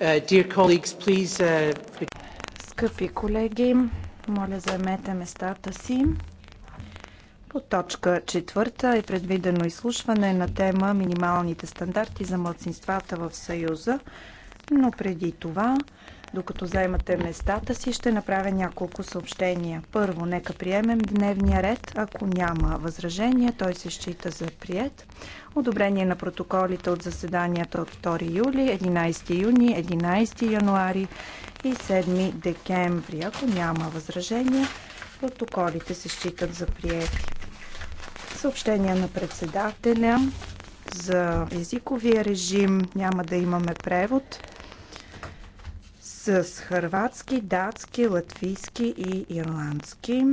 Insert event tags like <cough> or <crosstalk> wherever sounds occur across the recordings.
Uh, uh, Скъпи колеги, моля заемете местата си. По точка четвърта е предвидено изслушване на тема Минималните стандарти за младсинствата в Съюза, но преди това докато заемате местата си, ще направя няколко съобщения. Първо, нека приемем дневния ред. Ако няма възражение, той се счита за прият. Одобрение на протоколите от заседанията от 2 юли, 11 юни, 11 януари и 7 декември. Ако няма възражение, протоколите се считат за приети. Съобщения на председателя за езиковия режим няма да имаме превод с хърватски, датски, латвийски и ирландски.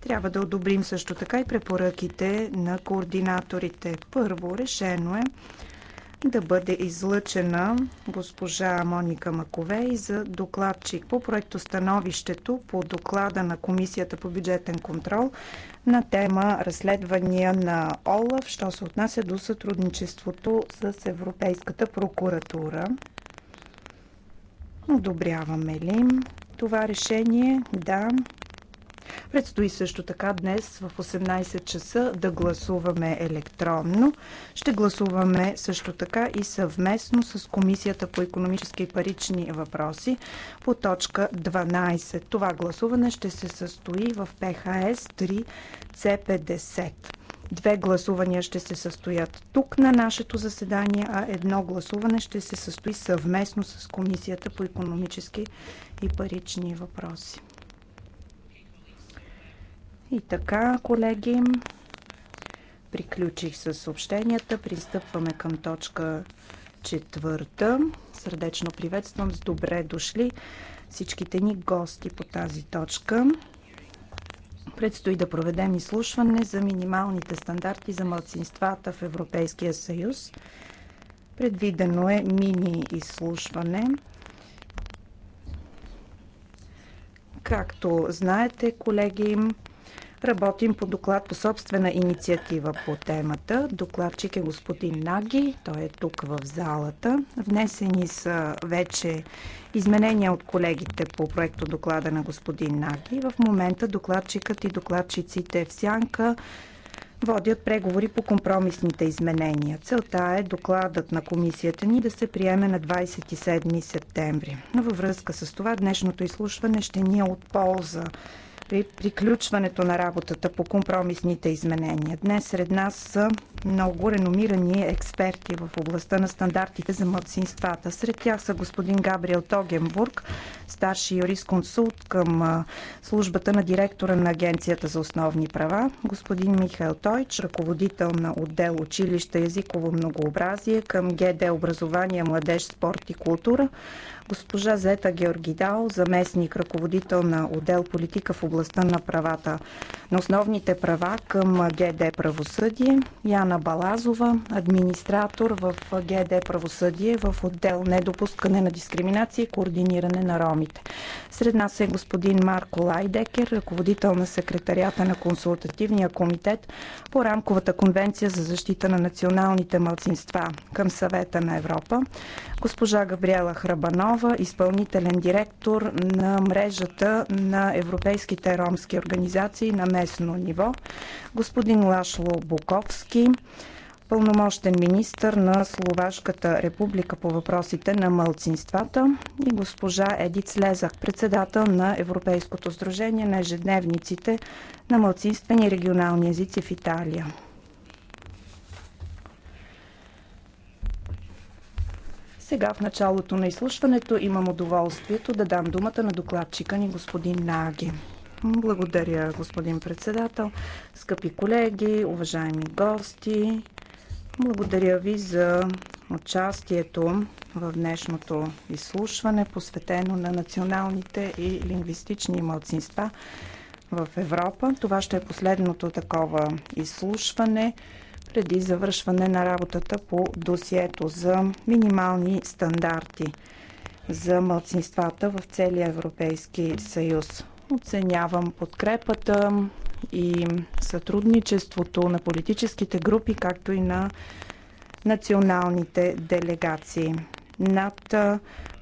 Трябва да одобрим също така и препоръките на координаторите. Първо решено е да бъде излъчена госпожа Моника Маковей за докладчик по проекто становището по доклада на Комисията по бюджетен контрол на тема разследвания на ОЛАВ, що се отнася до сътрудничеството с Европейската прокуратура. Одобряваме ли това решение? Да. Предстои също така днес в 18 часа да гласуваме електронно. Ще гласуваме също така и съвместно с Комисията по економически и парични въпроси по точка 12. Това гласуване ще се състои в ПХС 3C50. Две гласувания ще се състоят тук на нашето заседание, а едно гласуване ще се състои съвместно с Комисията по економически и парични въпроси. И така, колеги, приключих с съобщенията. Пристъпваме към точка четвърта. Сърдечно приветствам с добре дошли всичките ни гости по тази точка. Предстои да проведем изслушване за минималните стандарти за младсинствата в Европейския съюз. Предвидено е мини изслушване. Както знаете, колеги, Работим по доклад по собствена инициатива по темата. Докладчик е господин Наги, той е тук в залата. Внесени са вече изменения от колегите по проекто доклада на господин Наги. В момента докладчикът и докладчиците в сянка водят преговори по компромисните изменения. Целта е докладът на комисията ни да се приеме на 27 септември. Но във връзка с това днешното изслушване ще ни е от полза при приключването на работата по компромисните изменения. Днес сред нас са много реномирани експерти в областта на стандартите за младсинствата. Сред тях са господин Габриел Тогенбург, старши юрисконсулт към службата на директора на Агенцията за основни права, господин Михаил Тойч, ръководител на отдел училище езиково многообразие към ГД образование, младеж, спорт и култура, госпожа Зета Георгидал, заместник ръководител на отдел политика в областта на правата на основните права към ГД Правосъдие, Яна Балазова, администратор в ГД Правосъдие в отдел недопускане на дискриминация и координиране на ромите. Сред нас е господин Марко Лайдекер, ръководител на секретарията на консултативния комитет по рамковата конвенция за защита на националните малцинства към съвета на Европа, госпожа Габриела Храбанова, Иванова, изпълнителен директор на мрежата на европейските ромски организации на местно ниво, господин Лашло Буковски, пълномощен министр на Словашката република по въпросите на мълцинствата и госпожа Едит Слезак, председател на Европейското сдружение на ежедневниците на мълцинствени регионални езици в Италия. Сега в началото на изслушването имам удоволствието да дам думата на докладчика ни господин Наги. Благодаря, господин председател. Скъпи колеги, уважаеми гости, благодаря ви за участието в днешното изслушване, посветено на националните и лингвистични младсинства в Европа. Това ще е последното такова изслушване преди завършване на работата по досието за минимални стандарти за мълцинствата в целия Европейски съюз. Оценявам подкрепата и сътрудничеството на политическите групи, както и на националните делегации. Над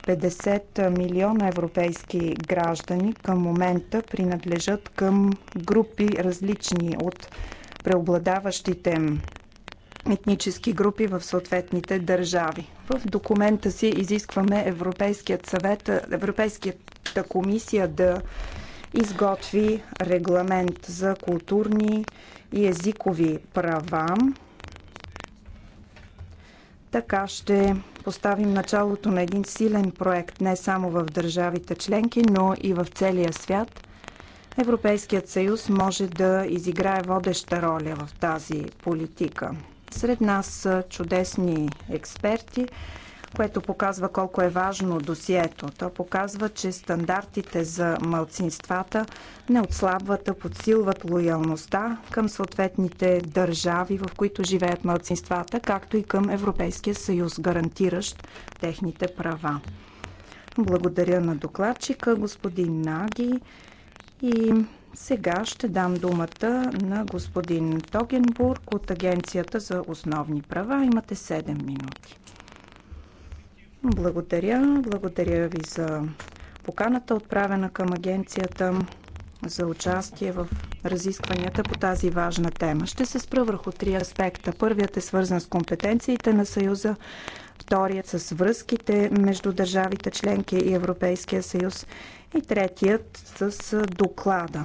50 милиона европейски граждани към момента принадлежат към групи различни от преобладаващите етнически групи в съответните държави. В документа си изискваме Европейският съвет, Европейската комисия да изготви регламент за културни и езикови права. Така ще поставим началото на един силен проект не само в държавите членки, но и в целия свят – Европейският съюз може да изиграе водеща роля в тази политика. Сред нас са чудесни експерти, което показва колко е важно досието. То показва, че стандартите за малцинствата не отслабват, а подсилват лоялността към съответните държави, в които живеят малцинствата, както и към Европейския съюз, гарантиращ техните права. Благодаря на докладчика, господин Наги. И сега ще дам думата на господин Тогенбург от Агенцията за основни права. Имате 7 минути. Благодаря. Благодаря ви за поканата, отправена към агенцията за участие в разискванията по тази важна тема. Ще се спра върху три аспекта. Първият е свързан с компетенциите на Съюза, вторият с връзките между държавите членки и Европейския съюз и третият с доклада.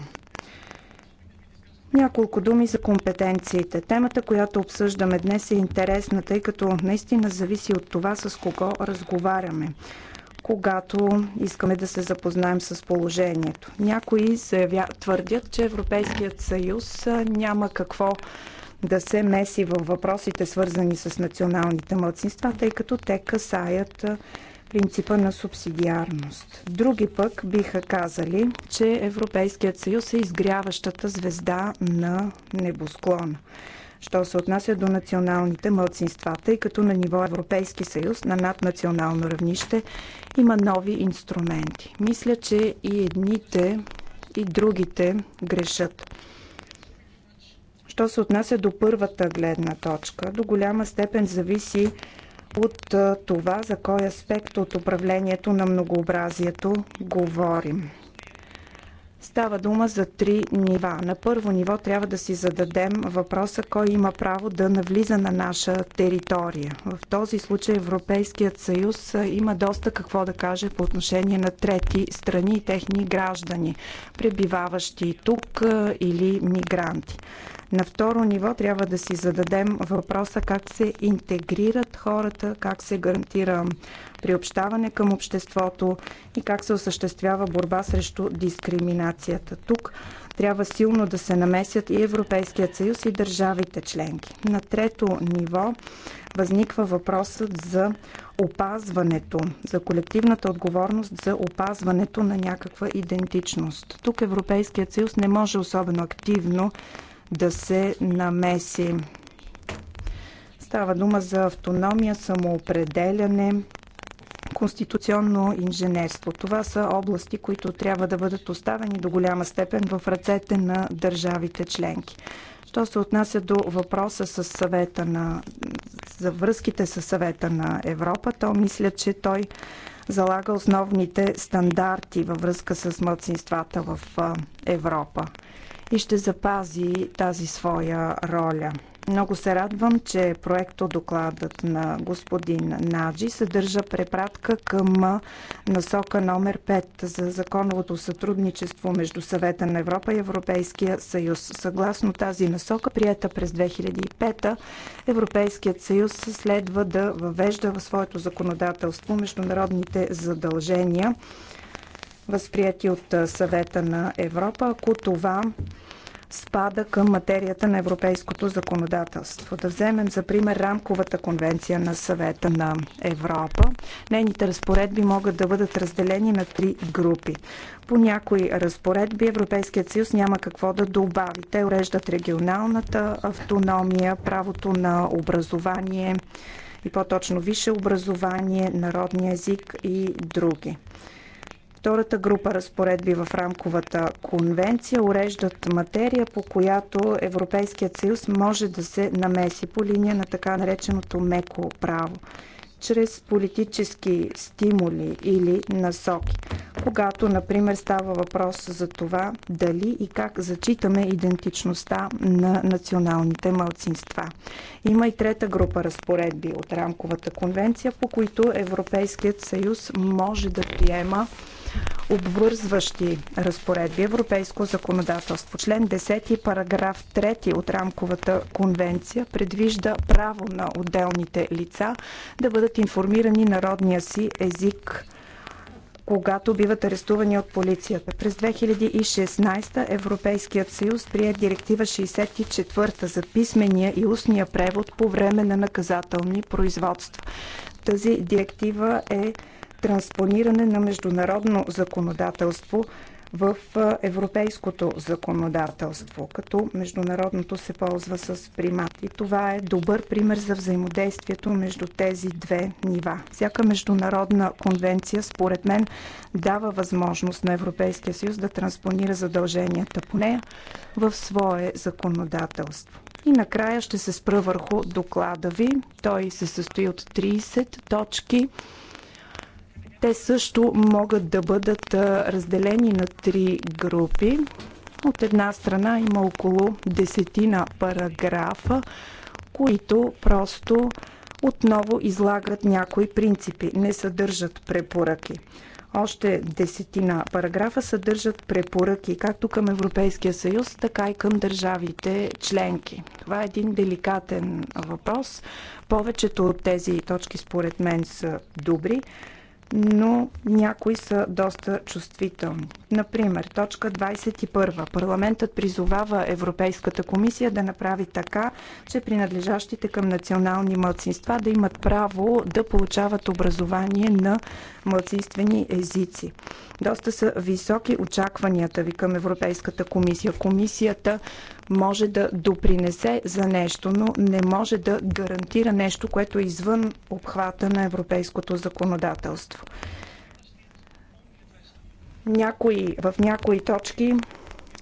Няколко думи за компетенциите. Темата, която обсъждаме днес е интересна, тъй като наистина зависи от това с кого разговаряме когато искаме да се запознаем с положението. Някои заявя, твърдят, че Европейският съюз няма какво да се меси във въпросите, свързани с националните младсинства, тъй като те касаят принципа на субсидиарност. Други пък биха казали, че Европейският съюз е изгряващата звезда на небосклона. Що се отнася до националните мълцинства, тъй като на ниво Европейски съюз, на наднационално равнище, има нови инструменти. Мисля, че и едните, и другите грешат. Що се отнася до първата гледна точка, до голяма степен зависи от това за кой аспект от управлението на многообразието говорим. Става дума за три нива. На първо ниво трябва да си зададем въпроса кой има право да навлиза на наша територия. В този случай Европейският съюз има доста какво да каже по отношение на трети страни и техни граждани, пребиваващи тук или мигранти. На второ ниво трябва да си зададем въпроса как се интегрират хората, как се гарантира приобщаване към обществото и как се осъществява борба срещу дискриминацията. Тук трябва силно да се намесят и Европейският съюз и държавите членки. На трето ниво възниква въпросът за опазването, за колективната отговорност за опазването на някаква идентичност. Тук Европейският съюз не може особено активно да се намеси. Става дума за автономия, самоопределяне, конституционно инженерство. Това са области, които трябва да бъдат оставени до голяма степен в ръцете на държавите членки. Що се отнася до въпроса с съвета на, за връзките с съвета на Европа, то мисля, че той залага основните стандарти във връзка с младсинствата в Европа и ще запази тази своя роля. Много се радвам, че докладът на господин Наджи съдържа препратка към насока номер 5 за законовото сътрудничество между Съвета на Европа и Европейския съюз. Съгласно тази насока, прията през 2005, Европейският съюз следва да въвежда в своето законодателство международните задължения, възприяти от Съвета на Европа, ако това спада към материята на европейското законодателство. Да вземем за пример рамковата конвенция на съвета на Европа. Нейните разпоредби могат да бъдат разделени на три групи. По някои разпоредби Европейският съюз няма какво да добави. Те уреждат регионалната автономия, правото на образование и по-точно висше образование, народния език и други. Втората група разпоредби в рамковата конвенция уреждат материя, по която Европейският съюз може да се намеси по линия на така нареченото меко право чрез политически стимули или насоки. Когато, например, става въпрос за това дали и как зачитаме идентичността на националните малцинства. Има и трета група разпоредби от Рамковата конвенция, по които Европейският съюз може да приема обвързващи разпоредби, европейско законодателство. Член 10, параграф 3 от Рамковата конвенция предвижда право на отделните лица да бъдат информирани народния си език когато биват арестувани от полицията. През 2016 Европейският съюз прие директива 64 за писмения и устния превод по време на наказателни производства. Тази директива е транспониране на международно законодателство в европейското законодателство, като международното се ползва с примат. И това е добър пример за взаимодействието между тези две нива. Всяка международна конвенция, според мен, дава възможност на Европейския съюз да транспонира задълженията по нея в свое законодателство. И накрая ще се спра върху доклада ви. Той се състои от 30 точки. Те също могат да бъдат разделени на три групи. От една страна има около десетина параграфа, които просто отново излагат някои принципи, не съдържат препоръки. Още десетина параграфа съдържат препоръки както към Европейския съюз, така и към държавите членки. Това е един деликатен въпрос. Повечето от тези точки според мен са добри но някои са доста чувствителни. Например, точка 21. Парламентът призовава Европейската комисия да направи така, че принадлежащите към национални младсинства да имат право да получават образование на младсинствени езици. Доста са високи очакванията ви към Европейската комисия. Комисията може да допринесе за нещо, но не може да гарантира нещо, което е извън обхвата на европейското законодателство. Някои, в някои точки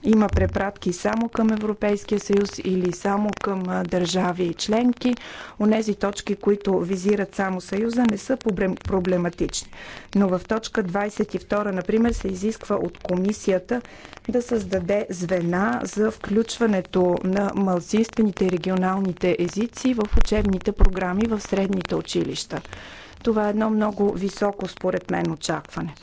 има препратки само към Европейския съюз или само към държави и членки. Онези точки, които визират само Съюза, не са проблематични. Но в точка 22, например, се изисква от комисията да създаде звена за включването на малцинствените регионалните езици в учебните програми в средните училища. Това е едно много високо, според мен, очакване.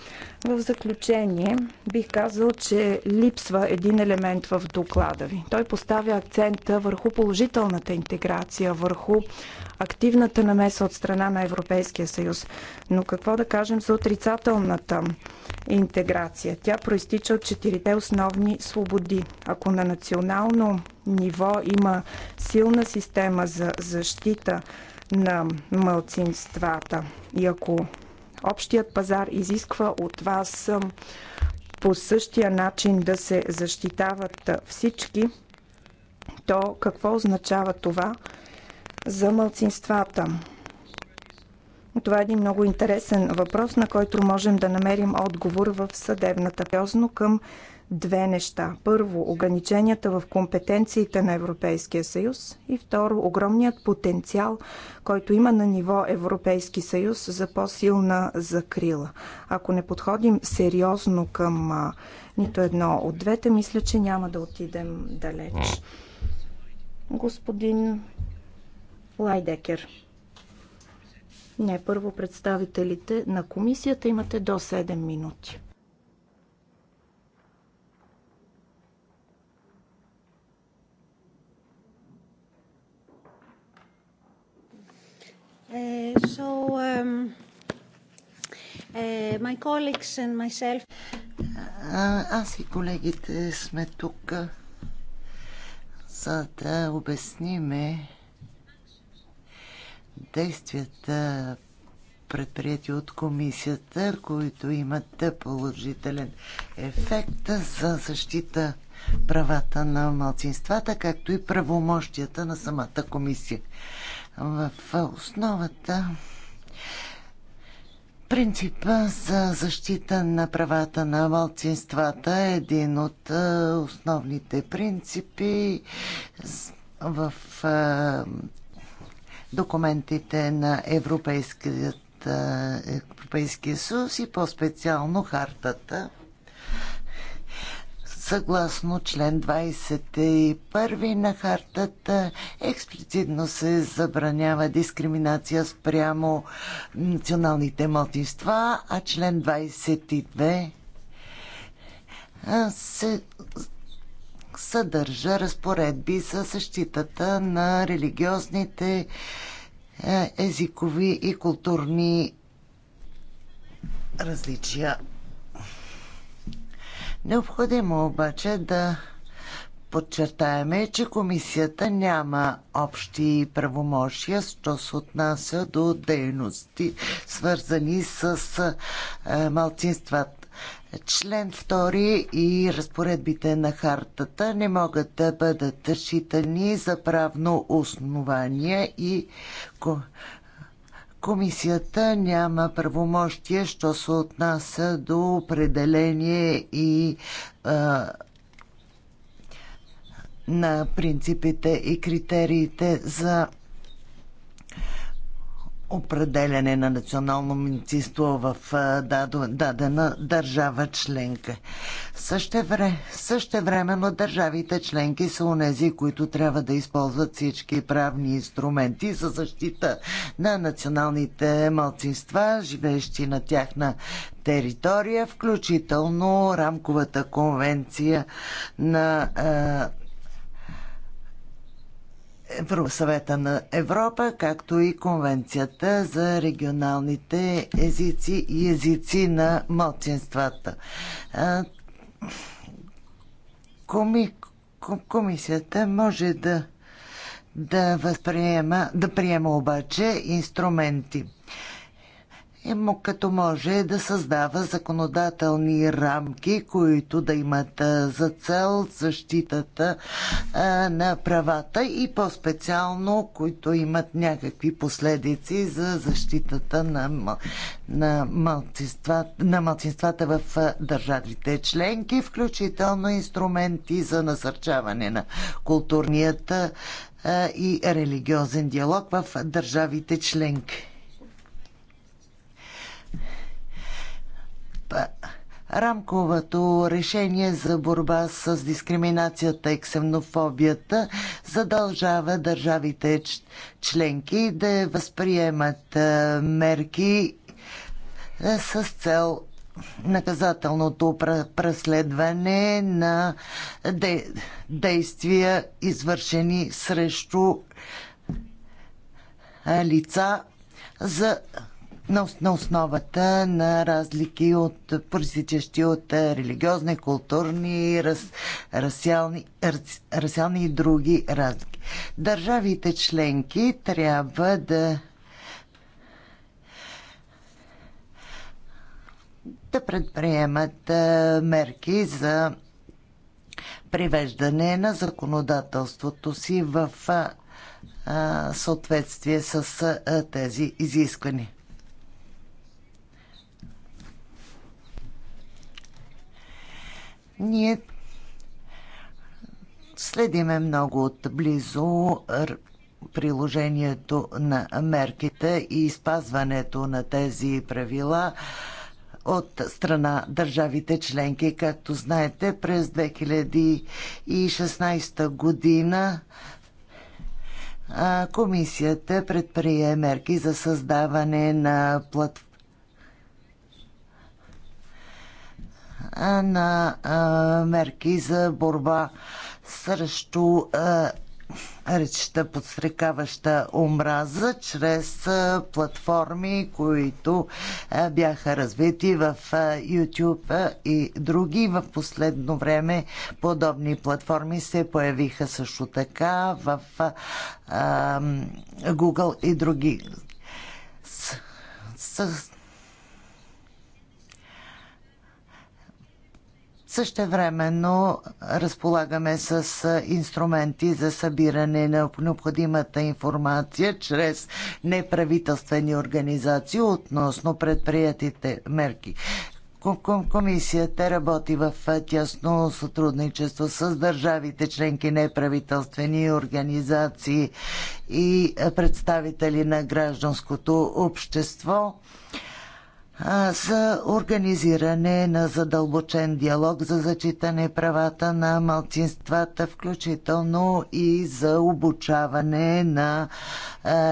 В заключение бих казал, че липсва един елемент в доклада ви. Той поставя акцента върху положителната интеграция, върху активната намеса от страна на Европейския съюз. Но какво да кажем за отрицателната интеграция? Тя проистича от четирите основни свободи. Ако на национално ниво има силна система за защита на мълцинствата. И ако общият пазар изисква от вас по същия начин да се защитават всички, то какво означава това за мълцинствата? Това е един много интересен въпрос, на който можем да намерим отговор в съдебната към две неща. Първо, ограниченията в компетенциите на Европейския съюз и второ, огромният потенциал, който има на ниво Европейски съюз за по-силна закрила. Ако не подходим сериозно към а, нито едно от двете, мисля, че няма да отидем далеч. Господин Лайдекер. Не, първо представителите на комисията имате до 7 минути. Eh, so, um, uh, my colleagues and myself... аз и колегите сме тук, за да обясниме действията предприяти от комисията, които имат положителен ефект за защита правата на младсинствата, както и правомощията на самата комисия в основата Принципа за защита на правата на малцинствата е един от е, основните принципи в е, документите на е, Европейския съюз и по-специално хартата Съгласно член 21 на хартата експлицитно се забранява дискриминация спрямо националните мълтинства, а член 22 се съдържа разпоредби за защитата на религиозните, езикови и културни различия. Необходимо обаче да подчертаеме, че комисията няма общи правомощия, що се отнася до дейности, свързани с е, малцинствата. Член 2 и разпоредбите на хартата не могат да бъдат считани за правно основание и Комисията няма правомощия, що се отнася до определение и а, на принципите и критериите за определяне на национално мнозинство в дадена държава членка. Също, време, също времено държавите членки са унези, които трябва да използват всички правни инструменти за защита на националните малцинства, живеещи на тяхна територия, включително рамковата конвенция на Съвета на Европа, както и Конвенцията за регионалните езици и езици на младсинствата. Коми, комисията може да, да възприема, да приема обаче инструменти му като може да създава законодателни рамки, които да имат за цел защитата на правата и по-специално, които имат някакви последици за защитата на, на, малцинства, на малцинствата в държавите членки, включително инструменти за насърчаване на културният и религиозен диалог в държавите членки. рамковото решение за борба с дискриминацията и ксенофобията задължава държавите членки да възприемат е, мерки е, с цел наказателното преследване на действия, извършени срещу е, лица за на, на основата на разлики от проистичащи от е, религиозни, културни, раз, расиални, раз, расиални и други разлики. Държавите членки трябва да да предприемат е, мерки за привеждане на законодателството си в съответствие с тези изисквания. Ние следиме много от близо приложението на мерките и спазването на тези правила от страна държавите членки. Както знаете, през 2016 година Комисията предприе мерки за създаване на платформа на мерки за борба срещу речта подстрекаваща омраза чрез платформи, които бяха развити в YouTube и други. В последно време подобни платформи се появиха също така в Google и други. С, с, времено разполагаме с инструменти за събиране на необходимата информация чрез неправителствени организации относно предприятите мерки. Комисията работи в тясно сътрудничество с държавите членки, неправителствени организации и представители на гражданското общество за организиране на задълбочен диалог за зачитане правата на малцинствата, включително и за обучаване на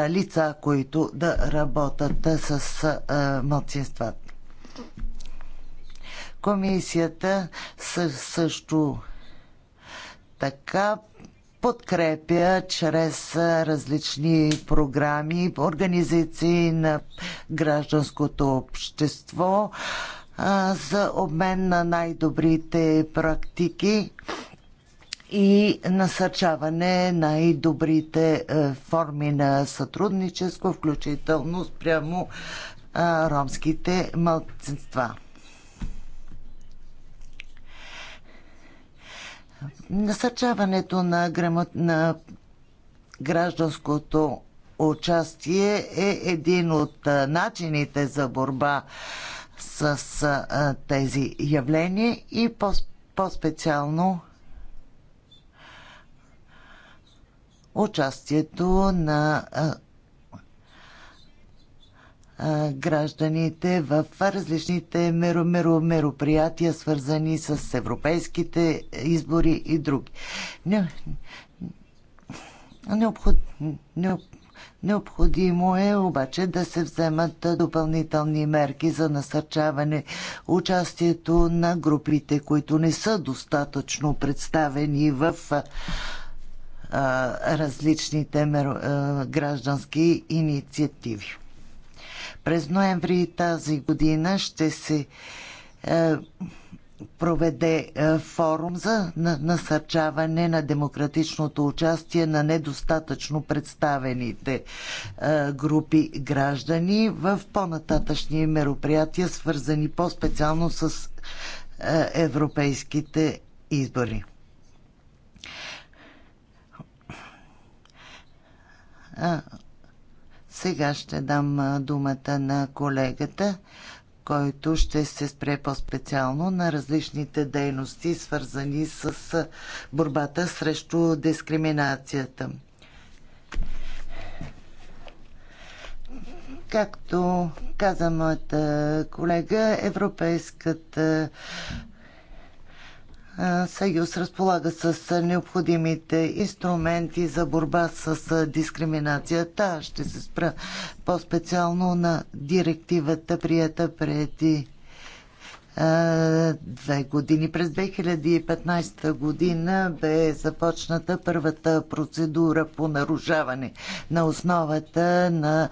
лица, които да работят с малцинствата. Комисията също така подкрепя чрез различни програми, организации на гражданското общество за обмен на най-добрите практики и насърчаване най-добрите форми на сътрудничество, включително спрямо ромските малцинства. Насърчаването на, грам... на гражданското участие е един от начините за борба с тези явления и по-специално участието на гражданите в различните меро, меро, мероприятия, свързани с европейските избори и други. Не, необход, не, необходимо е обаче да се вземат допълнителни мерки за насърчаване участието на групите, които не са достатъчно представени в различните граждански инициативи. През ноември тази година ще се е, проведе е, форум за насърчаване на демократичното участие на недостатъчно представените е, групи граждани в по-нататъчни мероприятия, свързани по-специално с европейските избори. Сега ще дам думата на колегата, който ще се спре по-специално на различните дейности, свързани с борбата срещу дискриминацията. Както каза моята колега, Европейската съюз разполага с необходимите инструменти за борба с дискриминацията. Ще се спра по-специално на директивата, прията преди две години. През 2015 година бе започната първата процедура по нарушаване на основата на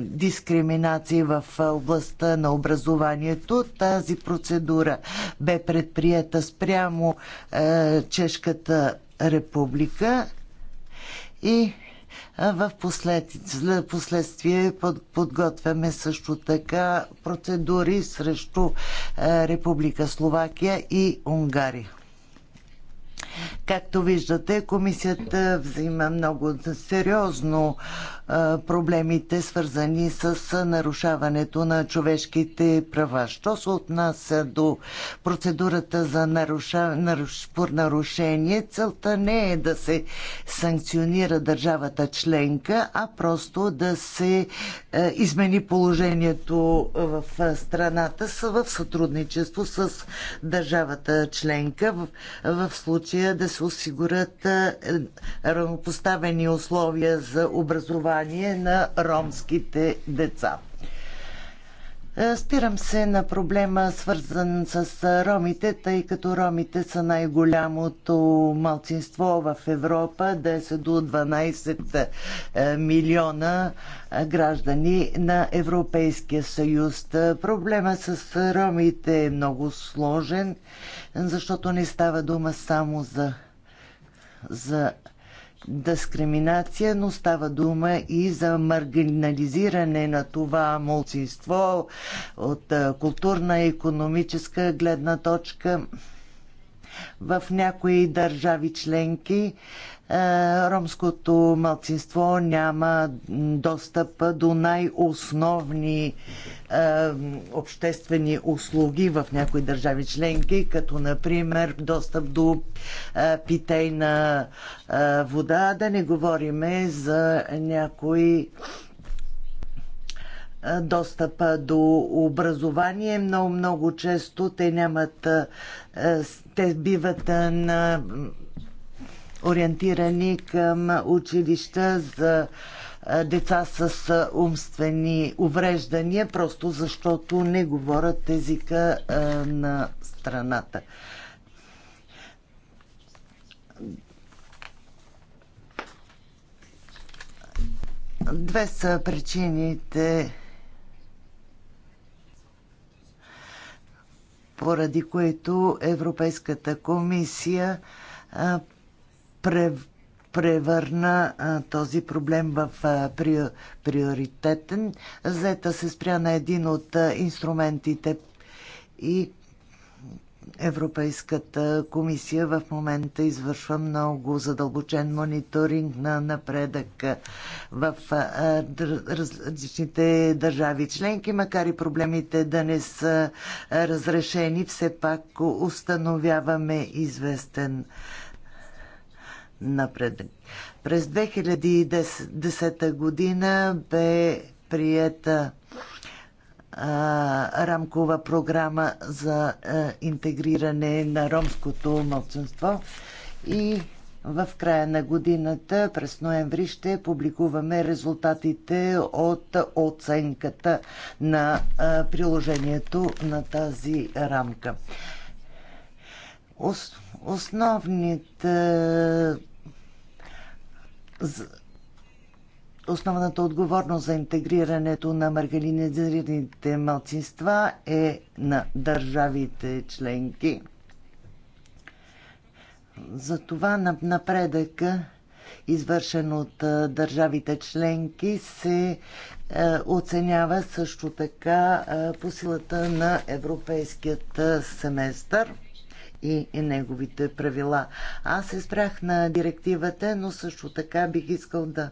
дискриминации в областта на образованието. Тази процедура бе предприета спрямо Чешката република и в последствие подготвяме също така процедури срещу Република Словакия и Унгария. Както виждате, комисията взима много сериозно проблемите, свързани с нарушаването на човешките права. Що се отнася до процедурата за наруша... наруш... нарушение, целта не е да се санкционира държавата членка, а просто да се е, измени положението в страната в сътрудничество с държавата членка, в, в случая да се осигурят е, равнопоставени условия за образование образование на ромските деца. Е, спирам се на проблема, свързан с ромите, тъй като ромите са най-голямото малцинство в Европа 10 до 12 е, милиона е, граждани на Европейския съюз. Проблема с ромите е много сложен, защото не става дума само за, за дискриминация, но става дума и за маргинализиране на това мълцинство от културна и економическа гледна точка в някои държави членки е, ромското малцинство няма достъп до най-основни е, обществени услуги в някои държави членки, като например достъп до е, питейна вода, да не говориме за някои достъп до образование. Много, много често те нямат, те биват на ориентирани към училища за деца с умствени увреждания, просто защото не говорят езика на страната. Две са причините, поради които Европейската комисия превърна а, този проблем в а, при, приоритетен. Зета се спря на един от а, инструментите и Европейската комисия в момента извършва много задълбочен мониторинг на напредък в различните държави членки, макар и проблемите да не са разрешени, все пак установяваме известен напред. През 2010 година бе приета рамкова програма за интегриране на ромското младсенство и в края на годината, през ноември, ще публикуваме резултатите от оценката на приложението на тази рамка. Основните Основната отговорност за интегрирането на маргалинизираните младсинства е на държавите членки. Затова напредък, извършен от държавите членки, се е, оценява също така по силата на европейският семестър и неговите правила. Аз се спрях на директивата, но също така бих искал да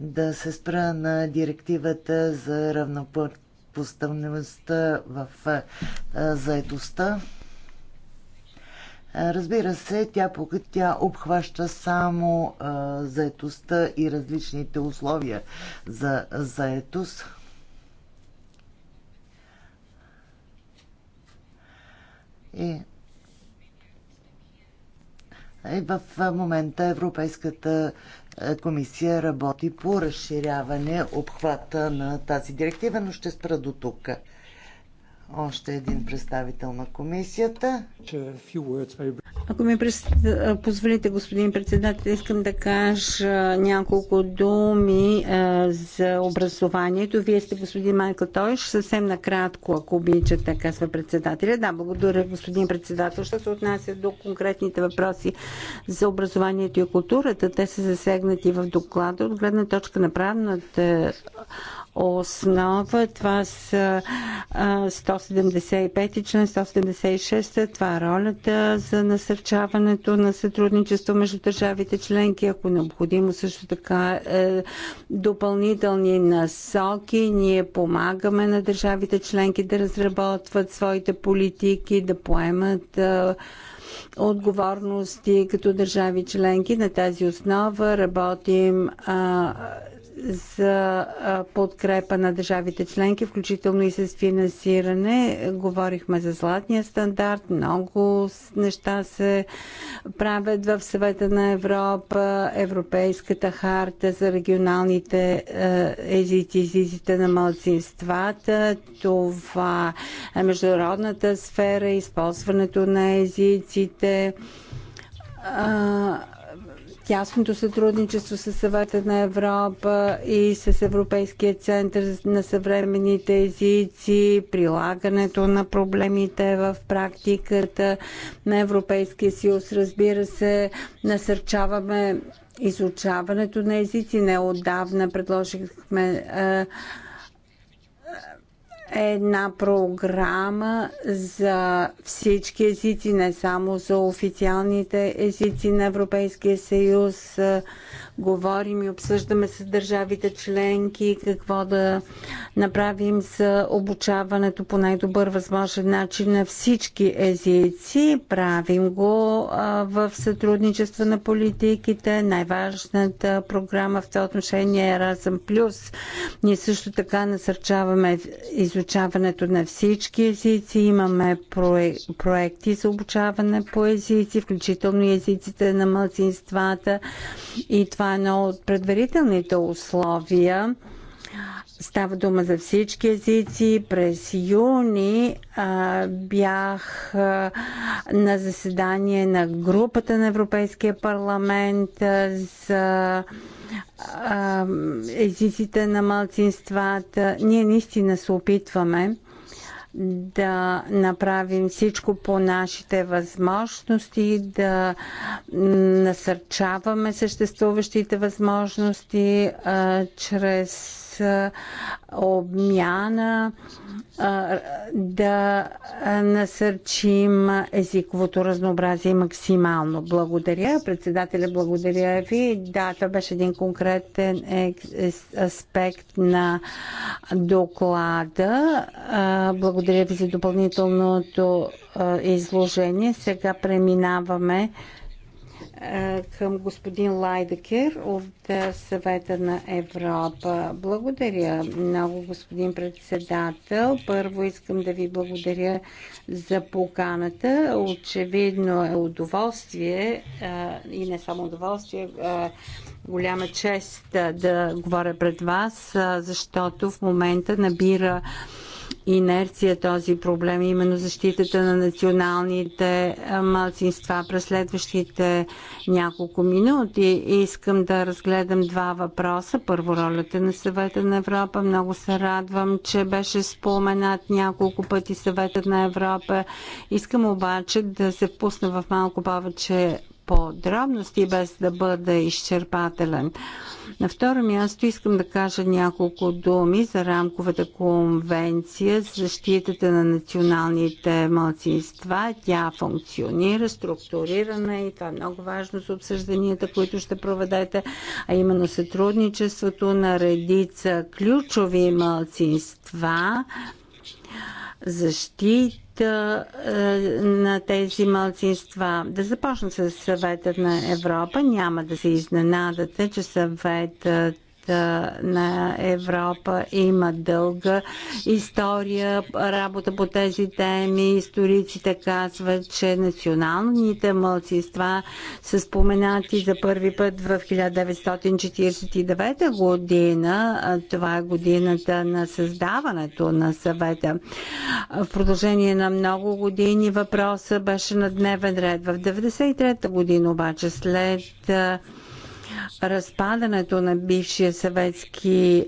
да се спра на директивата за равнопоставеността в заедостта. Разбира се, тя, тя обхваща само а, заетостта и различните условия за заетост. И е, в момента Европейската е, комисия работи по разширяване обхвата на тази директива, но ще спра до тук още един представител на комисията. Ако ми позволите, господин председател, искам да кажа няколко думи за образованието. Вие сте господин Майкъл Тойш. Съвсем накратко, ако обичате, казва председателя. Да, благодаря, господин председател. Що се отнася до конкретните въпроси за образованието и културата, те са засегнати в доклада от гледна точка на правната основа. Това са 175 и член 176. Това е ролята за насърчаването на сътрудничество между държавите членки. Ако необходимо също така е, допълнителни насоки, ние помагаме на държавите членки да разработват своите политики, да поемат отговорности като държави членки. На тази основа работим а, за подкрепа на държавите членки, включително и с финансиране. Говорихме за златния стандарт, много неща се правят в съвета на Европа, Европейската харта за регионалните езици, езиците на малцинствата, това е международната сфера, използването на езиците тясното сътрудничество с съвета на Европа и с Европейския център на съвременните езици, прилагането на проблемите в практиката на Европейския съюз. Разбира се, насърчаваме изучаването на езици. Неодавна предложихме една програма за всички езици, не само за официалните езици на Европейския съюз, говорим и обсъждаме с държавите членки какво да направим за обучаването по най-добър възможен начин на всички езици. Правим го в сътрудничество на политиките. Най-важната програма в това отношение е Разъм Плюс. Ние също така насърчаваме изучаването на всички езици. Имаме проекти за обучаване по езици, включително и езиците на мълцинствата. И това това е едно от предварителните условия. Става дума за всички езици. През юни а, бях а, на заседание на групата на Европейския парламент а, за а, езиците на малцинствата. Ние наистина се опитваме да направим всичко по нашите възможности, да насърчаваме съществуващите възможности а, чрез обмяна, да насърчим езиковото разнообразие максимално. Благодаря, председателя, благодаря ви. Да, това беше един конкретен аспект на доклада. Благодаря ви за допълнителното изложение. Сега преминаваме е, към господин Лайдекер от е, съвета на Европа. Благодаря много, господин председател. Първо искам да ви благодаря за поканата. Очевидно е удоволствие е, и не само удоволствие, голяма чест да говоря пред вас, защото в момента набира инерция този проблем, именно защитата на националните малцинства. През следващите няколко минути искам да разгледам два въпроса. Първо ролята на съвета на Европа. Много се радвам, че беше споменат няколко пъти съветът на Европа. Искам обаче да се впусна в малко повече подробности, без да бъда изчерпателен. На второ място искам да кажа няколко думи за рамковата конвенция за защитата на националните младсинства. Тя функционира, структурирана и това е много важно за обсъжданията, които ще проведете, а именно сътрудничеството на редица ключови младсинства защита е, на тези малцинства. Да започна с съветът на Европа. Няма да се изненадате, че съветът на Европа има дълга история, работа по тези теми. Историците казват, че националните мълцинства са споменати за първи път в 1949 година. Това е годината на създаването на съвета. В продължение на много години въпроса беше на дневен ред. В 1993 година обаче след разпадането на бившия Съветски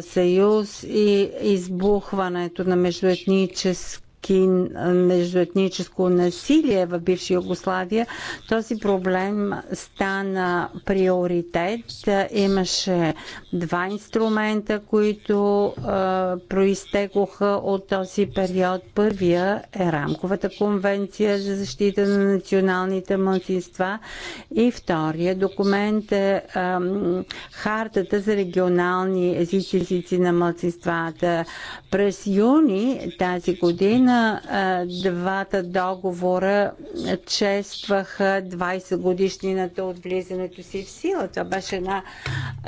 съюз и избухването на междуетнически практики между етническо насилие в бивша Югославия, този проблем стана приоритет. Имаше два инструмента, които е, проистекоха от този период. Първия е рамковата конвенция за защита на националните мълцинства и втория документ е, хартата за регионални езици, езици на мълцинствата. През юни тази година двата договора честваха 20 годишнината от влизането си в сила. Това беше една,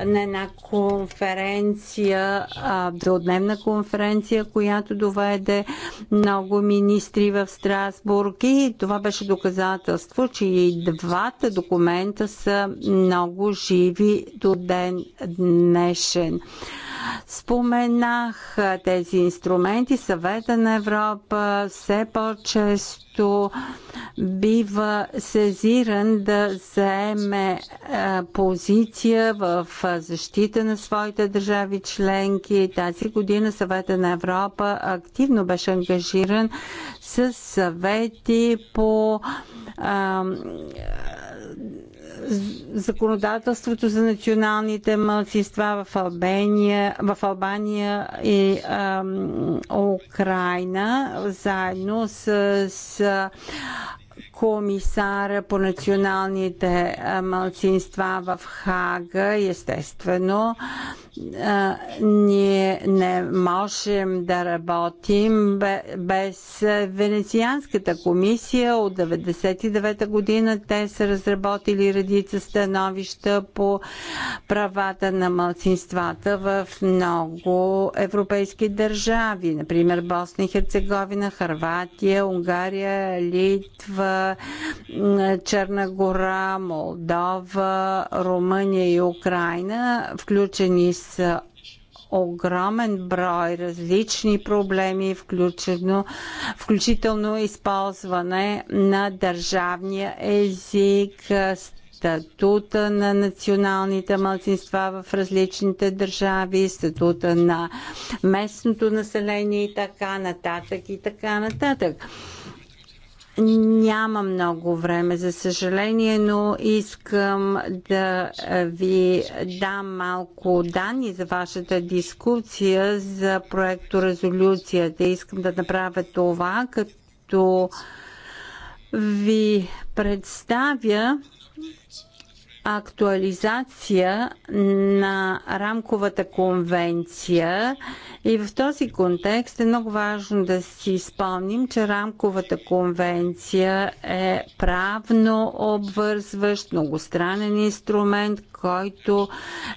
на една конференция, двудневна конференция, която доведе много министри в Страсбург и това беше доказателство, че и двата документа са много живи до ден днешен. Споменах тези инструменти, съвета на Европа все по-често бива сезиран да заеме позиция в защита на своите държави членки. Тази година съвета на Европа активно беше ангажиран с съвети по а, законодателството за националните мълцинства в Албания, в Албания и ам, Украина, заедно с, с комисара по националните малцинства в Хага. Естествено, ние не можем да работим без Венецианската комисия. От 1999 година те са разработили редица становища по правата на малцинствата в много европейски държави. Например, Босна и Херцеговина, Харватия, Унгария, Литва, Черна гора, Молдова, Румъния и Украина. Включени са огромен брой различни проблеми, включено, включително използване на държавния език, статута на националните малцинства в различните държави, статута на местното население и така нататък и така нататък. Няма много време, за съжаление, но искам да ви дам малко данни за вашата дискусия за проекторезолюцията. Искам да направя това, като ви представя актуализация на рамковата конвенция и в този контекст е много важно да си спомним, че рамковата конвенция е правно обвързващ многостранен инструмент, който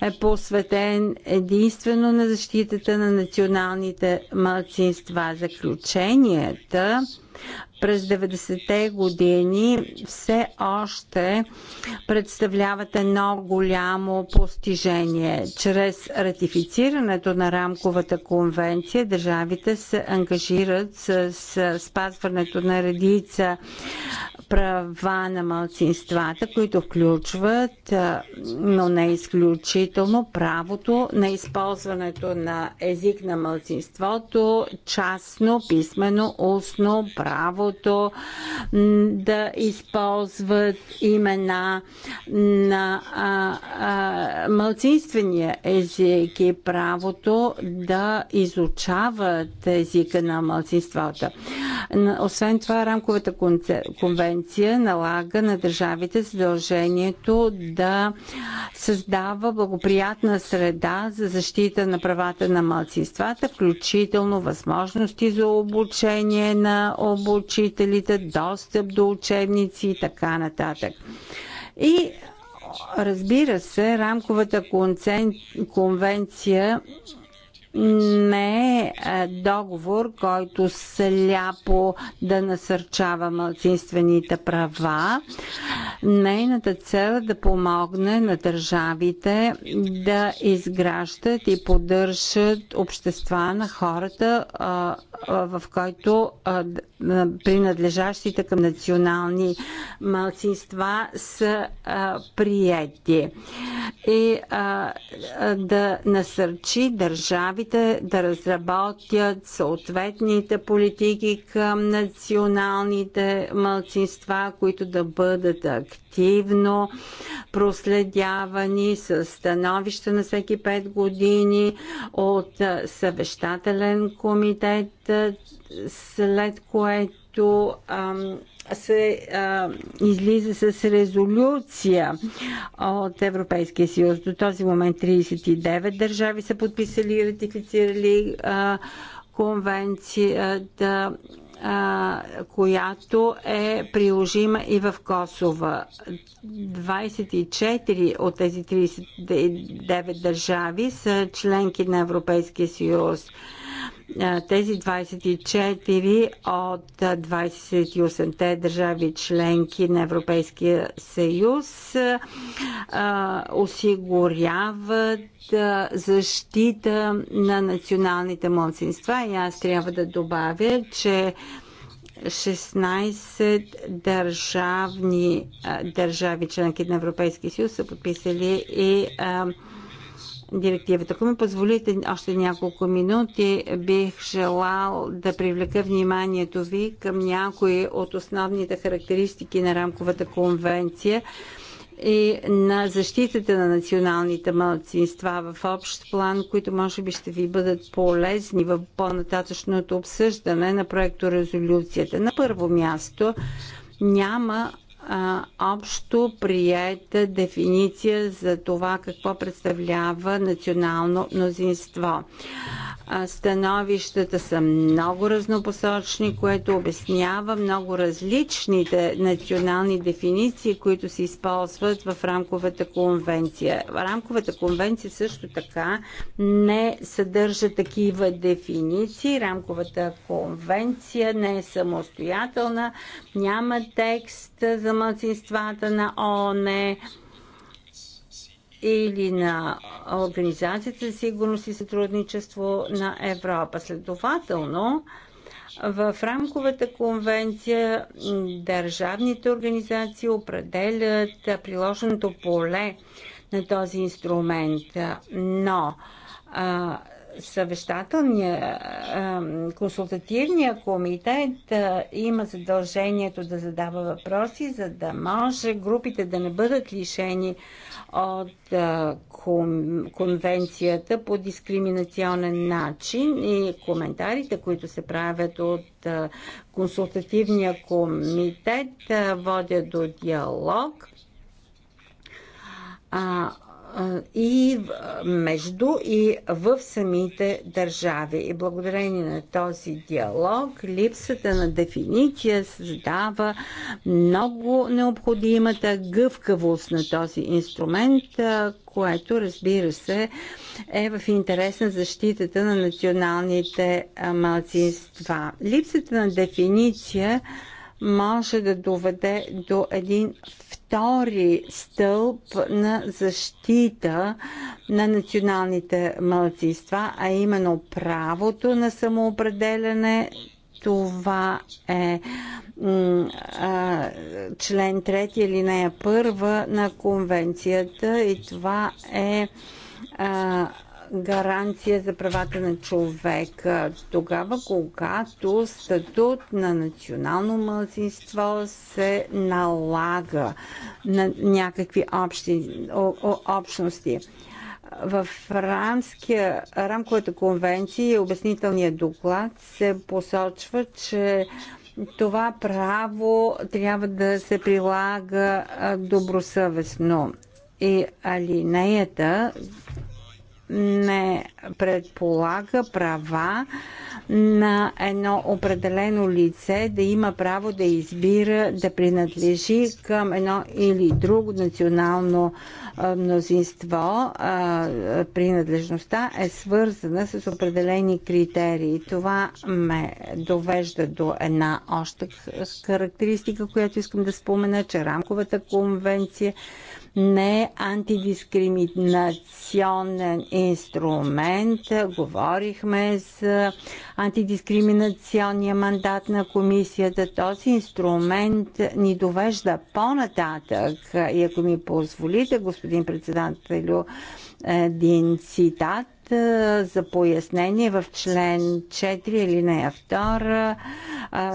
е посветен единствено на защитата на националните мълцинства. Заключенията през 90-те години все още представляват едно голямо постижение. Чрез ратифицирането на рамковата конвенция държавите се ангажират с, с спазването на редица права на мълцинствата, които включват, но не изключително, правото на използването на език на мълцинството, частно, писмено, устно, правото да използват имена на а, а, мълцинствения език и правото да изучават езика на мълцинствата. Освен това, рамковата конвенция конвенция налага на държавите задължението да създава благоприятна среда за защита на правата на младсинствата, включително възможности за обучение на обучителите, достъп до учебници и така нататък. И Разбира се, рамковата конвенция не е договор, който сляпо да насърчава младсинствените права. Нейната цел е да помогне на държавите да изграждат и поддържат общества на хората, в който принадлежащите към национални малцинства са прияти. И да насърчи държави държавите да разработят съответните политики към националните мълцинства, които да бъдат активно проследявани с становища на всеки 5 години от съвещателен комитет, след което се а, излиза с резолюция от Европейския съюз. До този момент 39 държави са подписали и ратифицирали а, конвенцията, а, която е приложима и в Косова. 24 от тези 39 държави са членки на Европейския съюз тези 24 от 28-те държави членки на Европейския съюз осигуряват защита на националните младсинства и аз трябва да добавя, че 16 държавни държави членки на Европейския съюз са подписали и директивата. Ако ми позволите още няколко минути, бих желал да привлека вниманието ви към някои от основните характеристики на рамковата конвенция и на защитата на националните малцинства в общ план, които може би ще ви бъдат полезни в по-нататъчното обсъждане на проекто резолюцията. На първо място няма а, общо приета дефиниция за това какво представлява национално мнозинство. Становищата са много разнопосочни, което обяснява много различните национални дефиниции, които се използват в Рамковата конвенция. Рамковата конвенция също така не съдържа такива дефиниции. Рамковата конвенция не е самостоятелна, няма текст за мълцинствата на ООН, или на Организацията за сигурност и сътрудничество на Европа. Следователно, в рамковата конвенция държавните организации определят приложеното поле на този инструмент, но а, съвещателния, консултативния комитет има задължението да задава въпроси, за да може групите да не бъдат лишени от конвенцията по дискриминационен начин и коментарите, които се правят от консултативния комитет, водят до диалог и между и в самите държави. И благодарение на този диалог, липсата на дефиниция създава много необходимата гъвкавост на този инструмент, което, разбира се, е в интерес на защитата на националните малцинства. Липсата на дефиниция може да доведе до един втори стълб на защита на националните малцинства, а именно правото на самоопределяне. Това е член 3 или нея 1 на конвенцията и това е а, гаранция за правата на човека. Тогава, когато статут на национално мълцинство се налага на някакви общи, о, о, общности. В рамския, рамковата конвенция и обяснителния доклад се посочва, че това право трябва да се прилага добросъвестно. И алинеята, не предполага права на едно определено лице да има право да избира да принадлежи към едно или друго национално мнозинство. Принадлежността е свързана с определени критерии. Това ме довежда до една още характеристика, която искам да спомена, че рамковата конвенция не е антидискриминационен инструмент. Говорихме с антидискриминационния мандат на комисията. Този инструмент ни довежда по-нататък. И ако ми позволите, господин председателю, един цитат за пояснение в член 4 или не 2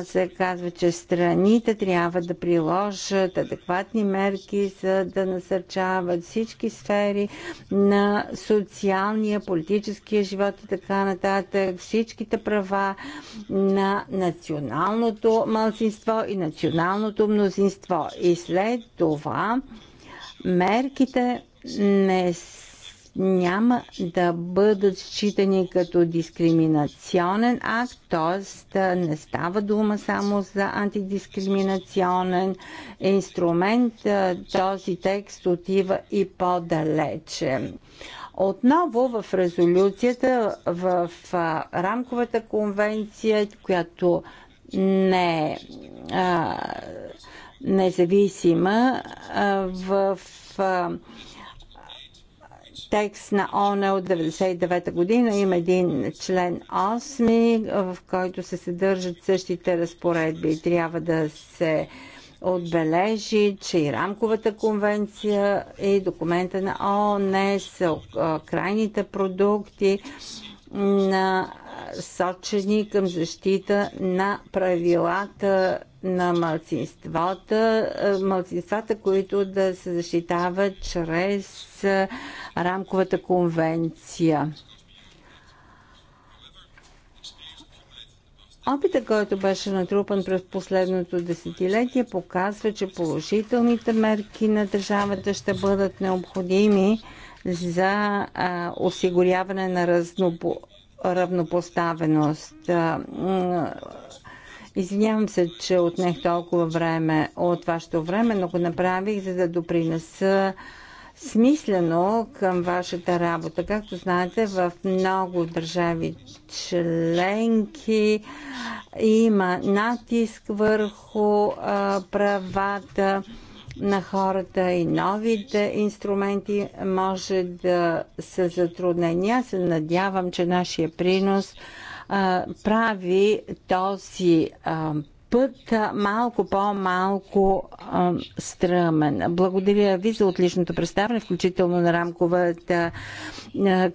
се казва, че страните трябва да приложат адекватни мерки, за да насърчават всички сфери на социалния, политическия живот и така нататък, всичките права на националното малцинство и националното мнозинство. И след това мерките не са няма да бъдат считани като дискриминационен акт, т.е. не става дума само за антидискриминационен инструмент. Този текст отива и по-далече. Отново в резолюцията, в рамковата конвенция, която не е независима, в текст на ОНЕ от 1999 година. Има един член 8, в който се съдържат същите разпоредби. Трябва да се отбележи, че и рамковата конвенция и документа на ОНЕ са крайните продукти на сочени към защита на правилата на малцинствата, малцинствата, които да се защитават чрез рамковата конвенция. Опитът, който беше натрупан през последното десетилетие, показва, че положителните мерки на държавата ще бъдат необходими за а, осигуряване на разнобо... равнопоставеност. А, Извинявам се, че отнех толкова време от вашето време, но го направих, за да допринеса смислено към вашата работа. Както знаете, в много държави членки има натиск върху а, правата на хората и новите инструменти може да са затруднени. Аз се надявам, че нашия принос а, прави този а, път малко по-малко стръмен. Благодаря ви за отличното представяне, включително на рамковата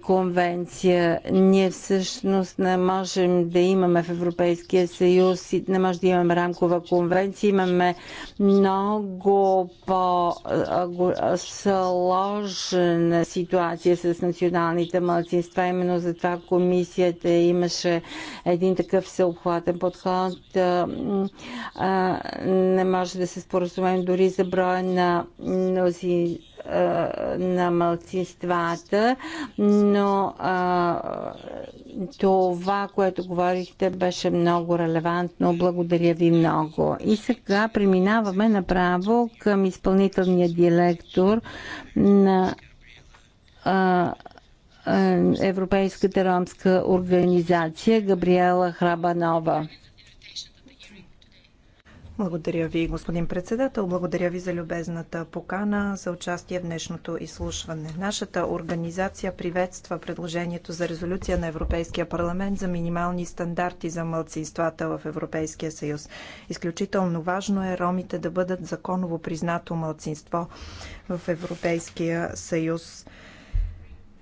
конвенция. Ние всъщност не можем да имаме в Европейския съюз, не може да имаме рамкова конвенция, имаме много по-сложна ситуация с националните младсинства. Именно затова комисията имаше един такъв всеобхватен подход а, не може да се споразумеем дори за броя на мнози на малцинствата, но а, това, което говорихте, беше много релевантно. Благодаря ви много. И сега преминаваме направо към изпълнителния директор на а, Европейската ромска организация Габриела Храбанова. Благодаря ви, господин председател. Благодаря ви за любезната покана за участие в днешното изслушване. Нашата организация приветства предложението за резолюция на Европейския парламент за минимални стандарти за мълцинствата в Европейския съюз. Изключително важно е ромите да бъдат законово признато мълцинство в Европейския съюз.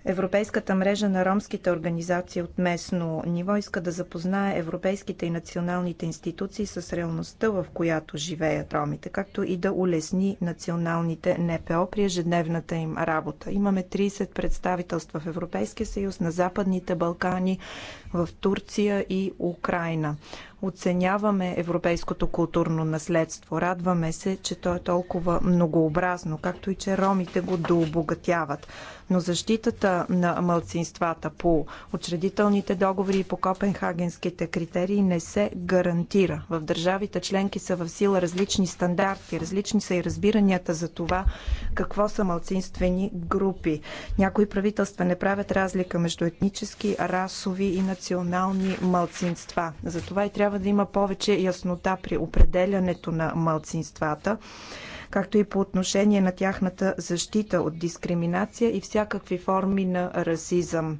Европейската мрежа на ромските организации от местно ниво иска да запознае европейските и националните институции с реалността, в която живеят ромите, както и да улесни националните НПО при ежедневната им работа. Имаме 30 представителства в Европейския съюз, на Западните Балкани, в Турция и Украина оценяваме европейското културно наследство. Радваме се, че то е толкова многообразно, както и че ромите го дообогатяват. Но защитата на мълцинствата по учредителните договори и по копенхагенските критерии не се гарантира. В държавите членки са в сила различни стандарти, различни са и разбиранията за това какво са мълцинствени групи. Някои правителства не правят разлика между етнически, расови и национални мълцинства. Затова и трябва трябва да има повече яснота при определянето на малцинствата, както и по отношение на тяхната защита от дискриминация и всякакви форми на расизъм.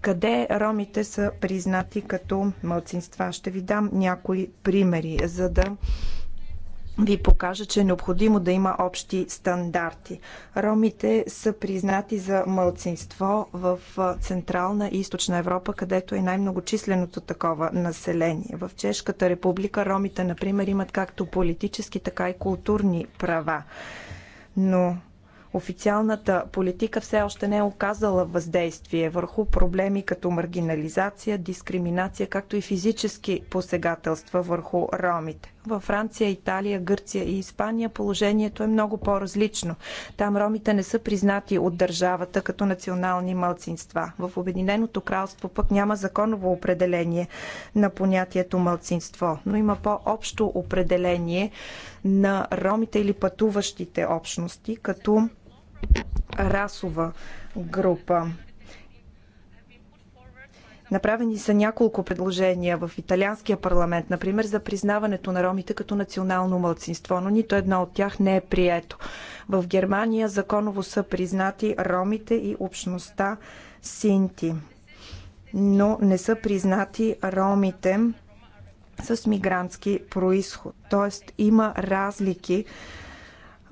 Къде ромите са признати като малцинства? Ще ви дам някои примери, за да ви покажа, че е необходимо да има общи стандарти. Ромите са признати за мълцинство в Централна и Източна Европа, където е най-многочисленото такова население. В Чешката република ромите, например, имат както политически, така и културни права. Но официалната политика все още не е оказала въздействие върху проблеми като маргинализация, дискриминация, както и физически посегателства върху ромите. Във Франция, Италия, Гърция и Испания положението е много по-различно. Там ромите не са признати от държавата като национални мълцинства. В Обединеното кралство пък няма законово определение на понятието мълцинство, но има по-общо определение на ромите или пътуващите общности като расова група. Направени са няколко предложения в италианския парламент, например за признаването на ромите като национално мълцинство, но нито едно от тях не е прието. В Германия законово са признати ромите и общността синти, но не са признати ромите с мигрантски происход. Тоест има разлики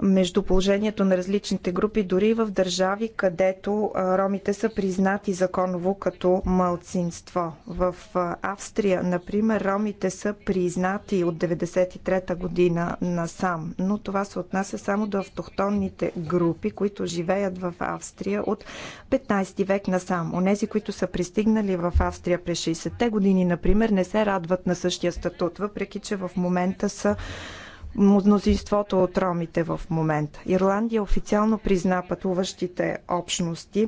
между положението на различните групи, дори в държави, където ромите са признати законово като мълцинство. В Австрия, например, ромите са признати от 93-та година насам, но това се отнася само до автохтонните групи, които живеят в Австрия от 15 век насам. Онези, които са пристигнали в Австрия през 60-те години, например, не се радват на същия статут, въпреки че в момента са мнозинството от ромите в момента. Ирландия официално призна пътуващите общности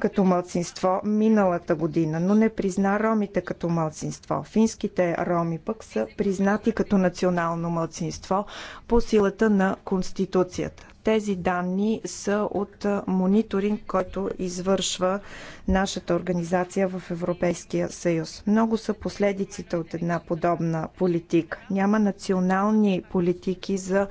като мълцинство миналата година, но не призна ромите като мълцинство. Финските роми пък са признати като национално мълцинство по силата на Конституцията. Тези данни са от мониторинг, който извършва нашата организация в Европейския съюз. Много са последиците от една подобна политика. Няма национални политики за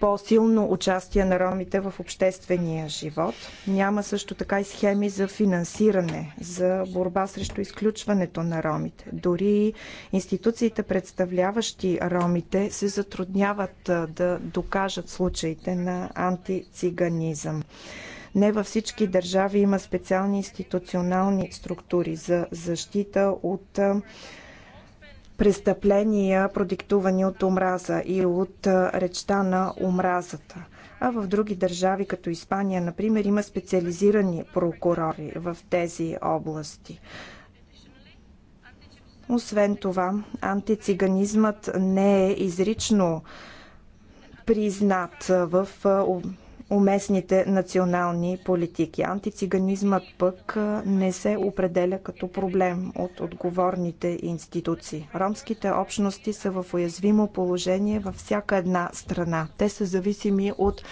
по-силно участие на ромите в обществения живот. Няма също така и схеми за финансиране, за борба срещу изключването на ромите. Дори институциите, представляващи ромите, се затрудняват да докажат случаите на антициганизъм. Не във всички държави има специални институционални структури за защита от престъпления, продиктувани от омраза и от речта на омразата. А в други държави, като Испания, например, има специализирани прокурори в тези области. Освен това, антициганизмът не е изрично признат в уместните национални политики. Антициганизмът пък не се определя като проблем от отговорните институции. Ромските общности са в уязвимо положение във всяка една страна. Те са зависими от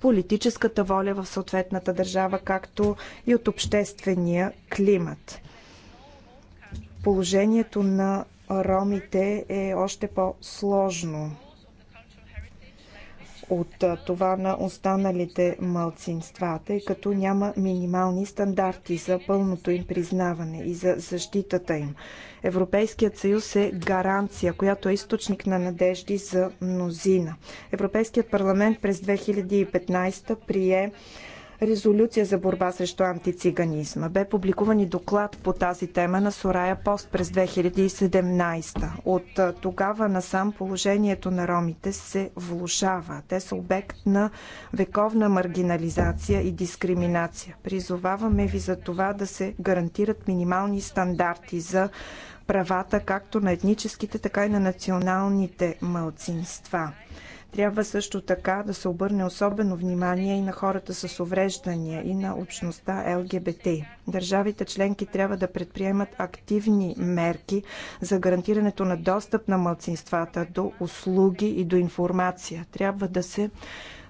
политическата воля в съответната държава, както и от обществения климат. Положението на ромите е още по-сложно от това на останалите мълцинства, тъй като няма минимални стандарти за пълното им признаване и за защитата им. Европейският съюз е гаранция, която е източник на надежди за мнозина. Европейският парламент през 2015 прие резолюция за борба срещу антициганизма. Бе публикуван и доклад по тази тема на Сорая Пост през 2017. От тогава насам положението на ромите се влушава. Те са обект на вековна маргинализация и дискриминация. Призоваваме ви за това да се гарантират минимални стандарти за правата както на етническите, така и на националните мълцинства. Трябва също така да се обърне особено внимание и на хората с увреждания и на общността ЛГБТ. Държавите членки трябва да предприемат активни мерки за гарантирането на достъп на мълцинствата до услуги и до информация. Трябва да се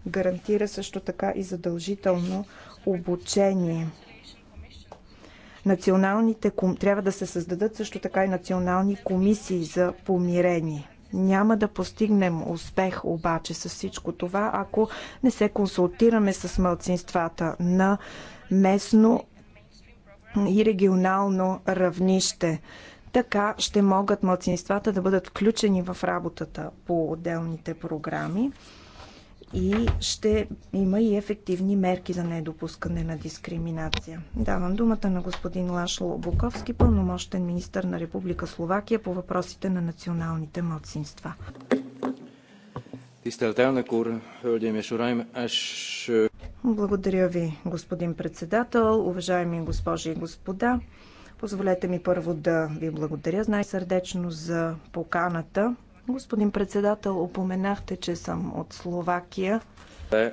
гарантира също така и задължително обучение. Националните, трябва да се създадат също така и национални комисии за помирение. Няма да постигнем успех обаче с всичко това, ако не се консултираме с мълцинствата на местно и регионално равнище. Така ще могат младсинствата да бъдат включени в работата по отделните програми и ще има и ефективни мерки за недопускане на дискриминация. Давам думата на господин Лашло Буковски, пълномощен министр на Република Словакия по въпросите на националните младсинства. Благодаря ви, господин председател, уважаеми госпожи и господа. Позволете ми първо да ви благодаря най-сърдечно за поканата Господин председател, упоменахте, че съм от Словакия. Е,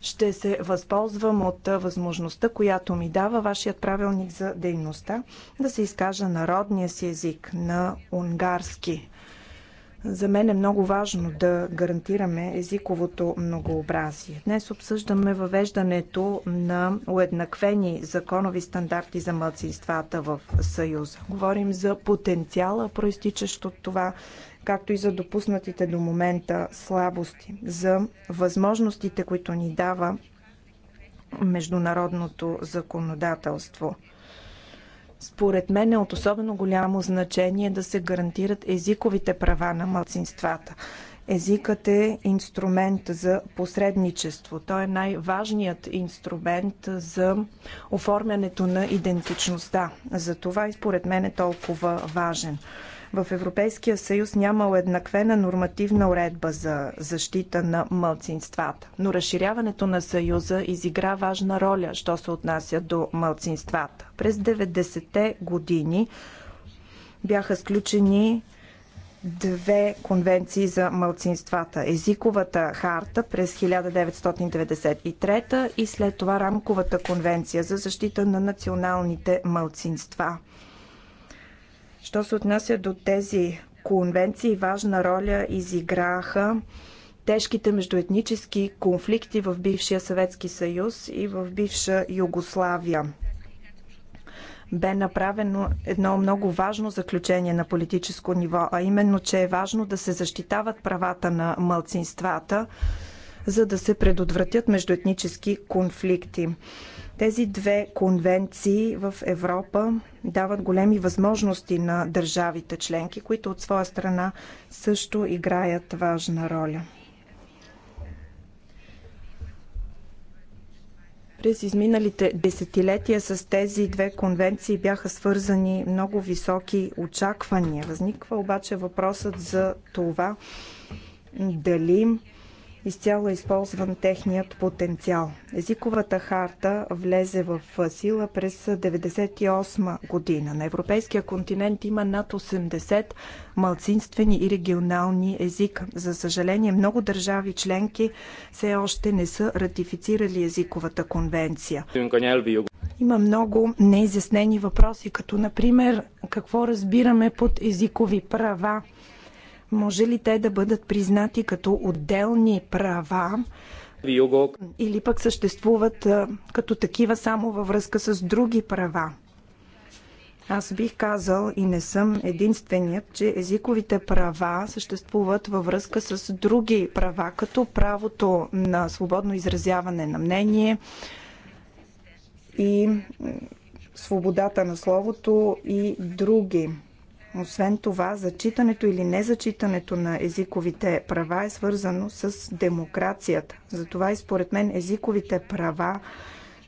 Ще се възползвам от възможността, която ми дава вашият правилник за дейността, да се изкажа народния си език на унгарски. За мен е много важно да гарантираме езиковото многообразие. Днес обсъждаме въвеждането на уеднаквени законови стандарти за младсинствата в Съюза. Говорим за потенциала, проистичащ от това, както и за допуснатите до момента слабости, за възможностите, които ни дава международното законодателство – според мен е от особено голямо значение да се гарантират езиковите права на младсинствата. Езикът е инструмент за посредничество. Той е най-важният инструмент за оформянето на идентичността. Затова и според мен е толкова важен. В Европейския съюз няма уеднаквена нормативна уредба за защита на мълцинствата, но разширяването на съюза изигра важна роля, що се отнася до мълцинствата. През 90-те години бяха сключени две конвенции за мълцинствата. Езиковата харта през 1993 и след това рамковата конвенция за защита на националните мълцинства. Що се отнася до тези конвенции, важна роля изиграха тежките междуетнически конфликти в бившия Съветски съюз и в бивша Югославия. Бе направено едно много важно заключение на политическо ниво, а именно, че е важно да се защитават правата на мълцинствата, за да се предотвратят междуетнически конфликти. Тези две конвенции в Европа дават големи възможности на държавите членки, които от своя страна също играят важна роля. през изминалите десетилетия с тези две конвенции бяха свързани много високи очаквания. Възниква обаче въпросът за това дали изцяло е използван техният потенциал. Езиковата харта влезе в сила през 1998 година. На европейския континент има над 80 малцинствени и регионални езика. За съжаление, много държави членки все още не са ратифицирали езиковата конвенция. Има много неизяснени въпроси, като например какво разбираме под езикови права може ли те да бъдат признати като отделни права? Или пък съществуват като такива само във връзка с други права? Аз бих казал и не съм единственият, че езиковите права съществуват във връзка с други права, като правото на свободно изразяване на мнение и свободата на словото и други. Освен това, зачитането или незачитането на езиковите права е свързано с демокрацията. Затова и според мен езиковите права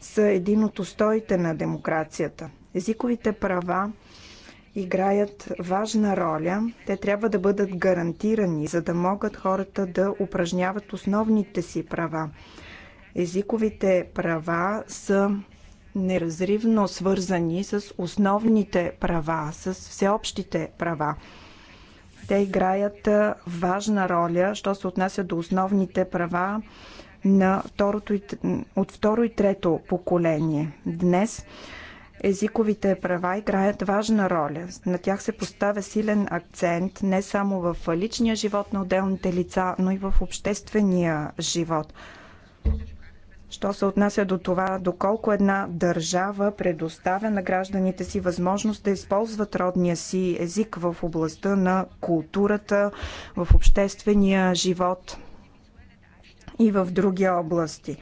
са един от устоите на демокрацията. Езиковите права играят важна роля. Те трябва да бъдат гарантирани, за да могат хората да упражняват основните си права. Езиковите права са неразривно свързани с основните права, с всеобщите права. Те играят важна роля, що се отнася до основните права на второто и, от второ и трето поколение. Днес езиковите права играят важна роля. На тях се поставя силен акцент не само в личния живот на отделните лица, но и в обществения живот. Що се отнася до това, доколко една държава предоставя на гражданите си възможност да използват родния си език в областта на културата, в обществения живот и в други области.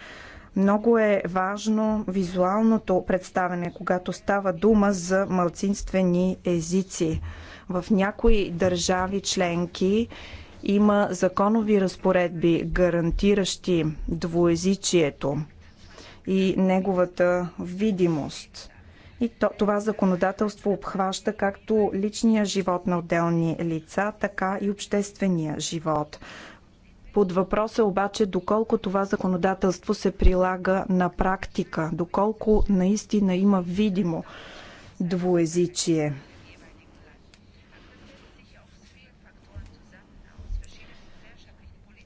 Много е важно визуалното представяне, когато става дума за малцинствени езици. В някои държави членки има законови разпоредби, гарантиращи двоезичието и неговата видимост. И то, това законодателство обхваща както личния живот на отделни лица, така и обществения живот. Под въпрос е обаче доколко това законодателство се прилага на практика, доколко наистина има видимо двоезичие.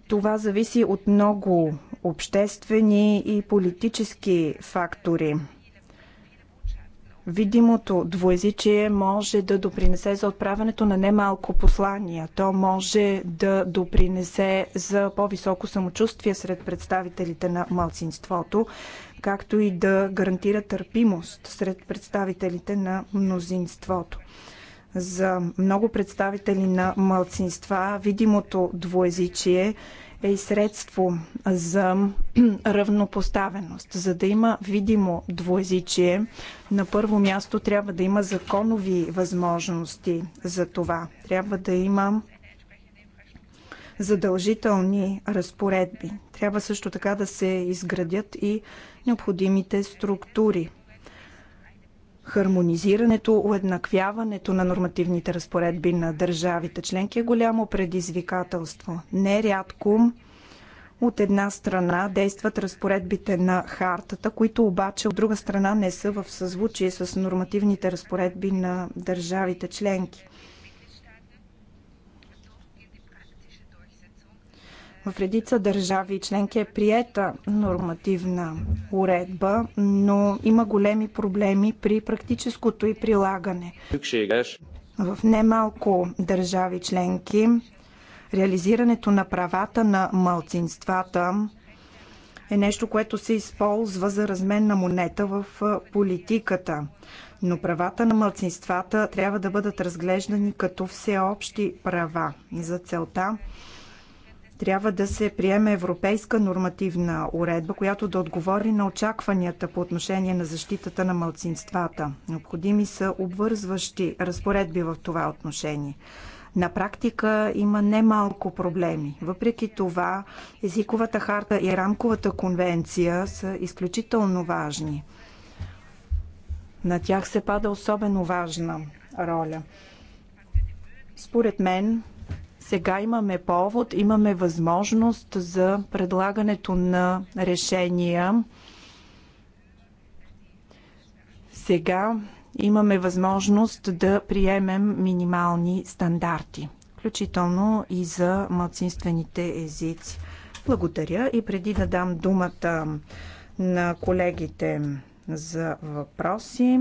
Това зависи от много обществени и политически фактори. Видимото двоезичие може да допринесе за отправянето на немалко послания. То може да допринесе за по-високо самочувствие сред представителите на малцинството, както и да гарантира търпимост сред представителите на мнозинството. За много представители на мълцинства видимото двоезичие е и средство за <clears throat> равнопоставеност. За да има видимо двоезичие, на първо място трябва да има законови възможности за това. Трябва да има задължителни разпоредби. Трябва също така да се изградят и необходимите структури. Хармонизирането, уеднаквяването на нормативните разпоредби на държавите членки е голямо предизвикателство. Нерядко от една страна действат разпоредбите на хартата, които обаче от друга страна не са в съзвучие с нормативните разпоредби на държавите членки. В редица държави и членки е приета нормативна уредба, но има големи проблеми при практическото и прилагане. В немалко държави членки реализирането на правата на малцинствата е нещо, което се използва за размен на монета в политиката. Но правата на мълцинствата трябва да бъдат разглеждани като всеобщи права. За целта трябва да се приеме европейска нормативна уредба, която да отговори на очакванията по отношение на защитата на малцинствата. Необходими са обвързващи разпоредби в това отношение. На практика има немалко проблеми. Въпреки това, езиковата харта и рамковата конвенция са изключително важни. На тях се пада особено важна роля. Според мен, сега имаме повод, имаме възможност за предлагането на решения. Сега имаме възможност да приемем минимални стандарти, включително и за младсинствените езици. Благодаря и преди да дам думата на колегите за въпроси,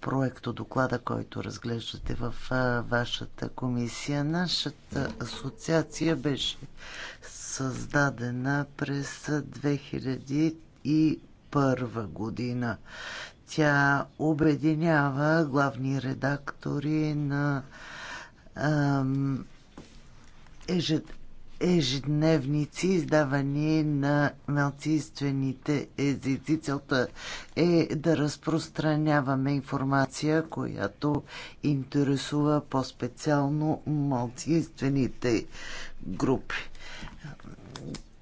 проекто доклада, който разглеждате в вашата комисия. Нашата асоциация беше създадена през 2001 година. Тя обединява главни редактори на ежед ежедневници, издавани на малцинствените езици. Целта е да разпространяваме информация, която интересува по-специално малцинствените групи.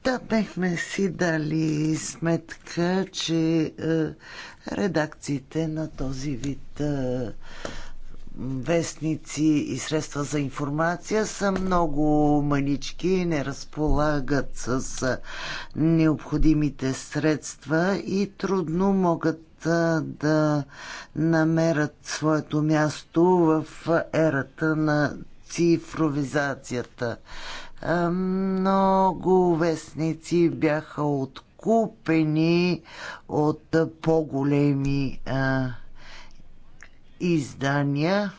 Да, бехме си дали сметка, че е, редакциите на този вид е, вестници и средства за информация са много манички, не разполагат с необходимите средства и трудно могат да намерят своето място в ерата на цифровизацията. Много вестници бяха откупени от по-големи издания.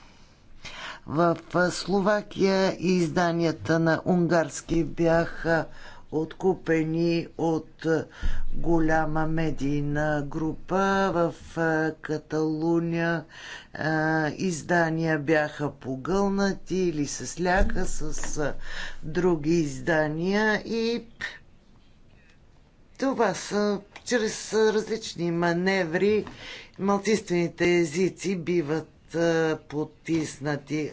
В Словакия изданията на унгарски бяха откупени от голяма медийна група в Каталуния. Издания бяха погълнати или се сляха с други издания и това са чрез различни маневри малцинствените езици биват потиснати.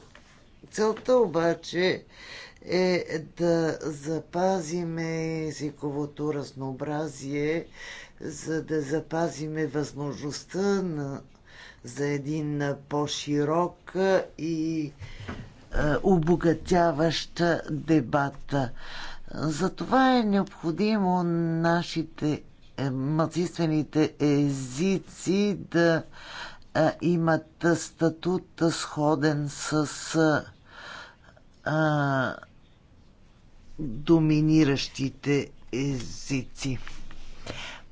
Целта обаче е да запазиме езиковото разнообразие, за да запазиме възможността на, за един по-широк и обогатяващ дебата. Затова е необходимо нашите е, малцинствените езици да е, имат статут сходен с а, е, доминиращите езици.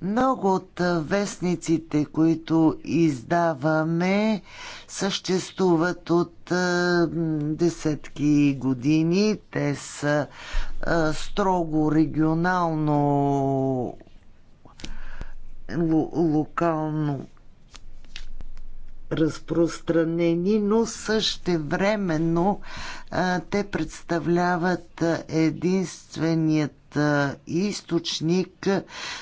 Много от вестниците, които издаваме, съществуват от а, десетки години. Те са а, строго регионално локално разпространени, но същевременно те представляват единственият източник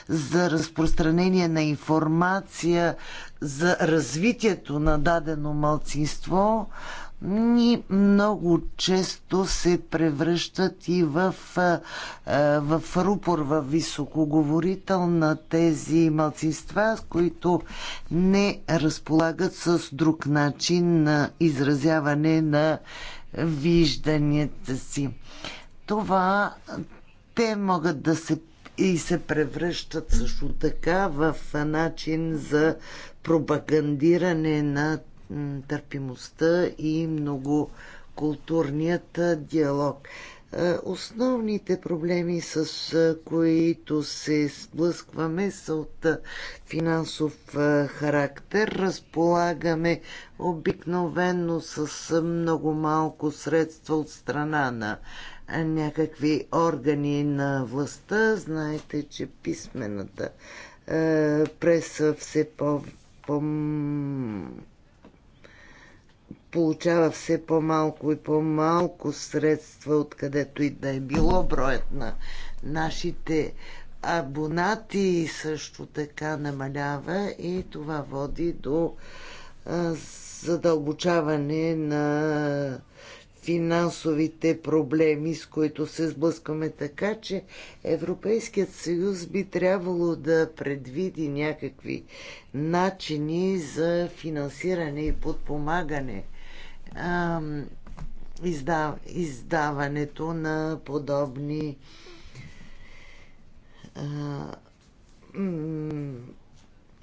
за разпространение на информация за развитието на дадено малцинство, ни много често се превръщат и в, в рупор, в високоговорител на тези малцинства, които не разполагат с друг начин на изразяване на вижданията си. Това те могат да се и се превръщат също така в начин за пропагандиране на търпимостта и многокултурният диалог. Е, основните проблеми, с които се сблъскваме, са от финансов характер. Разполагаме обикновенно с много малко средства от страна на някакви органи на властта. Знаете, че писмената преса все по, по получава все по-малко и по-малко средства, откъдето и да е било броят на нашите абонати също така намалява и това води до задълбочаване на финансовите проблеми, с които се сблъскваме. Така че Европейският съюз би трябвало да предвиди някакви начини за финансиране и подпомагане издаването на подобни а,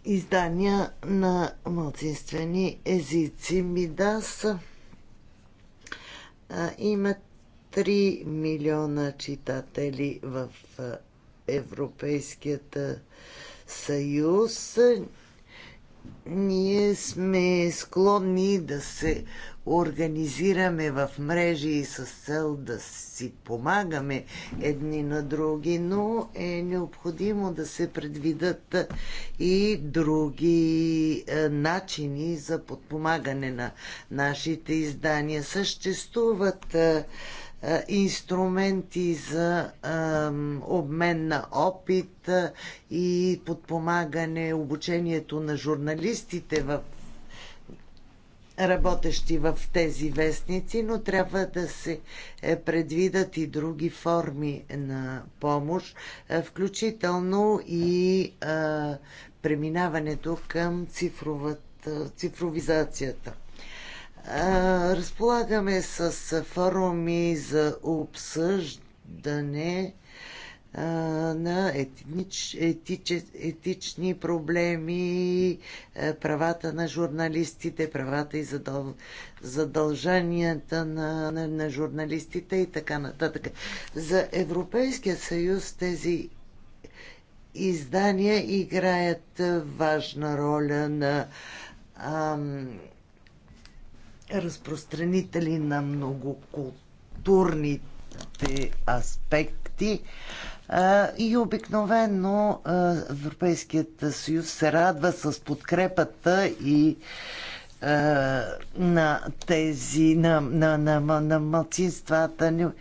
издания на младсинствени езици. Мидас а, има 3 милиона читатели в Европейският съюз ние сме склонни да се организираме в мрежи и с цел да си помагаме едни на други, но е необходимо да се предвидат и други е, начини за подпомагане на нашите издания. Съществуват е, е, инструменти за обмен на опит е, и подпомагане обучението на журналистите в работещи в тези вестници, но трябва да се е, предвидат и други форми на помощ, включително и преминаването към цифровизацията разполагаме с форуми за обсъждане на етнич, етич, етични проблеми, правата на журналистите, правата и задъл, задълженията на, на, на журналистите и така нататък. За Европейския съюз тези издания играят важна роля на ам, разпространители на многокултурните аспекти. И обикновено Европейският съюз се радва с подкрепата и на тези, на, на, на, на, на младсинствата.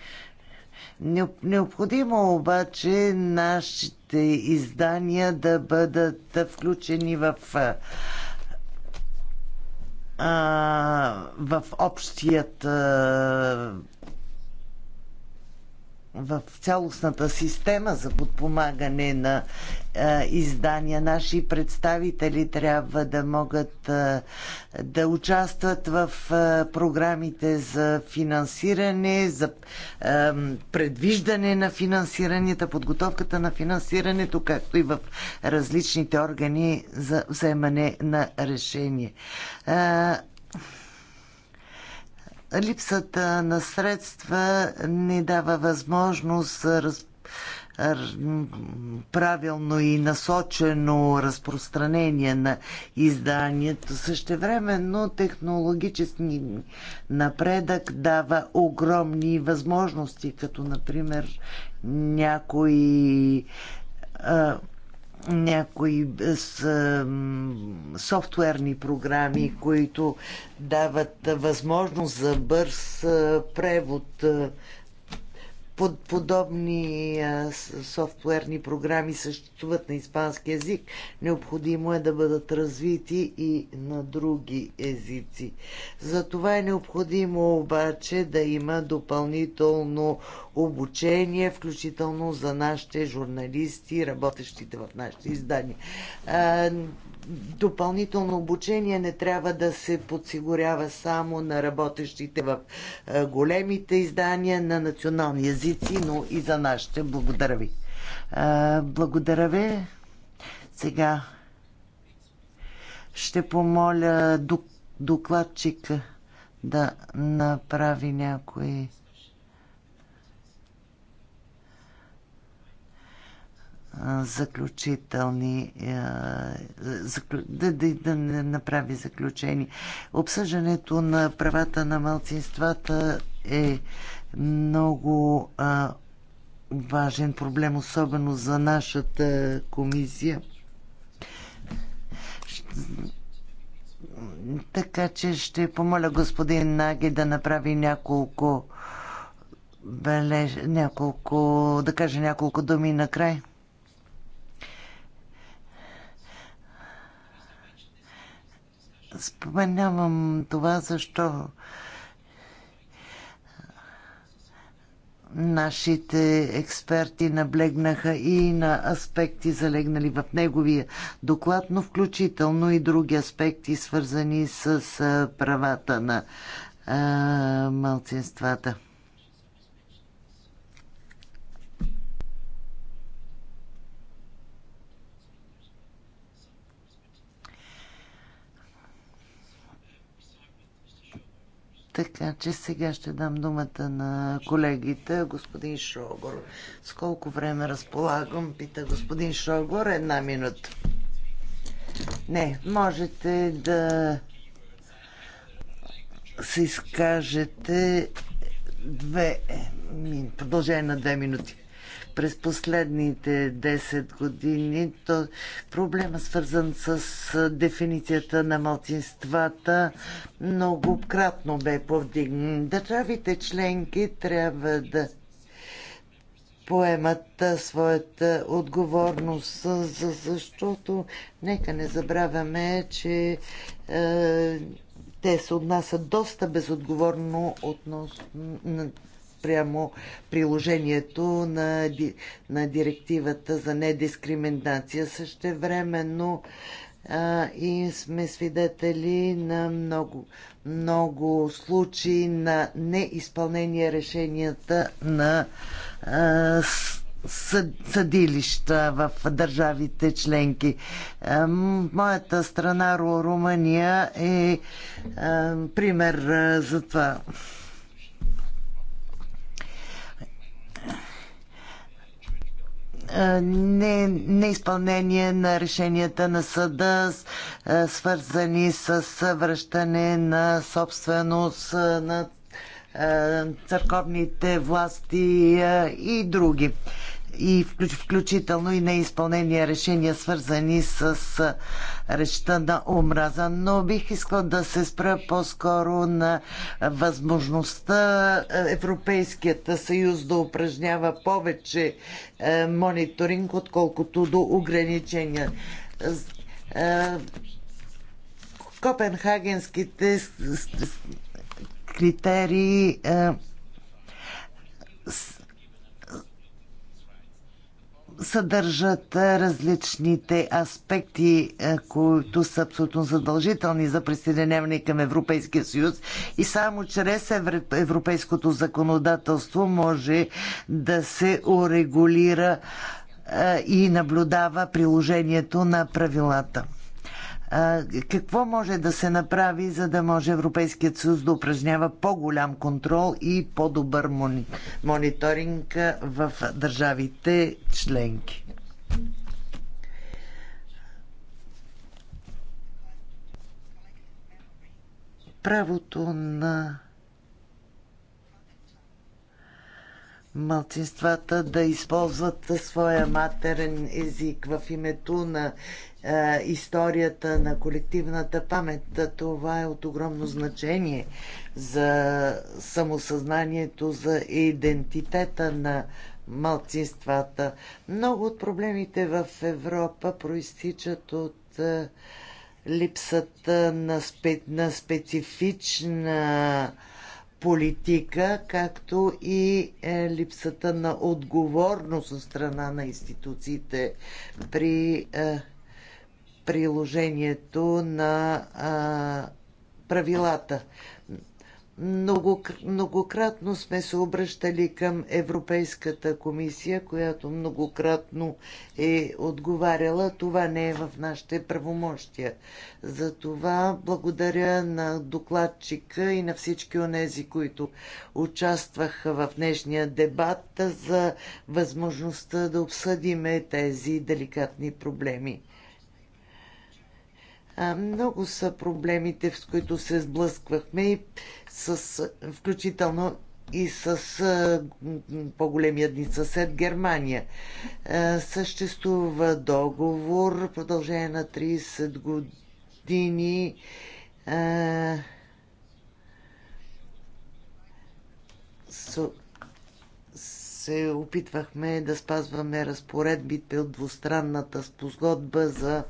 Необходимо обаче нашите издания да бъдат включени в в общият в цялостната система за подпомагане на издания. Наши представители трябва да могат да участват в програмите за финансиране, за предвиждане на финансиранията, подготовката на финансирането, както и в различните органи за вземане на решение. Липсата на средства не дава възможност правилно и насочено разпространение на изданието. Същевременно технологически напредък дава огромни възможности, като например някои някои с, софтуерни програми, които дават възможност за бърз превод под, подобни а, софтуерни програми съществуват на испански язик, необходимо е да бъдат развити и на други езици. Затова е необходимо обаче да има допълнително обучение, включително за нашите журналисти, работещите в нашите издания. А, допълнително обучение не трябва да се подсигурява само на работещите в е, големите издания на национални езици, но и за нашите. Благодаря ви. Е, благодаря ви. Сега ще помоля докладчика да направи някои заключителни, да, да, да направи заключени. Обсъждането на правата на малцинствата е много а, важен проблем, особено за нашата комисия. Така че ще помоля господин Наги да направи няколко бележ... няколко, да каже няколко думи накрай. Споменявам това, защо нашите експерти наблегнаха и на аспекти, залегнали в неговия доклад, но включително и други аспекти, свързани с правата на малцинствата. Така че сега ще дам думата на колегите. Господин Шогор, с колко време разполагам, пита господин Шогор. Една минута. Не, можете да се изкажете две, продължение на две минути през последните 10 години. То проблема свързан с дефиницията на малцинствата многократно бе повдигнат. Държавите членки трябва да поемат своята отговорност, защото нека не забравяме, че е, те се отнасят доста безотговорно относно спрямо приложението на, на директивата за недискриминация. Същевременно а, и сме свидетели на много, много случаи на неизпълнение решенията на а, съдилища в държавите членки. Моята страна, Румъния, е пример за това. не, неизпълнение на решенията на съда, свързани с връщане на собственост на църковните власти и други и включително и неизпълнение решения, свързани с речта на омраза. Но бих искал да се спра по-скоро на възможността Европейският съюз да упражнява повече мониторинг, отколкото до ограничения. Копенхагенските критерии съдържат различните аспекти, които са абсолютно задължителни за присъединяване към Европейския съюз и само чрез европейското законодателство може да се урегулира и наблюдава приложението на правилата какво може да се направи, за да може Европейският съюз да упражнява по-голям контрол и по-добър мониторинг в държавите членки? Правото на Малцинствата да използват своя матерен език в името на е, историята на колективната памет. Това е от огромно значение за самосъзнанието, за идентитета на мълцинствата. Много от проблемите в Европа проистичат от е, липсата на, спе, на специфична политика, както и е, липсата на отговорност от страна на институциите при е, приложението на е, правилата. Много, многократно сме се обръщали към Европейската комисия, която многократно е отговаряла. Това не е в нашите правомощия. Затова благодаря на докладчика и на всички онези, които участваха в днешния дебат за възможността да обсъдиме тези деликатни проблеми. Много са проблемите, с които се сблъсквахме, и с, включително и с по-големия ни съсед Германия. Съществува договор в продължение на 30 години. се опитвахме да спазваме разпоредбите от двустранната спозгодба за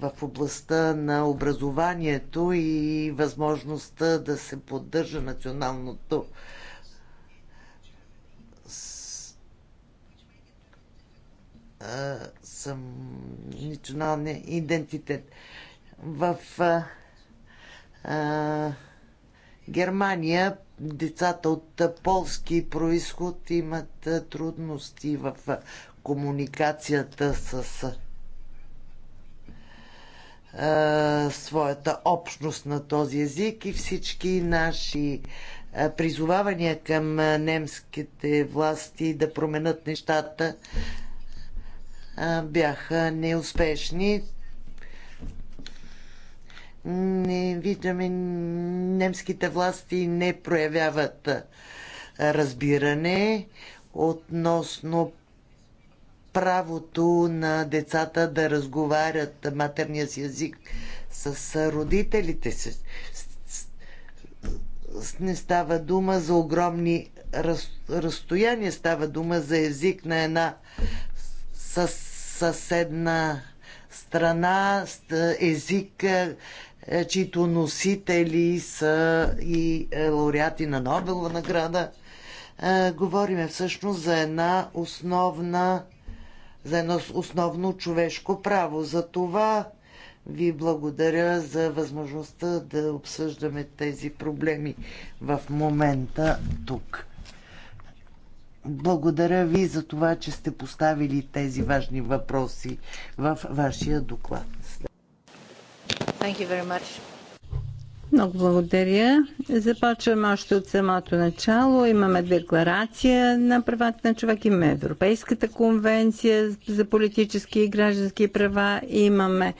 в областта на образованието и възможността да се поддържа националното съм националния идентитет. В а, а, Германия децата от полски происход имат трудности в комуникацията с е, своята общност на този език и всички наши е, призовавания към е, немските власти да променят нещата бяха неуспешни. Не виждаме, немските власти не проявяват разбиране относно правото на децата да разговарят матерния си език с родителите си. Не става дума за огромни раз, разстояния, става дума за език на една със, съседна страна, език, е, чието носители са и е, лауреати на Нобелова награда. Е, говориме всъщност за една основна за едно основно човешко право. За това ви благодаря за възможността да обсъждаме тези проблеми в момента тук. Благодаря ви за това, че сте поставили тези важни въпроси в вашия доклад. Thank you very much. Много благодаря. Започваме още от самото начало. Имаме декларация на правата на човек, имаме Европейската конвенция за политически и граждански права, имаме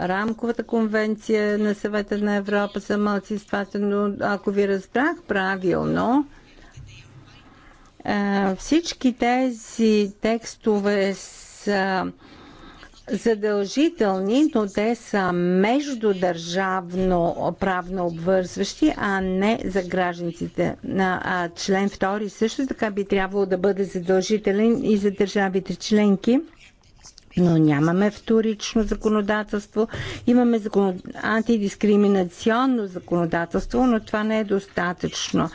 Рамковата конвенция на съвета на Европа за младсинствата, но ако ви разбрах правилно, е, всички тези текстове са задължителни, но те са междудържавно правно обвързващи, а не за гражданците. На член 2 също така би трябвало да бъде задължителен и за държавите членки но нямаме вторично законодателство. Имаме закон... антидискриминационно законодателство, но това не е достатъчно.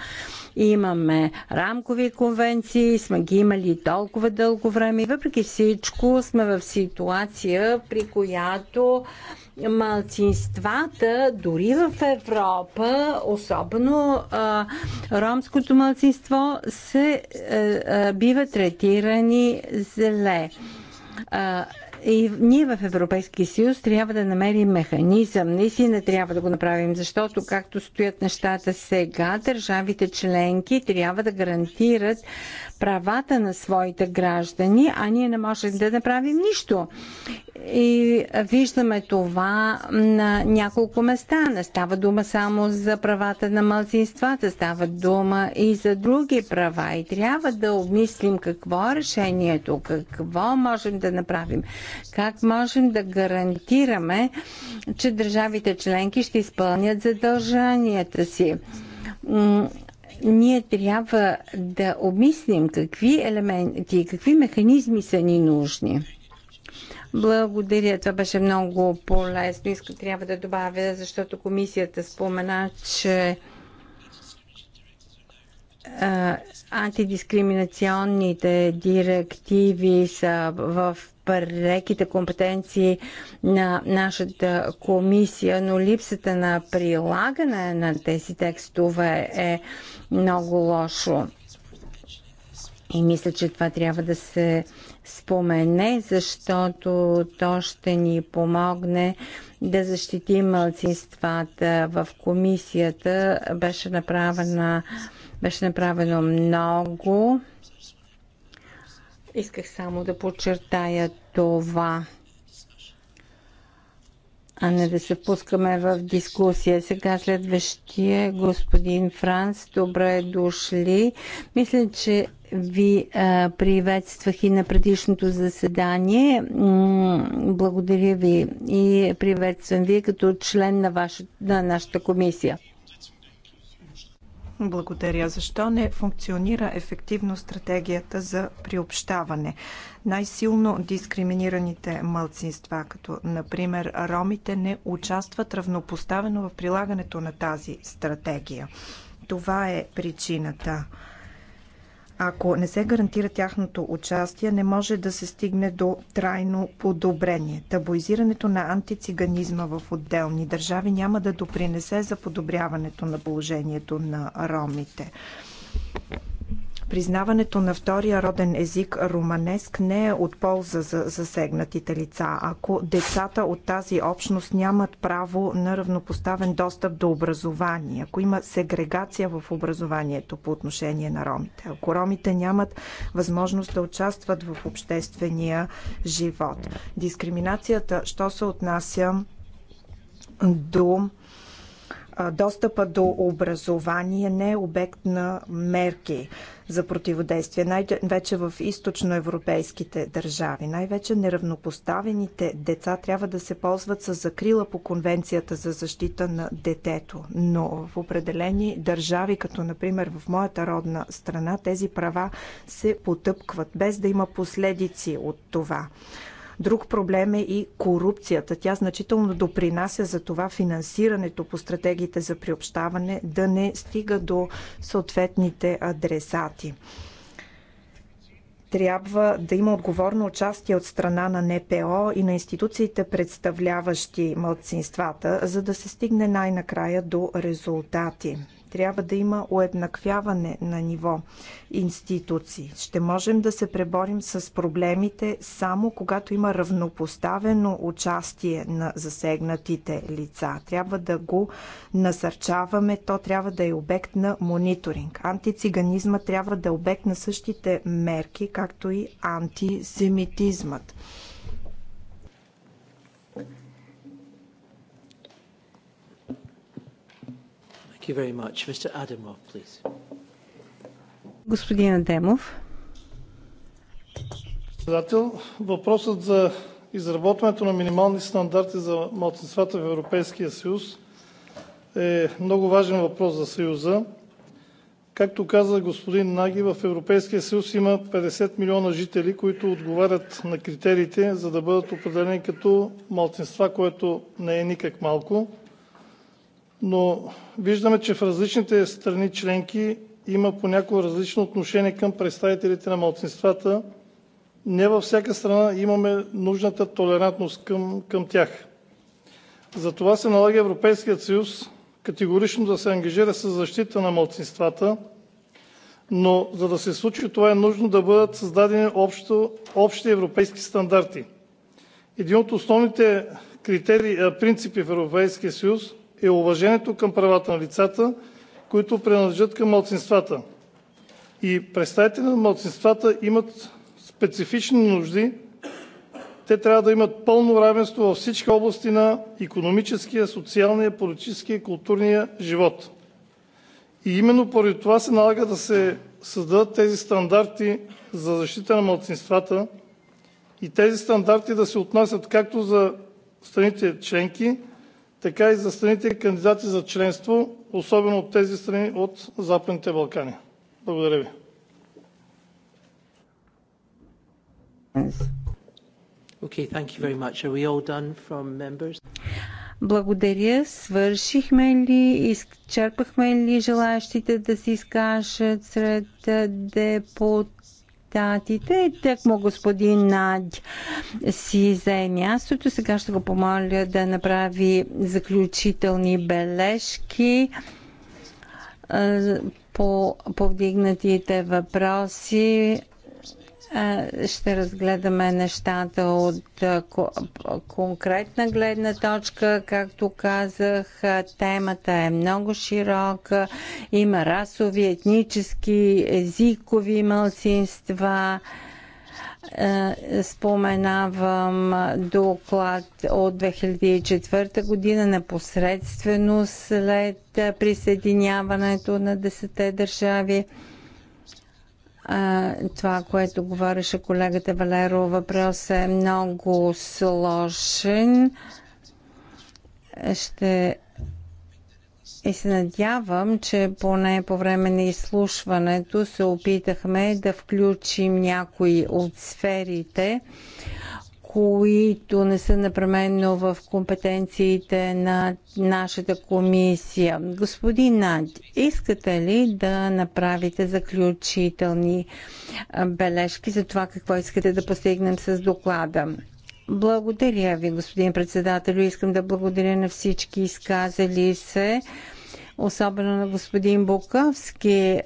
Имаме рамкови конвенции, сме ги имали толкова дълго време и въпреки всичко сме в ситуация, при която малцинствата, дори в Европа, особено а, ромското малцинство, се а, е, а, е, бива третирани зле. А, и ние в Европейския съюз трябва да намерим механизъм. Наистина трябва да го направим, защото както стоят нещата сега, държавите членки трябва да гарантират правата на своите граждани, а ние не можем да направим нищо. И виждаме това на няколко места. Не става дума само за правата на малцинствата, става дума и за други права. И трябва да обмислим какво е решението, какво можем да направим. Как можем да гарантираме, че държавите членки ще изпълнят задълженията си? ние трябва да обмислим какви елементи и какви механизми са ни нужни. Благодаря. Това беше много по-лесно. Иска трябва да добавя, защото комисията спомена, че антидискриминационните директиви са в преките компетенции на нашата комисия, но липсата на прилагане на тези текстове е много лошо. И мисля, че това трябва да се спомене, защото то ще ни помогне да защитим мълцинствата в комисията. Беше направена беше направено много Исках само да подчертая това, а не да се пускаме в дискусия. Сега следващия господин Франц, добре дошли. Мисля, че ви приветствах и на предишното заседание. Благодаря ви и приветствам ви като член на, ваша, на нашата комисия. Благодаря. Защо не функционира ефективно стратегията за приобщаване? Най-силно дискриминираните мълцинства, като например ромите, не участват равнопоставено в прилагането на тази стратегия. Това е причината. Ако не се гарантира тяхното участие, не може да се стигне до трайно подобрение. Табоизирането на антициганизма в отделни държави няма да допринесе за подобряването на положението на ромите признаването на втория роден език руманеск не е от полза за засегнатите лица. Ако децата от тази общност нямат право на равнопоставен достъп до образование, ако има сегрегация в образованието по отношение на ромите, ако ромите нямат възможност да участват в обществения живот, дискриминацията, що се отнася до достъпа до образование не е обект на мерки за противодействие, най-вече в източноевропейските държави. Най-вече неравнопоставените деца трябва да се ползват с закрила по Конвенцията за защита на детето. Но в определени държави, като например в моята родна страна, тези права се потъпкват, без да има последици от това. Друг проблем е и корупцията. Тя значително допринася за това финансирането по стратегиите за приобщаване да не стига до съответните адресати трябва да има отговорно участие от страна на НПО и на институциите, представляващи мълцинствата, за да се стигне най-накрая до резултати. Трябва да има уеднаквяване на ниво институции. Ще можем да се преборим с проблемите само когато има равнопоставено участие на засегнатите лица. Трябва да го насърчаваме. То трябва да е обект на мониторинг. Антициганизма трябва да е обект на същите мерки, както и антисемитизмът. Thank you very much. Mr. Adamov, please. Господин Адемов. Председател, въпросът за изработването на минимални стандарти за малцинствата в Европейския съюз е много важен въпрос за Съюза. Както каза господин Наги, в Европейския съюз има 50 милиона жители, които отговарят на критериите, за да бъдат определени като малцинства, което не е никак малко но виждаме, че в различните страни членки има понякога различно отношение към представителите на малцинствата. Не във всяка страна имаме нужната толерантност към тях. Затова се налага Европейският съюз категорично да се ангажира със защита на малцинствата, но за да се случи това, е нужно да бъдат създадени общи европейски стандарти. Един от основните принципи в Европейския съюз е уважението към правата на лицата, които принадлежат към малцинствата, и представители на малцинствата имат специфични нужди. Те трябва да имат пълно равенство във всички области на икономическия, социалния, политическия и културния живот. И именно поради това се налага да се създадат тези стандарти за защита на малцинствата и тези стандарти да се отнасят както за страните членки, така и за страните – кандидати за членство, особено от тези страни от Западните Балкани. Благодаря Ви. Okay, thank you very much. Are we all done from members? Благодаря. Свършихме ли, изчерпахме ли желаящите да се изкажат сред депутати? депутатите. Так му господин Надь си зае мястото. Сега ще го помоля да направи заключителни бележки по повдигнатите въпроси ще разгледаме нещата от конкретна гледна точка. Както казах, темата е много широка. Има расови, етнически, езикови мълсинства. Споменавам доклад от 2004 година непосредствено след присъединяването на 10 държави а, това, което говореше колегата Валеро, въпрос е много сложен. Ще и се надявам, че поне по време на изслушването се опитахме да включим някои от сферите, които не са непременно в компетенциите на нашата комисия. Господин Над, искате ли да направите заключителни бележки за това какво искате да постигнем с доклада? Благодаря ви, господин председател. Искам да благодаря на всички изказали се, особено на господин Буковски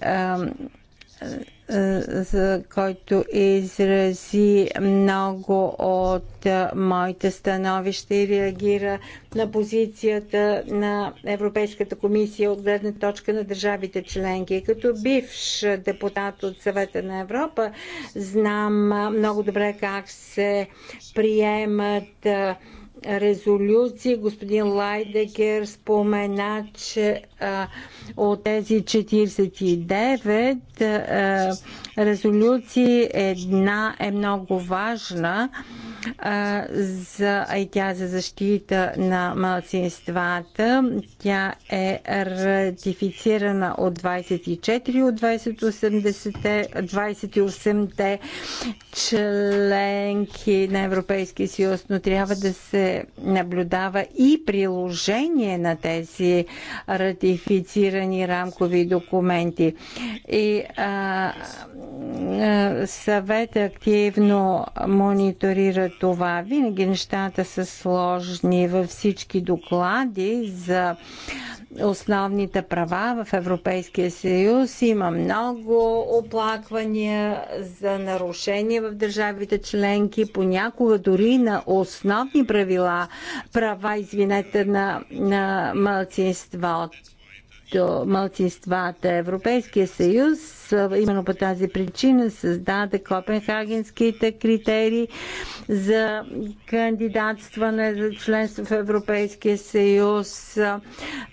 е, за който изрази много от е, моите становища и реагира на позицията на Европейската комисия от гледна точка на държавите членки. Като бивш депутат от съвета на Европа, знам е, много добре как се приемат резолюции. Господин Лайдекер спомена, че а, от тези 49 а, резолюции една е много важна. А, за, тя е за защита на малцинствата. Тя е ратифицирана от 24 от 28-те членки на Европейския съюз, но трябва да се наблюдава и приложение на тези ратифицирани рамкови документи. И а, съвет активно мониторира това. Винаги нещата са сложни във всички доклади за основните права в Европейския съюз. Има много оплаквания за нарушения в държавите членки, понякога дори на основни правила, права, извинете, на, на малцинството до малцинствата. Европейския съюз именно по тази причина създаде копенхагенските критерии за кандидатстване за членство в Европейския съюз,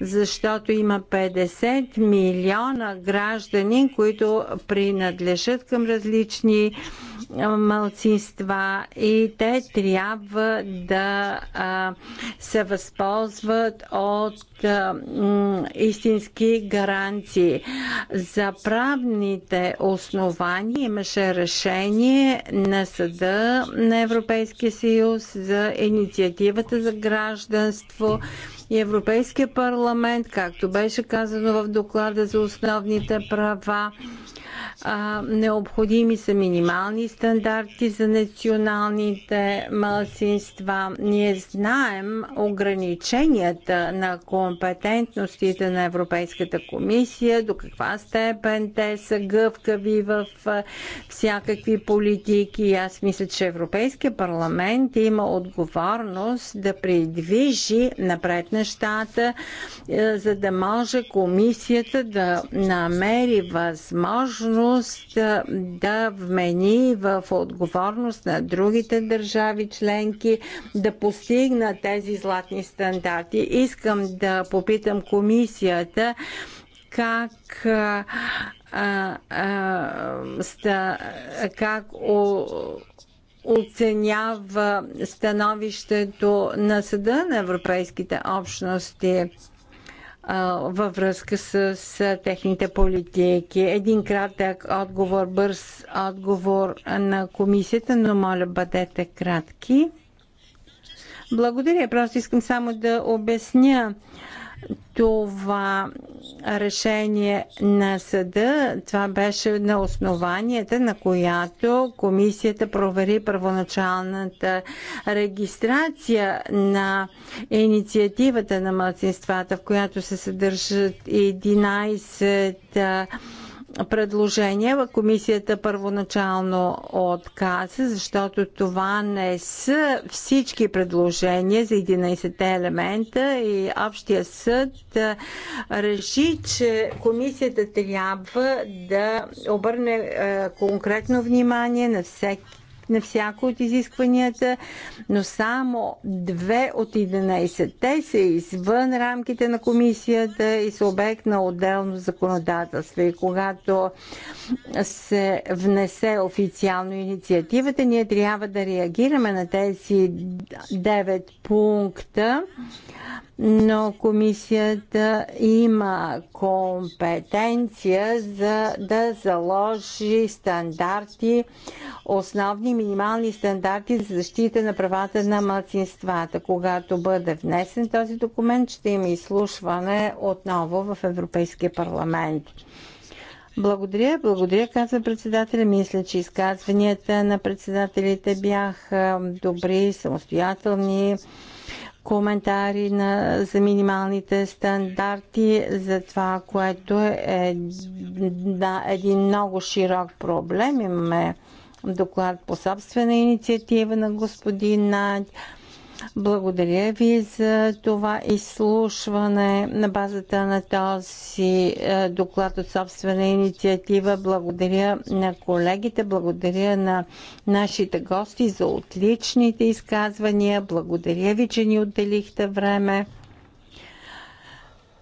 защото има 50 милиона граждани, които принадлежат към различни малцинства и те трябва да а, се възползват от а, истински гаранции. За правните основания имаше решение на Съда на Европейския съюз за инициативата за гражданство и Европейския парламент, както беше казано в доклада за основните права, а, необходими са минимални стандарти за националните малцинства. Ние знаем ограниченията на компетентностите на Европейската комисия, до каква степен те са гъвкави в всякакви политики. Аз мисля, че Европейския парламент има отговорност да придвижи напред на нещата, е, за да може комисията да намери възможност е, да вмени в отговорност на другите държави членки да постигнат тези златни стандарти. Искам да попитам комисията как а, е, а, ста, как о, оценява становището на Съда на европейските общности във връзка с, с техните политики. Един кратък отговор, бърз отговор на комисията, но моля бъдете кратки. Благодаря. Просто искам само да обясня това решение на съда, това беше на основанията, на която комисията провери първоначалната регистрация на инициативата на младсинствата, в която се съдържат 11 предложения. Комисията първоначално отказа, защото това не са всички предложения за 11-те елемента и Общия съд реши, че комисията трябва да обърне конкретно внимание на всеки на всяко от изискванията, но само две от 11-те са извън рамките на комисията и са обект на отделно законодателство. И когато се внесе официално инициативата, ние трябва да реагираме на тези 9 пункта но комисията има компетенция за да заложи стандарти, основни минимални стандарти за защита на правата на младсинствата. Когато бъде внесен този документ, ще има изслушване отново в Европейския парламент. Благодаря, благодаря, каза председателя. Мисля, че изказванията на председателите бяха добри, самостоятелни коментари на, за минималните стандарти, за това, което е да, един много широк проблем. Имаме доклад по собствена инициатива на господин Надь благодаря ви за това изслушване на базата на този е, доклад от собствена инициатива. Благодаря на колегите, благодаря на нашите гости за отличните изказвания. Благодаря ви, че ни отделихте време.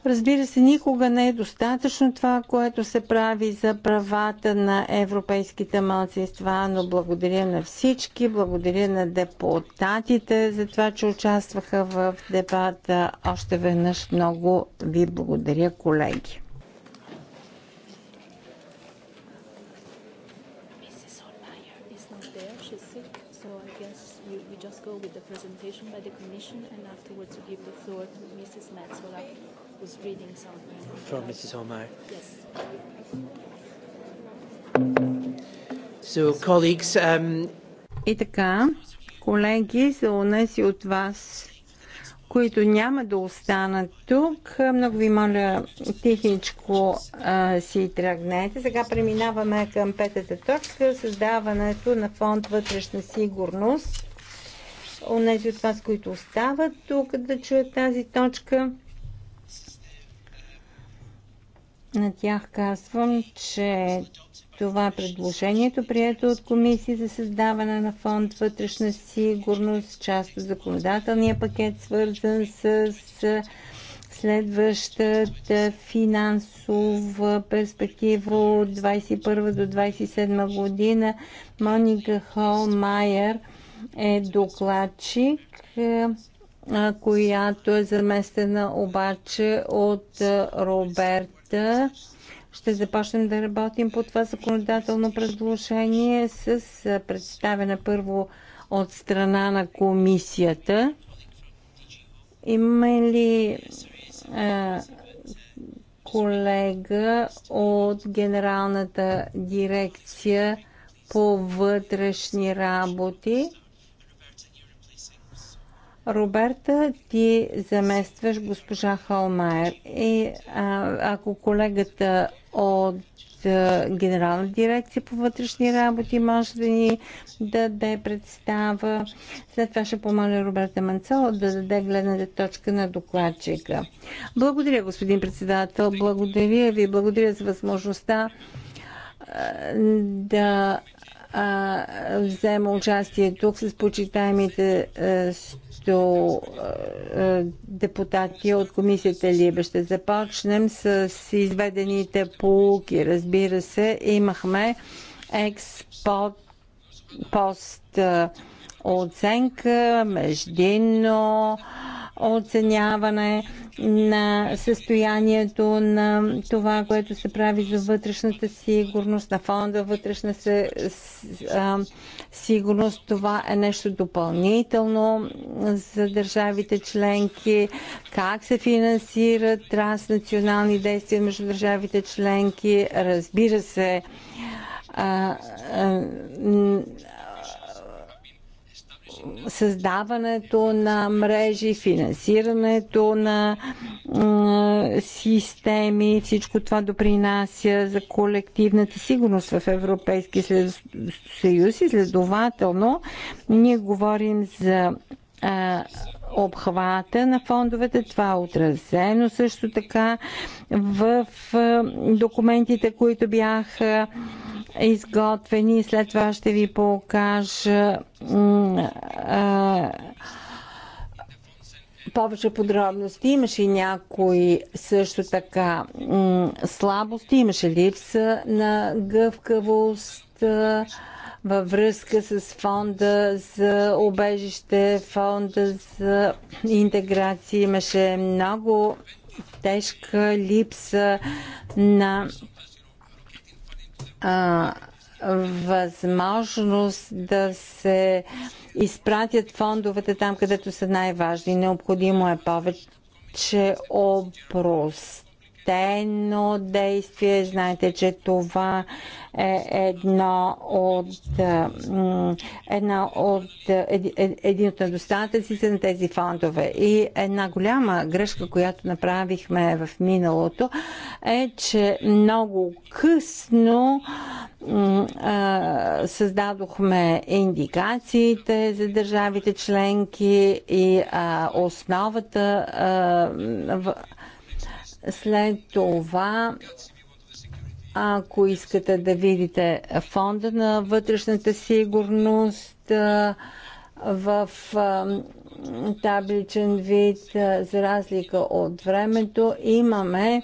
Разбира се, никога не е достатъчно това, което се прави за правата на европейските малцинства, но благодаря на всички, благодаря на депутатите за това, че участваха в дебата. Още веднъж много ви благодаря, колеги. from, Mrs. Holmeyer. So, colleagues, um... И така, колеги, за унеси от вас, които няма да останат тук, много ви моля тихичко а, си тръгнете. Сега преминаваме към петата точка, създаването на фонд вътрешна сигурност. Унеси от вас, които остават тук да чуят тази точка. на тях казвам, че това е предложението, прието от комисия за създаване на фонд вътрешна сигурност, част от законодателния пакет, свързан с следващата финансова перспектива от 21 до 27 година. Моника Холмайер е докладчик която е заместена обаче от Роберта. Ще започнем да работим по това законодателно предложение с представена първо от страна на комисията. Има ли а, колега от генералната дирекция по вътрешни работи? Роберта, ти заместваш госпожа Холмайер. И а, ако колегата от Генерална дирекция по вътрешни работи може да ни даде представа. След това ще помоля Роберта Манцел да даде гледната точка на докладчика. Благодаря, господин председател. Благодаря ви. Благодаря за възможността да а, взема участие тук с почитаемите също е, е, депутати от комисията Либе. Ще започнем с изведените полуки. Разбира се, имахме експост пост е, оценка, междинно оценяване на състоянието на това, което се прави за вътрешната сигурност, на фонда вътрешна се, с, а, сигурност. Това е нещо допълнително за държавите членки. Как се финансират транснационални действия между държавите членки? Разбира се, създаването на мрежи, финансирането на системи, всичко това допринася за колективната сигурност в Европейски съюз и следователно ние говорим за обхвата на фондовете. Това е отразено също така в документите, които бяха изготвени. След това ще ви покажа повече подробности. Имаше и някои също така слабости, имаше липса на гъвкавост във връзка с фонда за обежище, фонда за интеграция. Имаше много тежка липса на а, възможност да се изпратят фондовете там, където са най-важни. Необходимо е повече опрост платено действие. Знаете, че това е едно от, е, една от, е, е, един от недостатъците на тези фондове. И една голяма грешка, която направихме в миналото, е, че много късно създадохме индикациите за държавите членки и основата в след това ако искате да видите фонда на вътрешната сигурност в табличен вид, за разлика от времето, имаме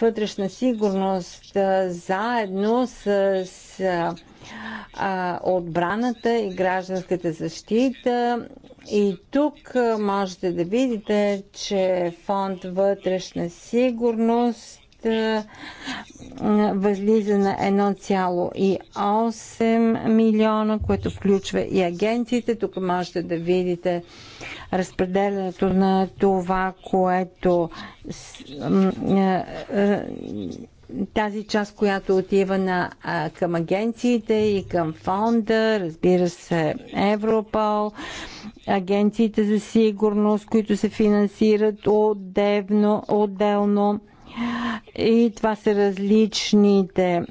вътрешна сигурност заедно с отбраната и гражданската защита и тук можете да видите, че фонд вътрешна сигурност възлиза на 1,8 милиона, което включва и агенциите. Тук можете да видите разпределянето на това, което тази част, която отива на, а, към агенциите и към фонда, разбира се, Европол, агенциите за сигурност, които се финансират отдевно, отделно. И това са различните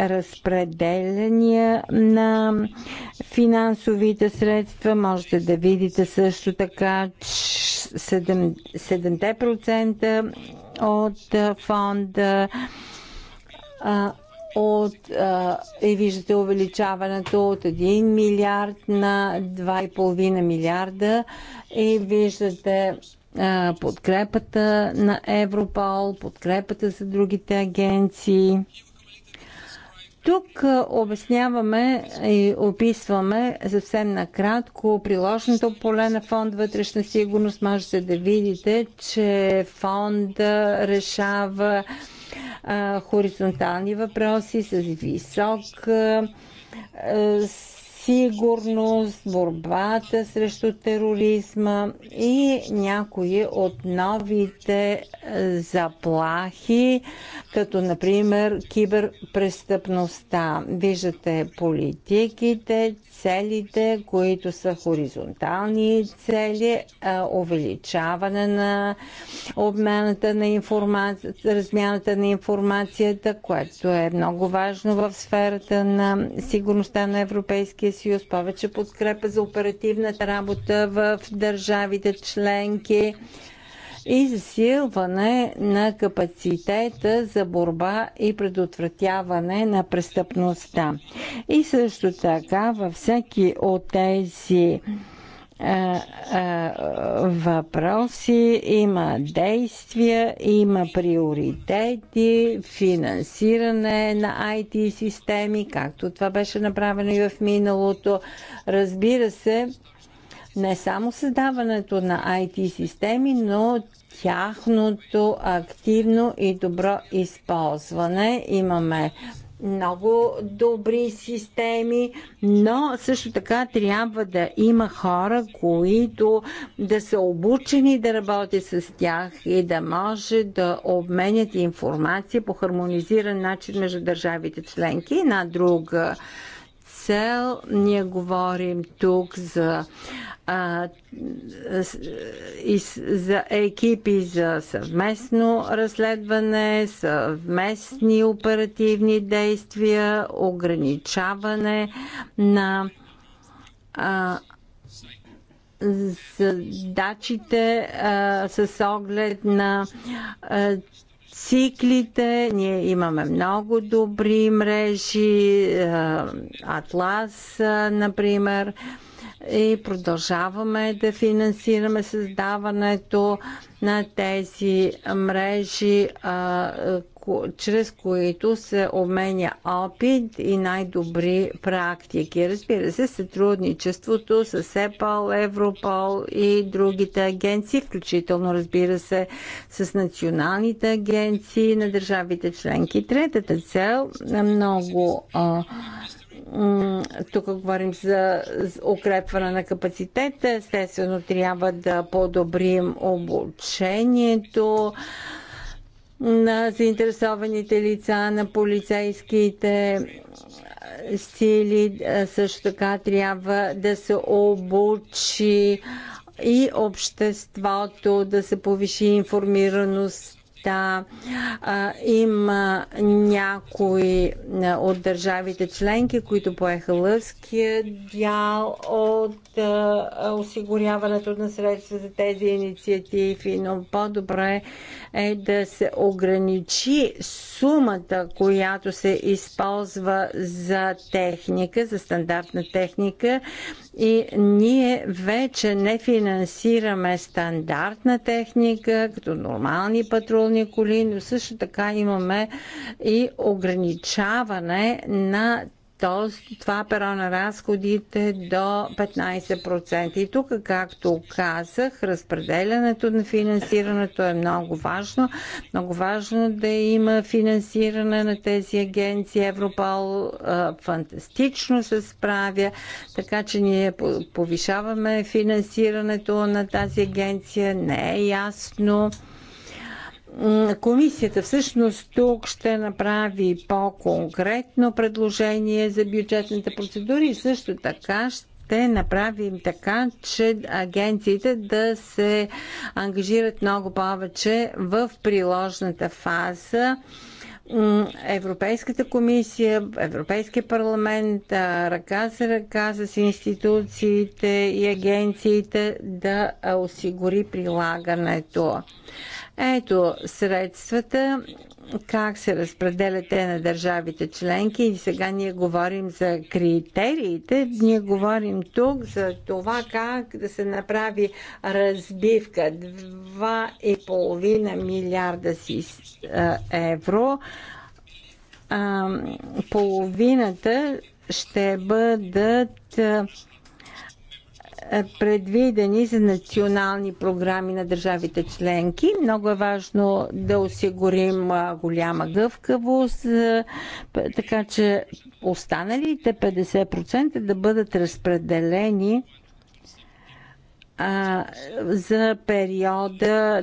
разпределения на финансовите средства. Можете да видите също така, че 7% от фонда от, и виждате увеличаването от 1 милиард на 2,5 милиарда и виждате подкрепата на Европол, подкрепата за другите агенции. Тук обясняваме и описваме съвсем накратко приложното поле на фонд вътрешна сигурност. Можете да видите, че фонд решава а, хоризонтални въпроси с висок а, с сигурност, борбата срещу тероризма и някои от новите заплахи, като например киберпрестъпността. Виждате политиките, целите, които са хоризонтални цели, увеличаване на обмената на информация, размяната на информацията, което е много важно в сферата на сигурността на Европейския съюз, повече подкрепа за оперативната работа в държавите членки и засилване на капацитета за борба и предотвратяване на престъпността. И също така във всеки от тези е, е, въпроси, има действия, има приоритети, финансиране на IT системи, както това беше направено и в миналото. Разбира се, не само създаването на IT системи, но тяхното активно и добро използване. Имаме много добри системи, но също така трябва да има хора, които да са обучени да работят с тях и да може да обменят информация по хармонизиран начин между държавите членки. Една друга цел. Ние говорим тук за, а, за екипи за съвместно разследване, съвместни оперативни действия, ограничаване на а, задачите а, с оглед на а, циклите. Ние имаме много добри мрежи, е, Атлас, е, например и продължаваме да финансираме създаването на тези мрежи, чрез които се обменя опит и най-добри практики. Разбира се, сътрудничеството с ЕПАЛ, Европол и другите агенции, включително, разбира се, с националните агенции на държавите членки. Третата цел е много а, тук говорим за укрепване на капацитета, естествено трябва да подобрим обучението на заинтересованите лица, на полицейските сили. Също така трябва да се обучи и обществото, да се повиши информираност да а, има някои от държавите членки, които поеха лъвския дял от а, осигуряването на средства за тези инициативи, но по-добре е да се ограничи сумата, която се използва за техника, за стандартна техника и ние вече не финансираме стандартна техника, като нормални патрулни коли, но също така имаме и ограничаване на то, това перо на разходите до 15%. И тук, както казах, разпределянето на финансирането е много важно. Много важно да има финансиране на тези агенции. Европол фантастично се справя, така че ние повишаваме финансирането на тази агенция. Не е ясно Комисията всъщност тук ще направи по-конкретно предложение за бюджетните процедури и също така ще ще направим така, че агенциите да се ангажират много повече в приложната фаза. Европейската комисия, Европейския парламент, ръка за ръка с институциите и агенциите да осигури прилагането. Ето средствата, как се разпределят те на държавите членки и сега ние говорим за критериите, ние говорим тук за това как да се направи разбивка 2,5 милиарда си евро половината ще бъдат е, предвидени за национални програми на държавите членки. Много е важно да осигурим голяма гъвкавост, е, така че останалите 50% да бъдат разпределени за периода 2021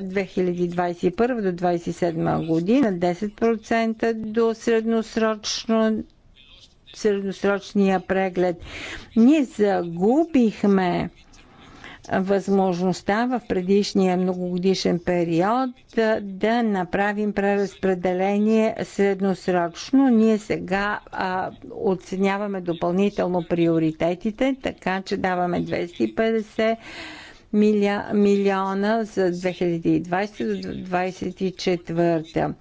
до 2027 година, 10% до средносрочно средносрочния преглед. Ние загубихме възможността в предишния многогодишен период да, да направим преразпределение средносрочно. Ние сега а, оценяваме допълнително приоритетите, така че даваме 250 милиона за 2020 до 2024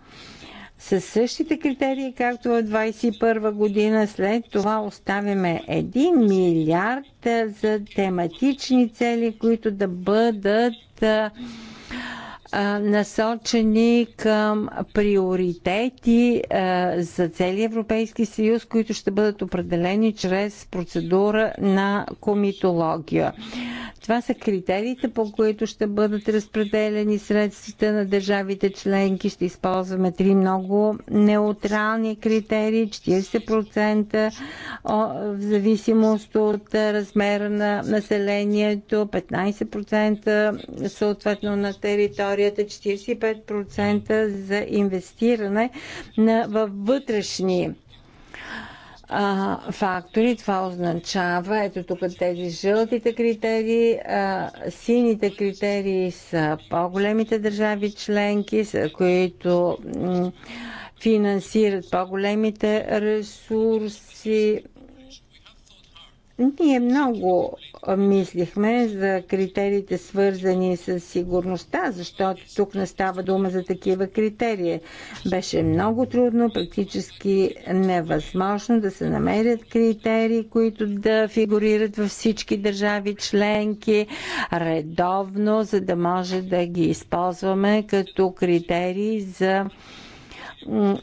със същите критерии, както в 2021 година. След това оставяме 1 милиард за тематични цели, които да бъдат насочени към приоритети за целия Европейски съюз, които ще бъдат определени чрез процедура на комитология. Това са критериите, по които ще бъдат разпределени средствата на държавите членки. Ще използваме три много неутрални критерии 40% в зависимост от размера на населението, 15% съответно на територия предвидят 45% за инвестиране на, във вътрешни а, фактори. Това означава, ето тук тези жълтите критерии, а, сините критерии са по-големите държави членки, са, които финансират по-големите ресурси ние много мислихме за критериите свързани с сигурността, защото тук не става дума за такива критерии. Беше много трудно, практически невъзможно да се намерят критерии, които да фигурират във всички държави членки редовно, за да може да ги използваме като критерии за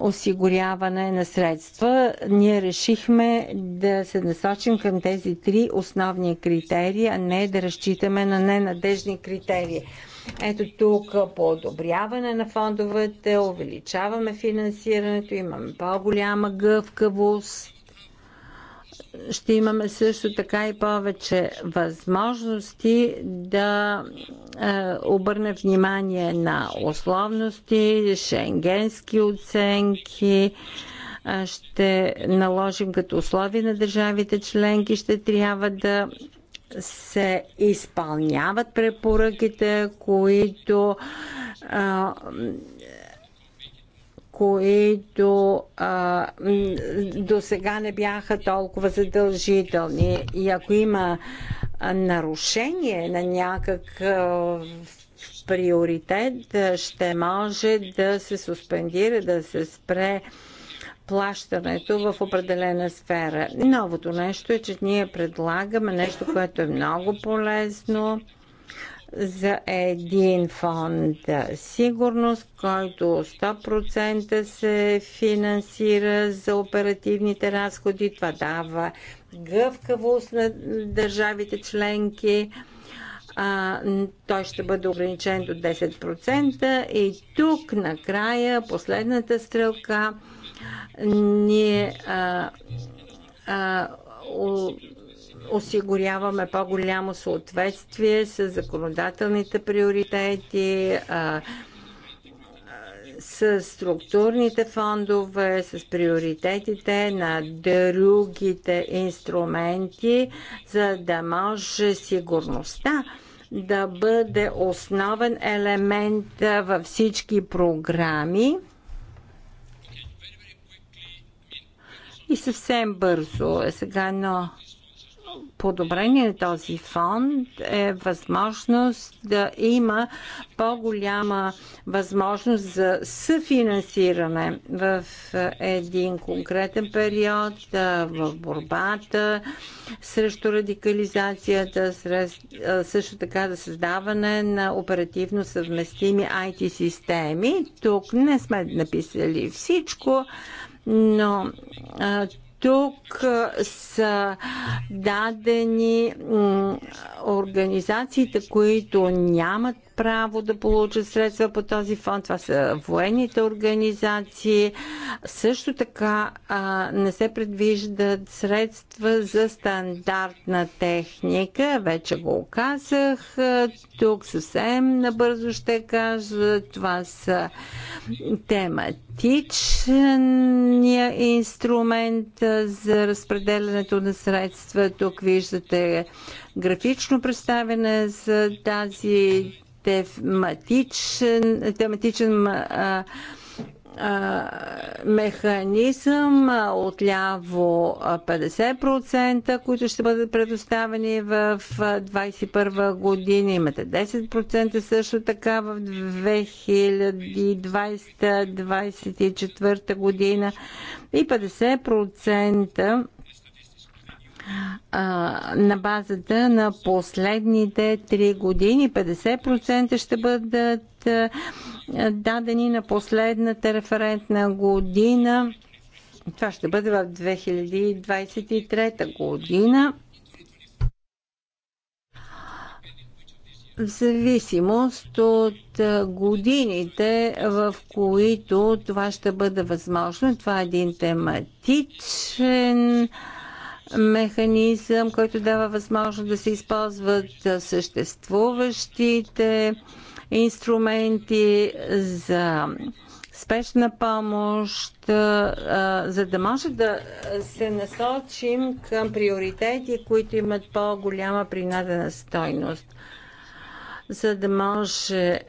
осигуряване на средства. Ние решихме да се насочим към тези три основни критерии, а не да разчитаме на ненадежни критерии. Ето тук подобряване на фондовете, увеличаваме финансирането, имаме по-голяма гъвкавост ще имаме също така и повече възможности да е, обърне внимание на условности, шенгенски оценки, е, ще наложим като условия на държавите членки, ще трябва да се изпълняват препоръките, които а, е, които а, до сега не бяха толкова задължителни. И ако има нарушение на някакъв приоритет, ще може да се суспендира, да се спре плащането в определена сфера. Новото нещо е, че ние предлагаме нещо, което е много полезно за един фонд сигурност, който 100% се финансира за оперативните разходи. Това дава гъвкавост на държавите членки. А, той ще бъде ограничен до 10%. И тук накрая, последната стрелка, ние а, а, осигуряваме по-голямо съответствие с законодателните приоритети, с структурните фондове, с приоритетите на другите инструменти, за да може сигурността да бъде основен елемент във всички програми. И съвсем бързо е сега но подобрение на този фонд е възможност да има по-голяма възможност за съфинансиране в е, един конкретен период в борбата срещу радикализацията, също така за създаване на оперативно съвместими IT системи. Тук не сме написали всичко, но тук са дадени организациите, които нямат право да получат средства по този фонд. Това са военните организации. Също така а, не се предвиждат средства за стандартна техника. Вече го казах. Тук съвсем набързо ще кажа. Това са тематичния инструмент за разпределянето на средства. Тук виждате графично представяне за тази тематичен, тематичен а, механизъм отляво 50%, които ще бъдат предоставени в 2021 година. Имате 10% също така в 2020-2024 година и 50% на базата на последните 3 години. 50% ще бъдат дадени на последната референтна година. Това ще бъде в 2023 година. в зависимост от годините, в които това ще бъде възможно. Това е един тематичен механизъм, който дава възможност да се използват съществуващите инструменти за спешна помощ, за да може да се насочим към приоритети, които имат по-голяма принадена стойност, за да може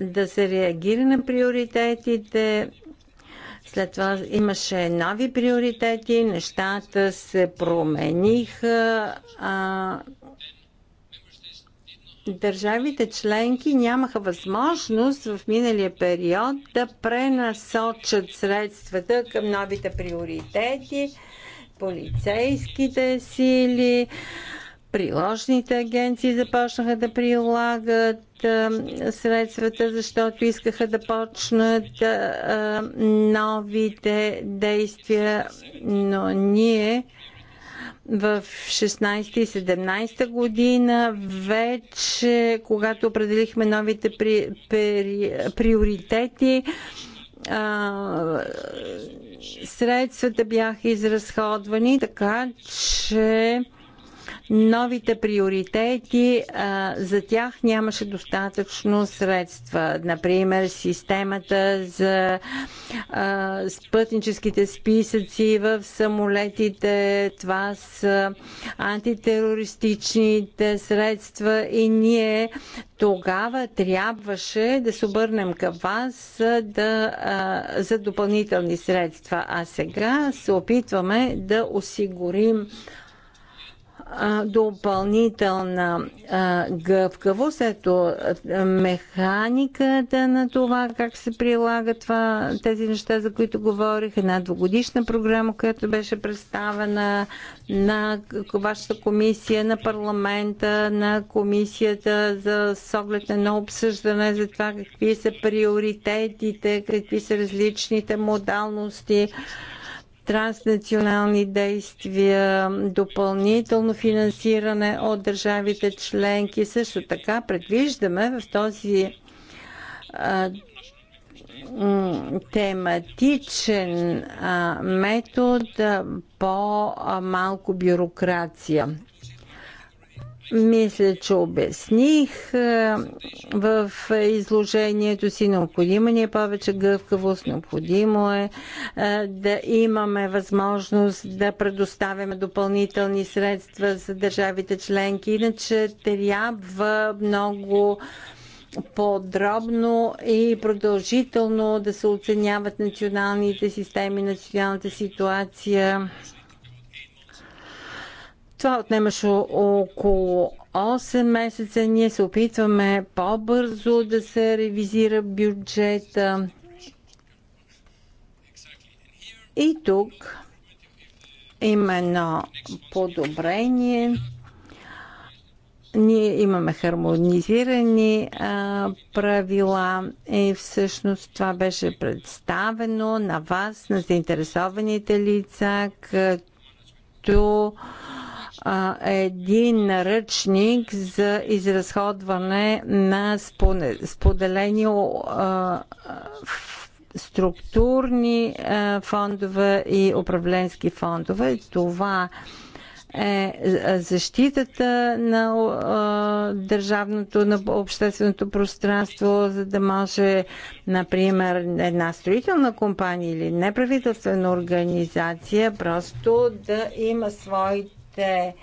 да се реагира на приоритетите след това имаше нови приоритети, нещата се промениха. А, държавите членки нямаха възможност в миналия период да пренасочат средствата към новите приоритети, полицейските сили, приложните агенции започнаха да прилагат средствата, защото искаха да почнат новите действия, но ние в 16 и 17 година вече, когато определихме новите при, при, приоритети, а, средствата бяха изразходвани, така че новите приоритети, за тях нямаше достатъчно средства. Например, системата за спътническите списъци в самолетите, това са антитерористичните средства и ние тогава трябваше да се обърнем към вас да, за допълнителни средства. А сега се опитваме да осигурим допълнителна гъвкавост. Ето механиката на това, как се прилага това, тези неща, за които говорих. Една двогодишна програма, която беше представена на вашата комисия, на парламента, на комисията за с на обсъждане за това какви са приоритетите, какви са различните модалности транснационални действия, допълнително финансиране от държавите членки. Също така предвиждаме в този тематичен а, метод по-малко бюрокрация. Мисля, че обясних е, в изложението си. Необходимо ни е повече гъвкавост, необходимо е, е да имаме възможност да предоставяме допълнителни средства за държавите членки. Иначе трябва много подробно и продължително да се оценяват националните системи, националната ситуация това отнемаше около 8 месеца. Ние се опитваме по-бързо да се ревизира бюджета. И тук има едно подобрение. Ние имаме хармонизирани а, правила и всъщност това беше представено на вас, на заинтересованите лица, като един наръчник за изразходване на споделени структурни фондове и управленски фондове. Това е защитата на държавното, на общественото пространство, за да може, например, една строителна компания или неправителствена организация просто да има своите своите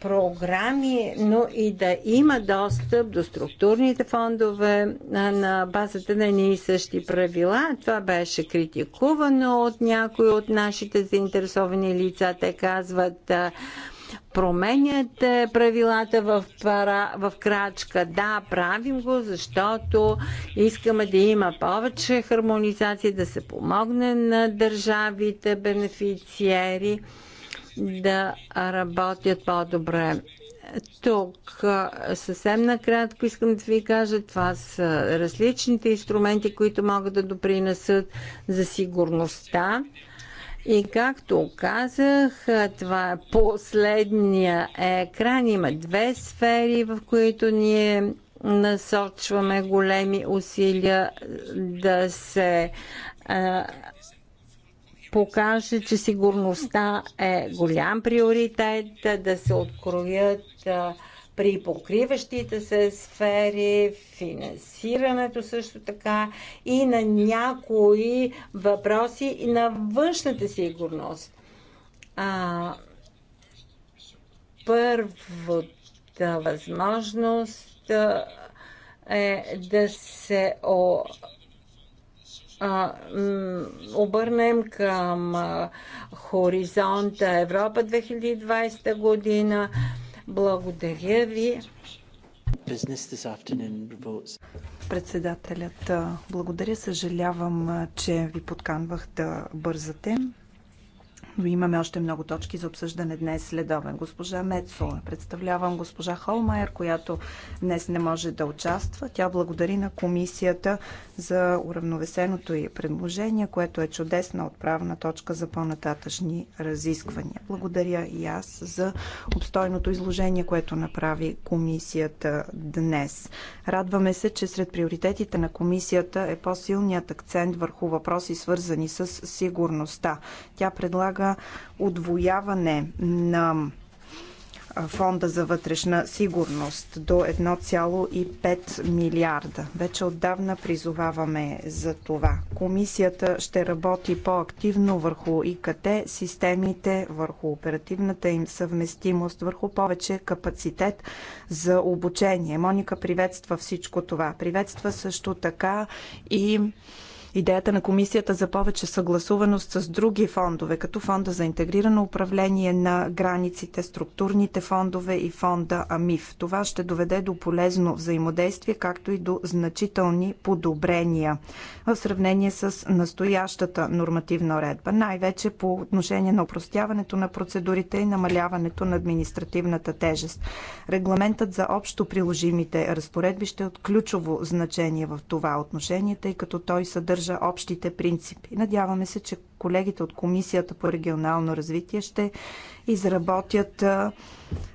програми, но и да има достъп до структурните фондове на базата на и същи правила. Това беше критикувано от някои от нашите заинтересовани лица. Те казват, променяте правилата в, пара, в крачка. Да, правим го, защото искаме да има повече хармонизация, да се помогне на държавите, бенефициери да работят по-добре. Тук съвсем накратко искам да ви кажа, това са различните инструменти, които могат да допринесат за сигурността. И както казах, това е последния екран. Има две сфери, в които ние насочваме големи усилия да се а, покаже, че сигурността е голям приоритет, да се откроят при покриващите се сфери, финансирането също така и на някои въпроси и на външната сигурност. А, първата възможност е да се о, обърнем към хоризонта Европа 2020 година. Благодаря ви. Председателят, благодаря. Съжалявам, че ви подканвах да бързате но имаме още много точки за обсъждане днес следовен. Госпожа Мецола, представлявам госпожа Холмайер, която днес не може да участва. Тя благодари на комисията за уравновесеното и предложение, което е чудесна отправна точка за по-нататъчни разисквания. Благодаря и аз за обстойното изложение, което направи комисията днес. Радваме се, че сред приоритетите на комисията е по-силният акцент върху въпроси, свързани с сигурността. Тя предлага на отвояване на фонда за вътрешна сигурност до 1,5 милиарда. Вече отдавна призоваваме за това. Комисията ще работи по-активно върху ИКТ системите, върху оперативната им съвместимост, върху повече капацитет за обучение. Моника приветства всичко това. Приветства също така и идеята на комисията за повече съгласуваност с други фондове, като фонда за интегрирано управление на границите, структурните фондове и фонда АМИФ. Това ще доведе до полезно взаимодействие, както и до значителни подобрения в сравнение с настоящата нормативна редба, най-вече по отношение на упростяването на процедурите и намаляването на административната тежест. Регламентът за общо приложимите разпоредби ще е от ключово значение в това отношение, тъй като той съдържа съдържа общите принципи. Надяваме се, че колегите от Комисията по регионално развитие ще изработят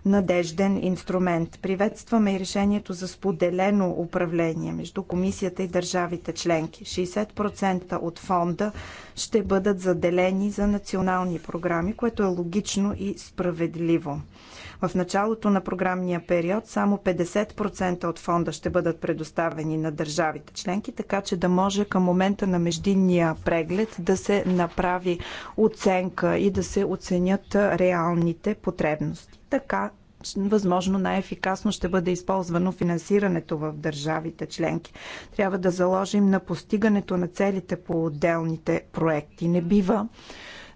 надежден инструмент. Приветстваме и решението за споделено управление между комисията и държавите членки. 60% от фонда ще бъдат заделени за национални програми, което е логично и справедливо. В началото на програмния период само 50% от фонда ще бъдат предоставени на държавите членки, така че да може към момента на междинния преглед да се направи оценка и да се оценят реалните потребности. Така възможно най-ефикасно ще бъде използвано финансирането в държавите членки. Трябва да заложим на постигането на целите по отделните проекти. Не бива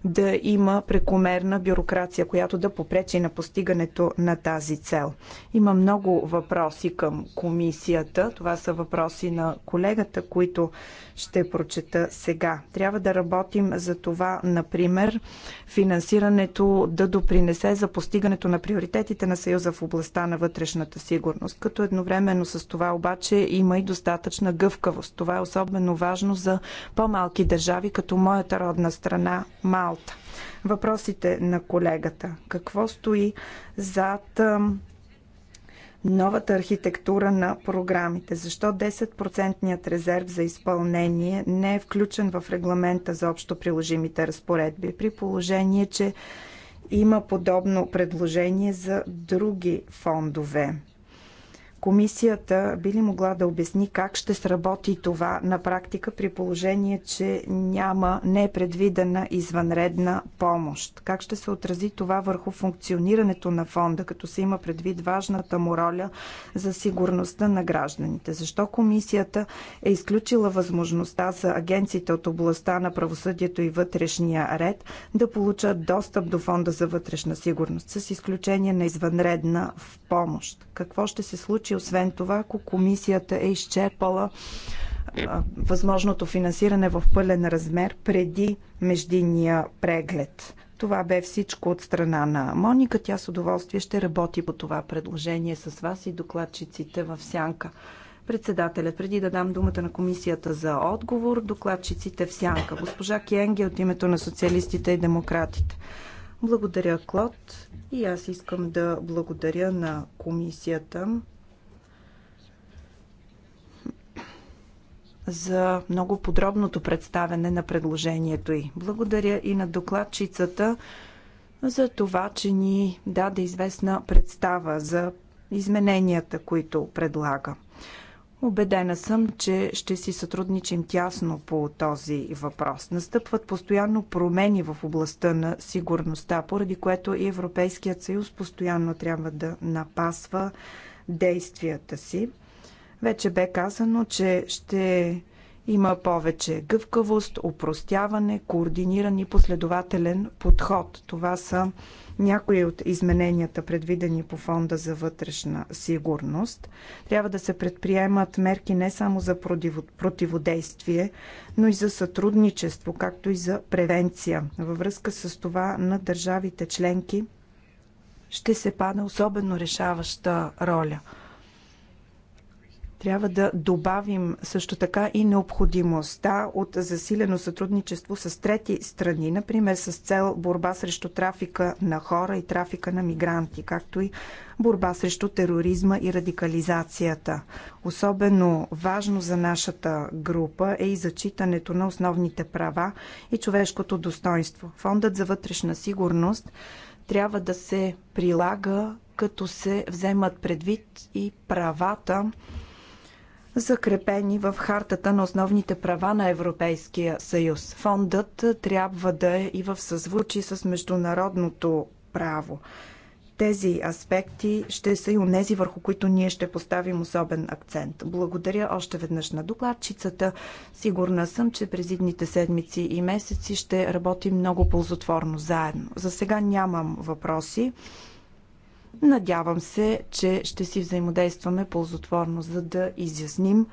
да има прекомерна бюрокрация, която да попречи на постигането на тази цел. Има много въпроси към комисията. Това са въпроси на колегата, които ще прочета сега. Трябва да работим за това, например, финансирането да допринесе за постигането на приоритетите на Съюза в областта на вътрешната сигурност. Като едновременно с това обаче има и достатъчна гъвкавост. Това е особено важно за по-малки държави, като моята родна страна Малта работа. Въпросите на колегата. Какво стои зад новата архитектура на програмите. Защо 10 резерв за изпълнение не е включен в регламента за общо приложимите разпоредби, при положение, че има подобно предложение за други фондове? Комисията би ли могла да обясни как ще сработи това на практика при положение, че няма, непредвидена извънредна помощ? Как ще се отрази това върху функционирането на фонда, като се има предвид важната му роля за сигурността на гражданите? Защо комисията е изключила възможността за агенциите от областта на правосъдието и вътрешния ред да получат достъп до фонда за вътрешна сигурност, с изключение на извънредна помощ? Какво ще се случи освен това, ако комисията е изчерпала възможното финансиране в пълен размер преди междинния преглед. Това бе всичко от страна на Моника. Тя с удоволствие ще работи по това предложение с вас и докладчиците в Сянка. Председателят, преди да дам думата на комисията за отговор, докладчиците в Сянка. Госпожа Кенге от името на социалистите и демократите. Благодаря, Клод. И аз искам да благодаря на комисията за много подробното представяне на предложението й. Благодаря и на докладчицата за това, че ни даде известна представа за измененията, които предлага. Обедена съм, че ще си сътрудничим тясно по този въпрос. Настъпват постоянно промени в областта на сигурността, поради което и Европейският съюз постоянно трябва да напасва действията си. Вече бе казано, че ще има повече гъвкавост, упростяване, координиран и последователен подход. Това са някои от измененията, предвидени по Фонда за вътрешна сигурност. Трябва да се предприемат мерки не само за противодействие, но и за сътрудничество, както и за превенция. Във връзка с това на държавите членки ще се пада особено решаваща роля – трябва да добавим също така и необходимостта от засилено сътрудничество с трети страни, например с цел борба срещу трафика на хора и трафика на мигранти, както и борба срещу тероризма и радикализацията. Особено важно за нашата група е и зачитането на основните права и човешкото достоинство. Фондът за вътрешна сигурност трябва да се прилага, като се вземат предвид и правата закрепени в хартата на основните права на Европейския съюз. Фондът трябва да е и в съзвучи с международното право. Тези аспекти ще са и онези, върху които ние ще поставим особен акцент. Благодаря още веднъж на докладчицата. Сигурна съм, че през идните седмици и месеци ще работим много ползотворно заедно. За сега нямам въпроси. Надявам се, че ще си взаимодействаме ползотворно, за да изясним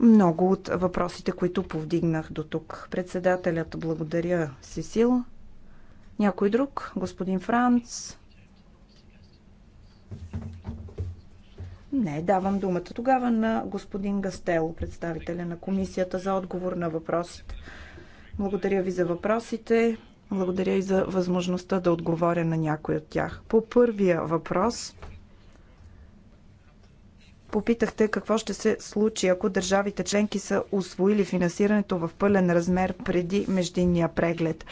много от въпросите, които повдигнах до тук. Председателят благодаря Сесил. Някой друг? Господин Франц? Не, давам думата тогава на господин Гастело, представителя на Комисията за отговор на въпросите. Благодаря ви за въпросите. Благодаря и за възможността да отговоря на някой от тях. По първия въпрос попитахте какво ще се случи, ако държавите членки са освоили финансирането в пълен размер преди междинния преглед.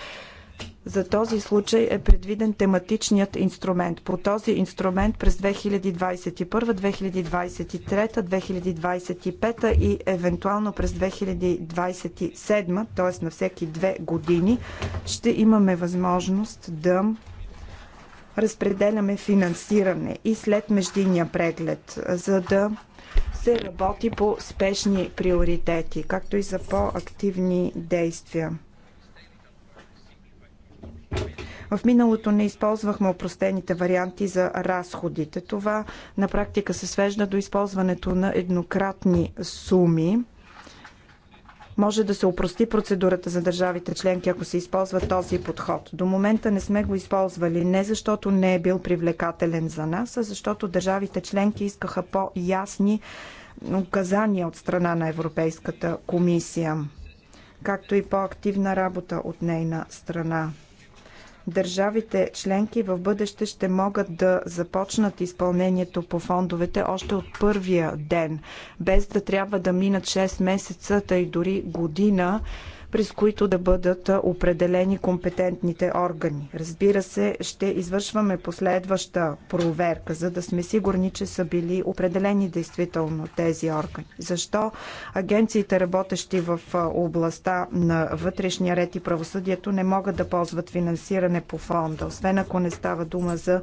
За този случай е предвиден тематичният инструмент. По този инструмент през 2021, 2023, 2025 и евентуално през 2027, т.е. на всеки две години, ще имаме възможност да разпределяме финансиране и след междинния преглед, за да се работи по спешни приоритети, както и за по-активни действия. В миналото не използвахме опростените варианти за разходите. Това на практика се свежда до използването на еднократни суми. Може да се опрости процедурата за държавите членки, ако се използва този подход. До момента не сме го използвали не защото не е бил привлекателен за нас, а защото държавите членки искаха по-ясни указания от страна на Европейската комисия, както и по-активна работа от нейна страна държавите членки в бъдеще ще могат да започнат изпълнението по фондовете още от първия ден, без да трябва да минат 6 месеца, и дори година, през които да бъдат определени компетентните органи. Разбира се, ще извършваме последваща проверка, за да сме сигурни, че са били определени действително тези органи. Защо агенциите, работещи в областта на вътрешния ред и правосъдието, не могат да ползват финансиране по фонда, освен ако не става дума за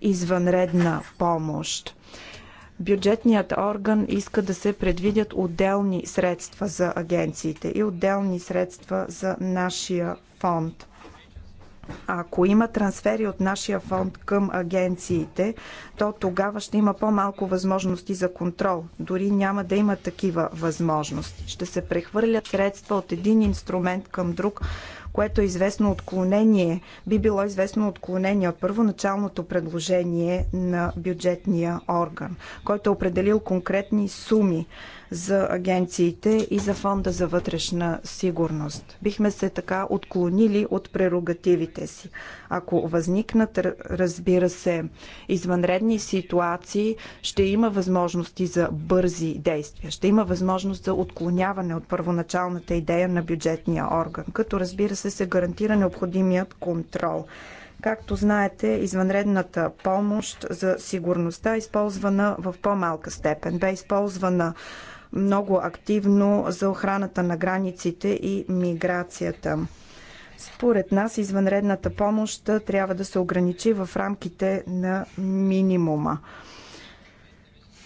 извънредна помощ? бюджетният орган иска да се предвидят отделни средства за агенциите и отделни средства за нашия фонд. Ако има трансфери от нашия фонд към агенциите, то тогава ще има по-малко възможности за контрол. Дори няма да има такива възможности. Ще се прехвърлят средства от един инструмент към друг което е известно отклонение, би било известно отклонение от първоначалното предложение на бюджетния орган, който е определил конкретни суми за агенциите и за Фонда за вътрешна сигурност. Бихме се така отклонили от прерогативите си. Ако възникнат, разбира се, извънредни ситуации, ще има възможности за бързи действия. Ще има възможност за отклоняване от първоначалната идея на бюджетния орган, като разбира се се гарантира необходимият контрол. Както знаете, извънредната помощ за сигурността е използвана в по-малка степен. Бе използвана много активно за охраната на границите и миграцията. Според нас извънредната помощ трябва да се ограничи в рамките на минимума.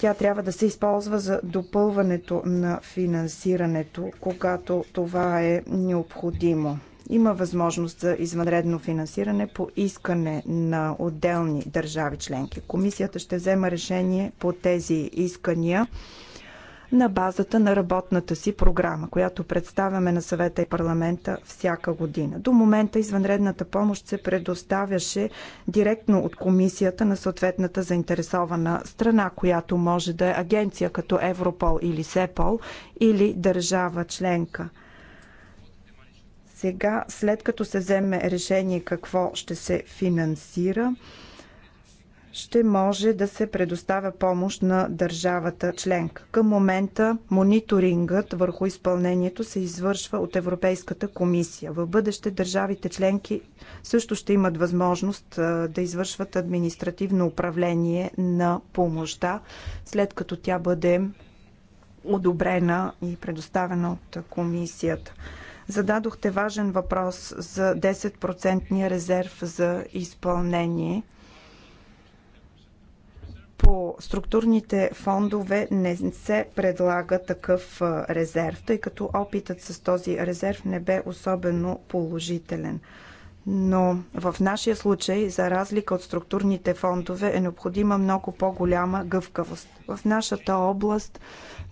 Тя трябва да се използва за допълването на финансирането, когато това е необходимо. Има възможност за извънредно финансиране по искане на отделни държави членки. Комисията ще взема решение по тези искания на базата на работната си програма, която представяме на съвета и парламента всяка година. До момента извънредната помощ се предоставяше директно от комисията на съответната заинтересована страна, която може да е агенция като Европол или Сепол или държава членка сега, след като се вземе решение какво ще се финансира, ще може да се предоставя помощ на държавата членка. Към момента мониторингът върху изпълнението се извършва от Европейската комисия. В бъдеще държавите членки също ще имат възможност да извършват административно управление на помощта, след като тя бъде одобрена и предоставена от комисията. Зададохте важен въпрос за 10 резерв за изпълнение – по структурните фондове не се предлага такъв резерв, тъй като опитът с този резерв не бе особено положителен. Но в нашия случай, за разлика от структурните фондове, е необходима много по-голяма гъвкавост. В нашата област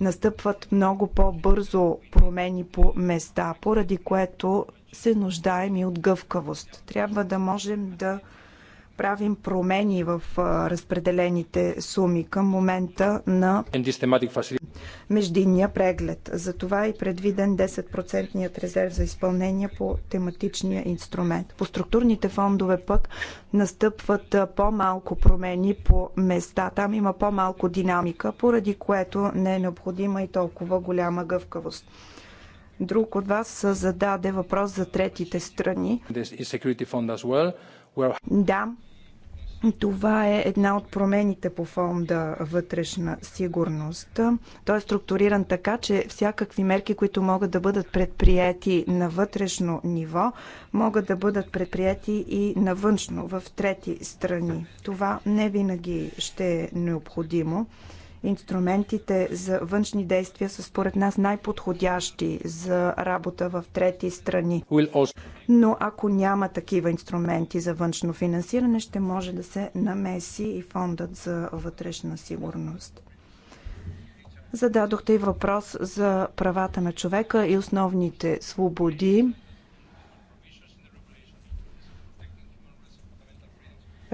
настъпват много по-бързо промени по места, поради което се нуждаем и от гъвкавост. Трябва да можем да правим промени в разпределените суми към момента на междинния преглед. Затова е предвиден 10% резерв за изпълнение по тематичния инструмент. По структурните фондове пък настъпват по-малко промени по места. Там има по-малко динамика, поради което не е необходима и толкова голяма гъвкавост. Друг от вас зададе въпрос за третите страни. Да, това е една от промените по фонда вътрешна сигурност. Той е структуриран така, че всякакви мерки, които могат да бъдат предприяти на вътрешно ниво, могат да бъдат предприяти и на външно, в трети страни. Това не винаги ще е необходимо. Инструментите за външни действия са според нас най-подходящи за работа в трети страни. Но ако няма такива инструменти за външно финансиране, ще може да се намеси и фондът за вътрешна сигурност. Зададохте и въпрос за правата на човека и основните свободи.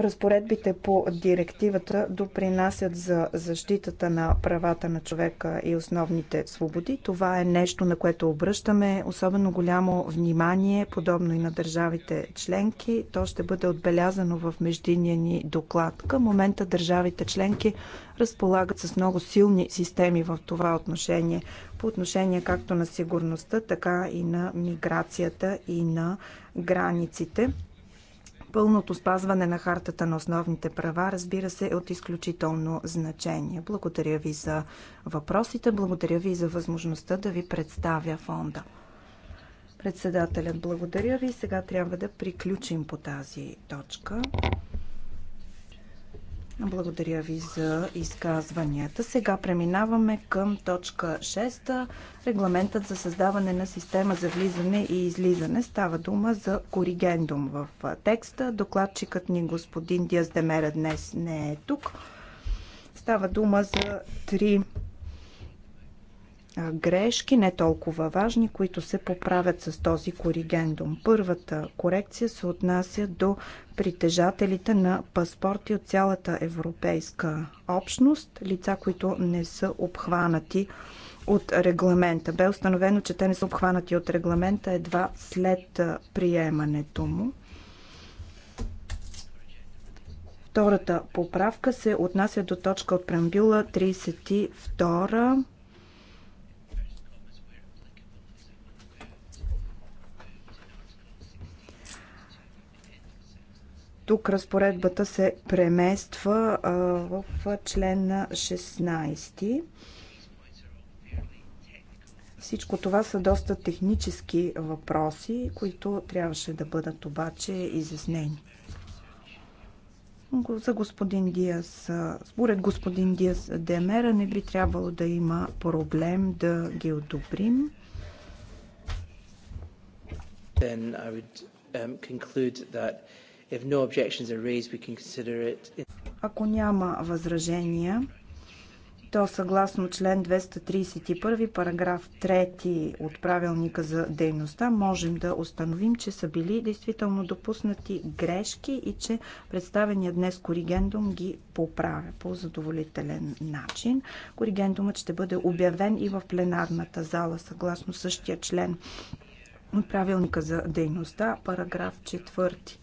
Разпоредбите по директивата допринасят за защитата на правата на човека и основните свободи. Това е нещо, на което обръщаме особено голямо внимание, подобно и на държавите членки. То ще бъде отбелязано в междинния ни доклад. Към момента държавите членки разполагат с много силни системи в това отношение, по отношение както на сигурността, така и на миграцията и на границите. Пълното спазване на хартата на основните права, разбира се, е от изключително значение. Благодаря ви за въпросите, благодаря ви за възможността да ви представя фонда. Председателят, благодаря ви. Сега трябва да приключим по тази точка. Благодаря ви за изказванията. Сега преминаваме към точка 6. Регламентът за създаване на система за влизане и излизане става дума за коригендум в текста. Докладчикът ни господин Диаздемера днес не е тук. Става дума за три грешки, не толкова важни, които се поправят с този коригендум. Първата корекция се отнася до притежателите на паспорти от цялата европейска общност, лица, които не са обхванати от регламента. Бе установено, че те не са обхванати от регламента едва след приемането му. Втората поправка се отнася до точка от преамбюла 32 Тук разпоредбата се премества в член на 16. Всичко това са доста технически въпроси, които трябваше да бъдат обаче изяснени. За господин Диас, според господин Диас Демера не би трябвало да има проблем да ги одобрим. Then I would um, conclude that ако няма възражения, то съгласно член 231, параграф 3 от правилника за дейността, можем да установим, че са били действително допуснати грешки и че представения днес коригендум ги поправя по задоволителен начин. Коригендумът ще бъде обявен и в пленарната зала, съгласно същия член от правилника за дейността, параграф 4.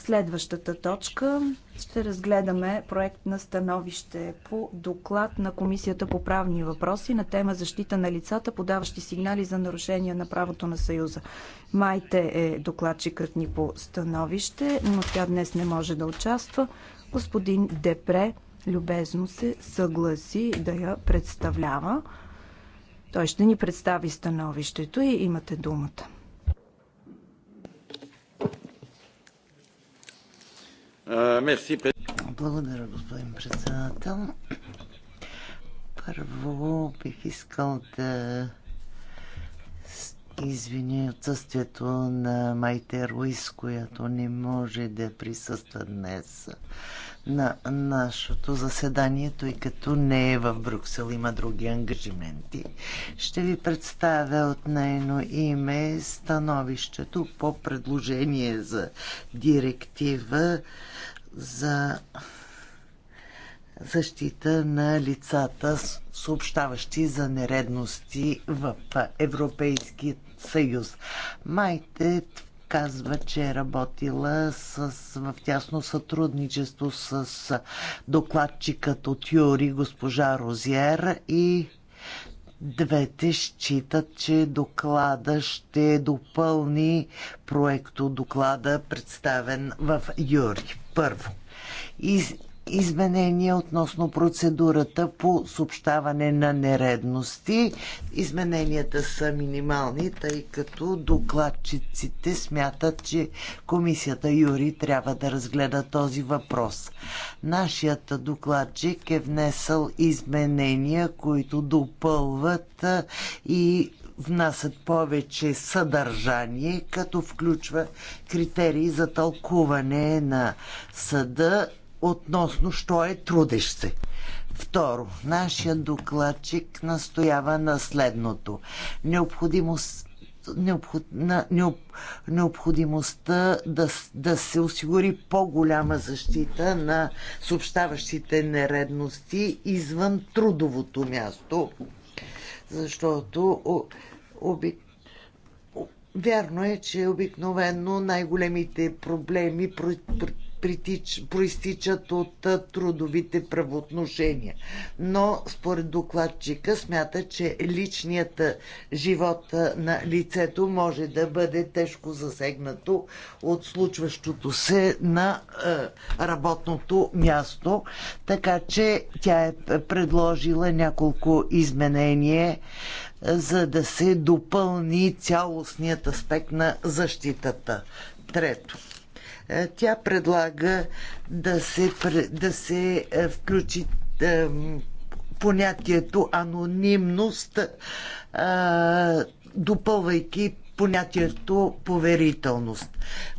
Следващата точка ще разгледаме проект на становище по доклад на Комисията по правни въпроси на тема защита на лицата, подаващи сигнали за нарушения на правото на Съюза. Майте е докладчикът ни по становище, но тя днес не може да участва. Господин Депре любезно се съгласи да я представлява. Той ще ни представи становището и имате думата. Благодаря, господин председател. Първо бих искал да извини отсъствието на Майте Руис, която не може да присъства днес на нашето заседание, тъй като не е в Брюксел, има други ангажименти. Ще ви представя от нейно име становището по предложение за директива за защита на лицата, съобщаващи за нередности в Европейския съюз. Майте казва, че е работила с, в тясно сътрудничество с докладчикът от Юри, госпожа Розиер и Двете считат, че доклада ще допълни проекто доклада, представен в Юри. Първо. И изменения относно процедурата по съобщаване на нередности. Измененията са минимални, тъй като докладчиците смятат, че комисията Юри трябва да разгледа този въпрос. Нашият докладчик е внесъл изменения, които допълват и внасят повече съдържание, като включва критерии за тълкуване на съда относно що е трудещ се. Второ, нашия докладчик настоява на следното. Необходимост необход, на необ, необходимостта да, да се осигури по-голяма защита на съобщаващите нередности извън трудовото място, защото оби, Вярно е, че обикновено най-големите проблеми притич, проистичат от трудовите правоотношения. Но според докладчика смята, че личният живот на лицето може да бъде тежко засегнато от случващото се на е, работното място. Така че тя е предложила няколко изменения за да се допълни цялостният аспект на защитата. Трето, е, тя предлага да се, да се е, включи е, понятието анонимност, допълвайки понятието поверителност.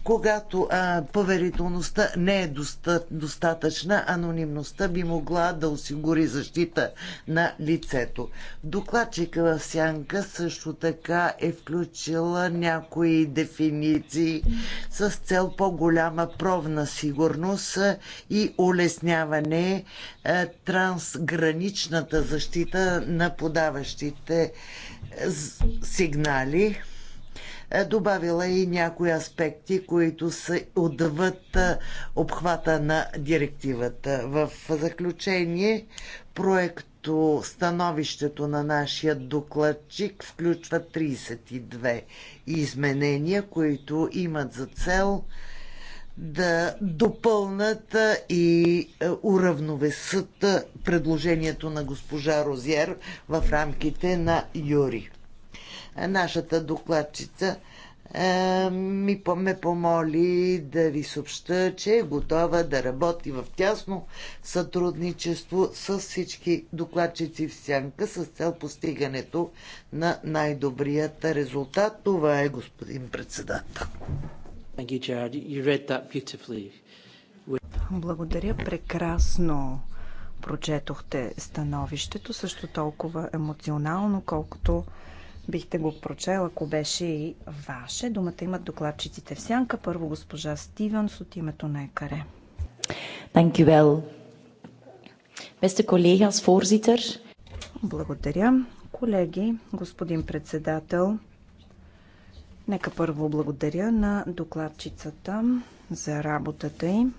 Когато а, поверителността не е доста, достатъчна, анонимността би могла да осигури защита на лицето. Докладчика в Сянка също така е включила някои дефиниции с цел по-голяма провна сигурност и улесняване а, трансграничната защита на подаващите сигнали е, добавила и някои аспекти, които са отвъд е, обхвата на директивата. В заключение, проект становището на нашия докладчик включва 32 изменения, които имат за цел да допълнат е, и уравновесат предложението на госпожа Розиер в рамките на Юри нашата докладчица е, ми ме помоли да ви съобща, че е готова да работи в тясно сътрудничество с всички докладчици в сянка с цел постигането на най-добрият резултат. Това е господин председател. Благодаря прекрасно прочетохте становището, също толкова емоционално, колкото Бихте го прочел, ако беше и ваше. Думата имат докладчиците в сянка. Първо госпожа Стивенс от името на ЕКАРЕ. Beste collega's, voorzitter. Благодаря. Колеги, господин председател, нека първо благодаря на докладчицата за работата им.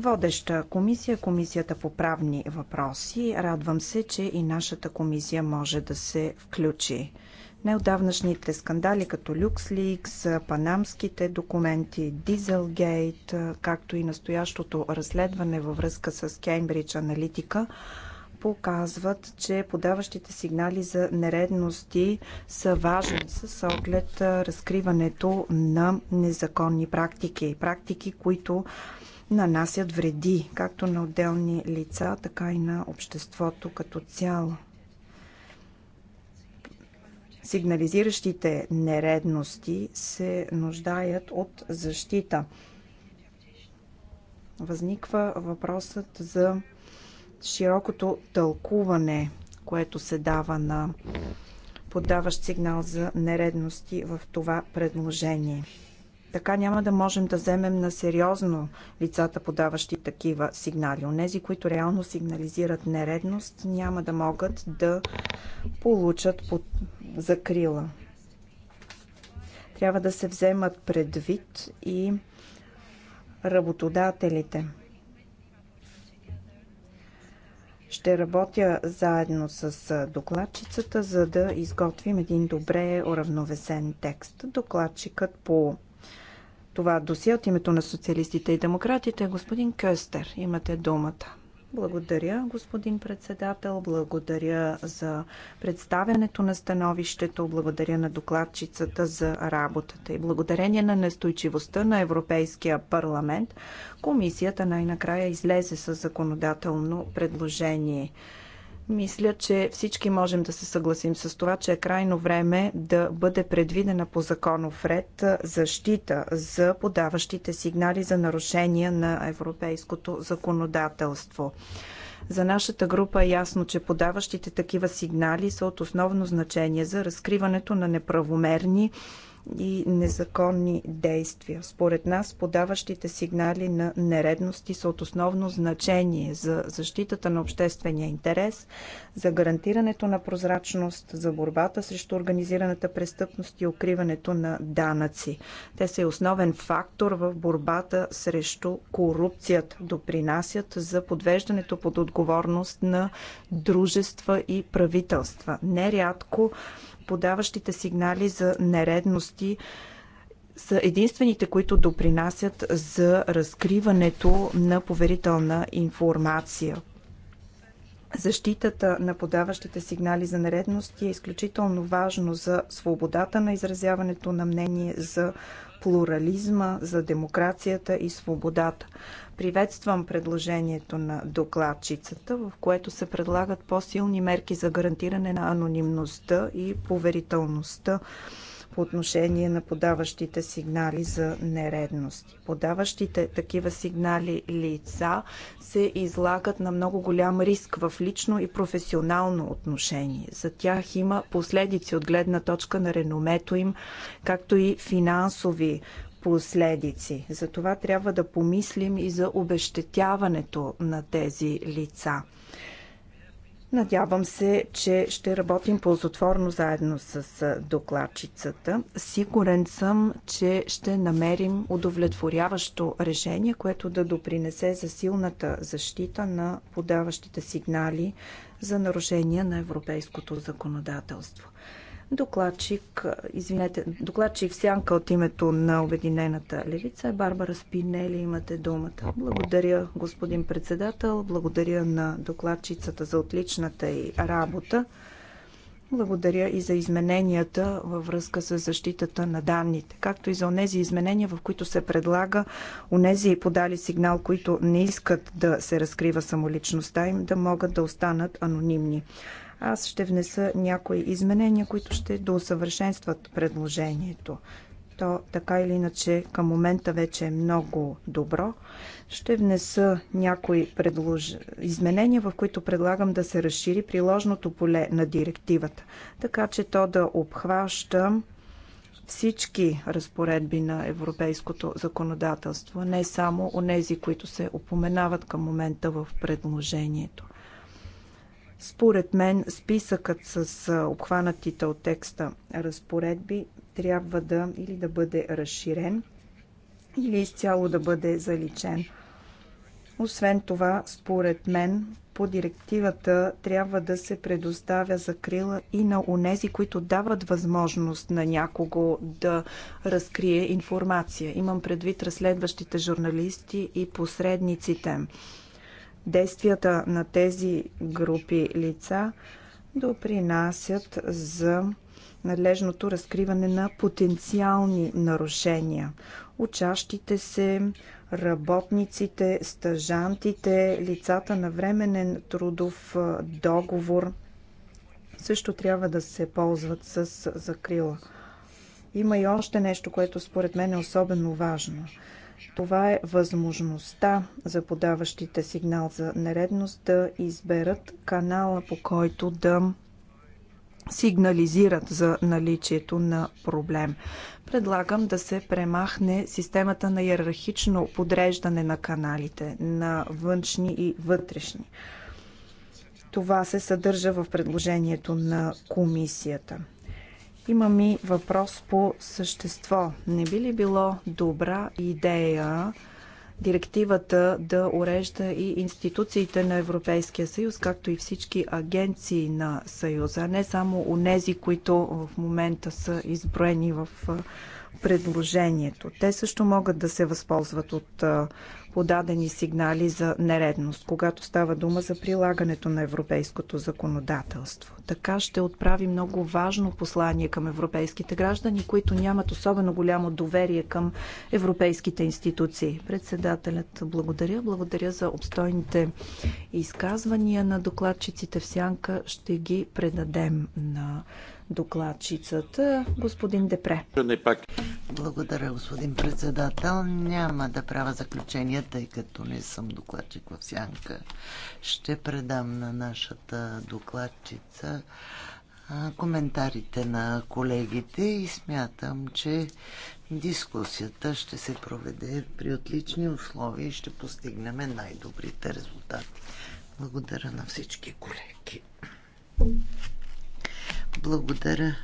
Водеща комисия, е комисията по правни въпроси. Радвам се, че и нашата комисия може да се включи. Неодавнашните скандали като LuxLeaks, панамските документи, Дизелгейт, както и настоящото разследване във връзка с Кеймбридж Аналитика показват, че подаващите сигнали за нередности са важни с оглед разкриването на незаконни практики. Практики, които нанасят вреди както на отделни лица, така и на обществото като цяло. Сигнализиращите нередности се нуждаят от защита. Възниква въпросът за широкото тълкуване, което се дава на подаващ сигнал за нередности в това предложение. Така няма да можем да вземем на сериозно лицата, подаващи такива сигнали. Онези, които реално сигнализират нередност, няма да могат да получат под закрила. Трябва да се вземат предвид и работодателите. Ще работя заедно с докладчицата, за да изготвим един добре уравновесен текст. Докладчикът по това досие от името на социалистите и демократите. Господин Кюстер, имате думата. Благодаря, господин председател. Благодаря за представянето на становището. Благодаря на докладчицата за работата. И благодарение на настойчивостта на Европейския парламент, комисията най-накрая излезе с законодателно предложение. Мисля, че всички можем да се съгласим с това, че е крайно време да бъде предвидена по законов ред защита за подаващите сигнали за нарушения на европейското законодателство. За нашата група е ясно, че подаващите такива сигнали са от основно значение за разкриването на неправомерни и незаконни действия. Според нас подаващите сигнали на нередности са от основно значение за защитата на обществения интерес, за гарантирането на прозрачност, за борбата срещу организираната престъпност и укриването на данъци. Те са и основен фактор в борбата срещу корупцията, допринасят за подвеждането под отговорност на дружества и правителства. Нерядко подаващите сигнали за нередности са единствените, които допринасят за разкриването на поверителна информация. Защитата на подаващите сигнали за нередности е изключително важно за свободата на изразяването на мнение, за плурализма, за демокрацията и свободата. Приветствам предложението на докладчицата, в което се предлагат по-силни мерки за гарантиране на анонимността и поверителността по отношение на подаващите сигнали за нередности. Подаващите такива сигнали лица се излагат на много голям риск в лично и професионално отношение. За тях има последици от гледна точка на реномето им, както и финансови последици. Затова трябва да помислим и за обещетяването на тези лица. Надявам се, че ще работим ползотворно заедно с докладчицата. Сигурен съм, че ще намерим удовлетворяващо решение, което да допринесе за силната защита на подаващите сигнали за нарушения на европейското законодателство. Докладчик, извинете, докладчик сянка от името на Обединената левица е Барбара Спинели. Имате думата. Благодаря, господин председател. Благодаря на докладчицата за отличната й работа. Благодаря и за измененията във връзка с защитата на данните, както и за онези изменения, в които се предлага онези подали сигнал, които не искат да се разкрива самоличността им, да могат да останат анонимни. Аз ще внеса някои изменения, които ще доусъвършенстват предложението. То така или иначе към момента вече е много добро. Ще внеса някои предлож... изменения, в които предлагам да се разшири приложното поле на директивата, така че то да обхваща всички разпоредби на европейското законодателство, не само онези, които се упоменават към момента в предложението. Според мен списъкът с обхванатите от текста разпоредби трябва да или да бъде разширен, или изцяло да бъде заличен. Освен това, според мен, по директивата трябва да се предоставя закрила и на онези, които дават възможност на някого да разкрие информация. Имам предвид разследващите журналисти и посредниците действията на тези групи лица допринасят за надлежното разкриване на потенциални нарушения. Учащите се, работниците, стажантите, лицата на временен трудов договор също трябва да се ползват с закрила. Има и още нещо, което според мен е особено важно – това е възможността за подаващите сигнал за нередност да изберат канала, по който да сигнализират за наличието на проблем. Предлагам да се премахне системата на иерархично подреждане на каналите на външни и вътрешни. Това се съдържа в предложението на комисията. Имам и въпрос по същество. Не би ли било добра идея директивата да урежда и институциите на Европейския съюз, както и всички агенции на съюза, не само унези, които в момента са изброени в предложението. Те също могат да се възползват от подадени сигнали за нередност, когато става дума за прилагането на европейското законодателство. Така ще отправи много важно послание към европейските граждани, които нямат особено голямо доверие към европейските институции. Председателят, благодаря. Благодаря за обстойните изказвания на докладчиците в Сянка. Ще ги предадем на докладчицата, господин Депре. Благодаря, господин председател. Няма да правя заключения, тъй като не съм докладчик в сянка. Ще предам на нашата докладчица коментарите на колегите и смятам, че дискусията ще се проведе при отлични условия и ще постигнем най-добрите резултати. Благодаря на всички колеги. Благодаря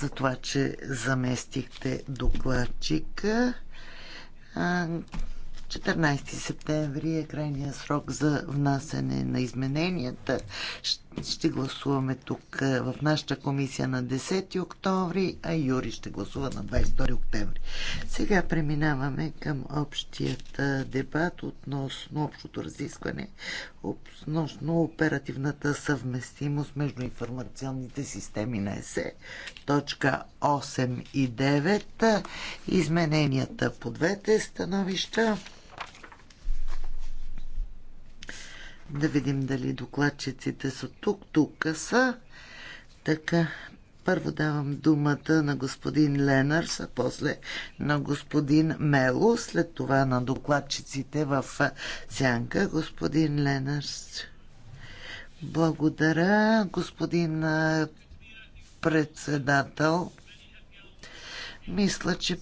за това, че заместихте докладчика. 14 септември е крайния срок за внасене на измененията ще гласуваме тук е, в нашата комисия на 10 октомври, а Юри ще гласува на 22 октомври. Сега преминаваме към общият е, дебат относно общото разискване, относно оперативната съвместимост между информационните системи на ЕСЕ, точка 8 и 9, е, измененията по двете становища. Да видим дали докладчиците са тук. Тук са. Така, първо давам думата на господин Ленърс, а после на господин Мело, след това на докладчиците в сянка. Господин Ленърс. Благодаря, господин председател. Мисля, че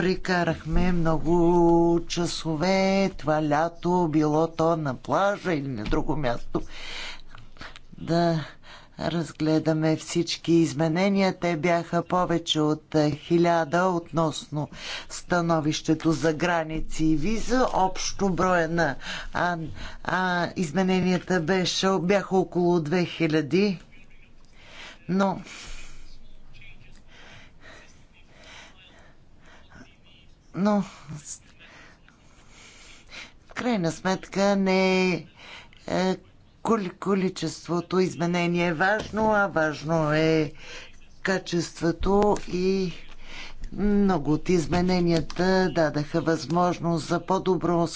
прекарахме много часове това лято, било то на плажа или на друго място, да разгледаме всички изменения. Те бяха повече от хиляда относно становището за граници и виза. Общо броя на а, а, измененията беше, бяха около 2000. Но но в крайна сметка не е, количеството изменение е важно, а важно е качеството и много от измененията дадаха възможност за по-добро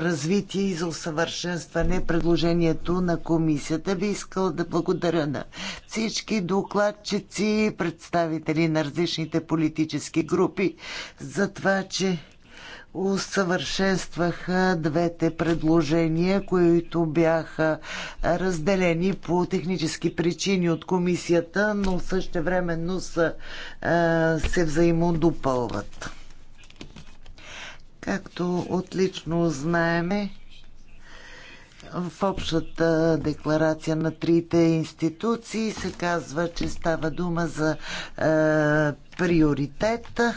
развитие и за усъвършенстване предложението на комисията. Би искал да благодаря на всички докладчици, представители на различните политически групи за това, че усъвършенстваха двете предложения, които бяха разделени по технически причини от комисията, но времено са, се взаимодопълват. Както отлично знаеме, в общата декларация на трите институции се казва, че става дума за е, приоритета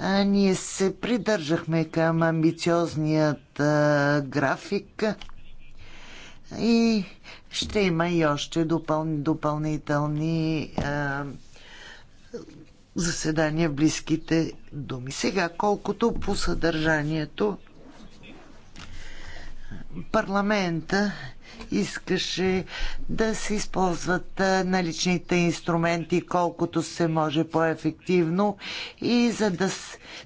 а, ние се придържахме към амбициозният а, график и ще има и още допъл... допълнителни а, заседания в близките думи. Сега, колкото по съдържанието, парламента искаше да се използват наличните инструменти колкото се може по-ефективно и за да,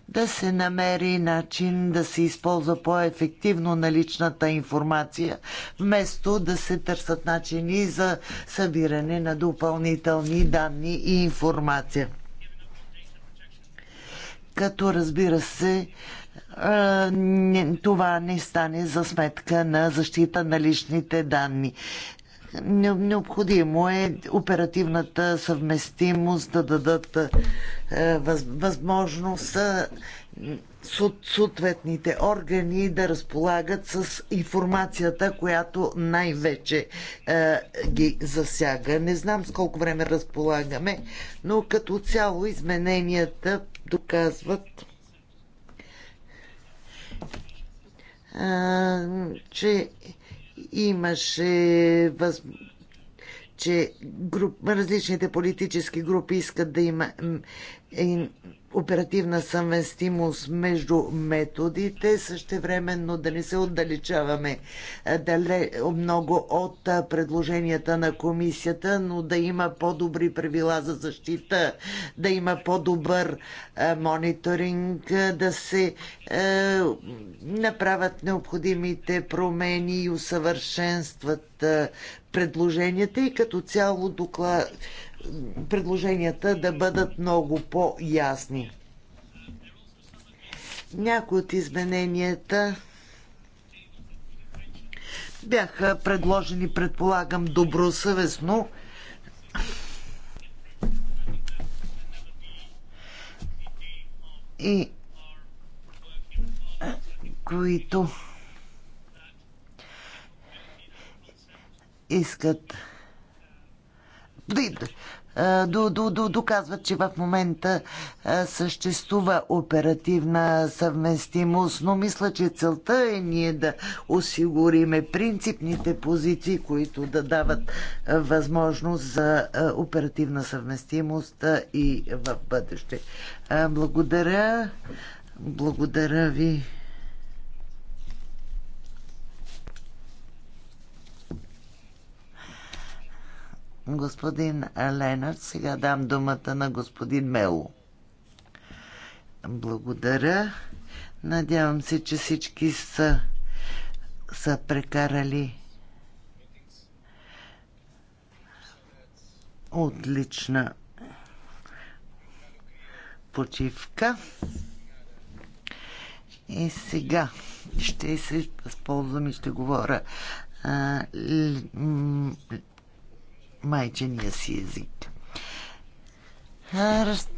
да се намери начин да се използва по-ефективно наличната информация, вместо да се търсят начини за събиране на допълнителни данни и информация. Като разбира се, това не стане за сметка на защита на личните данни. Необходимо е оперативната съвместимост да дадат възможност съответните органи да разполагат с информацията, която най-вече е, ги засяга. Не знам с колко време разполагаме, но като цяло измененията доказват, че имаше въз... че груп... различните политически групи искат да има оперативна съвместимост между методите, същевременно да не се отдалечаваме дале, много от предложенията на комисията, но да има по-добри правила за защита, да има по-добър мониторинг, да се е, направят необходимите промени и усъвършенстват предложенията и като цяло доклад, предложенията да бъдат много по-ясни. Някои от измененията бяха предложени, предполагам, добросъвестно. И които искат доказват, че в момента съществува оперативна съвместимост, но мисля, че целта е ние да осигуриме принципните позиции, които да дават възможност за оперативна съвместимост и в бъдеще. Благодаря. Благодаря ви. господин Ленар. Сега дам думата на господин Мело. Благодаря. Надявам се, че всички са, са прекарали отлична почивка. И сега ще се използвам и ще говоря майчения си език. Раз...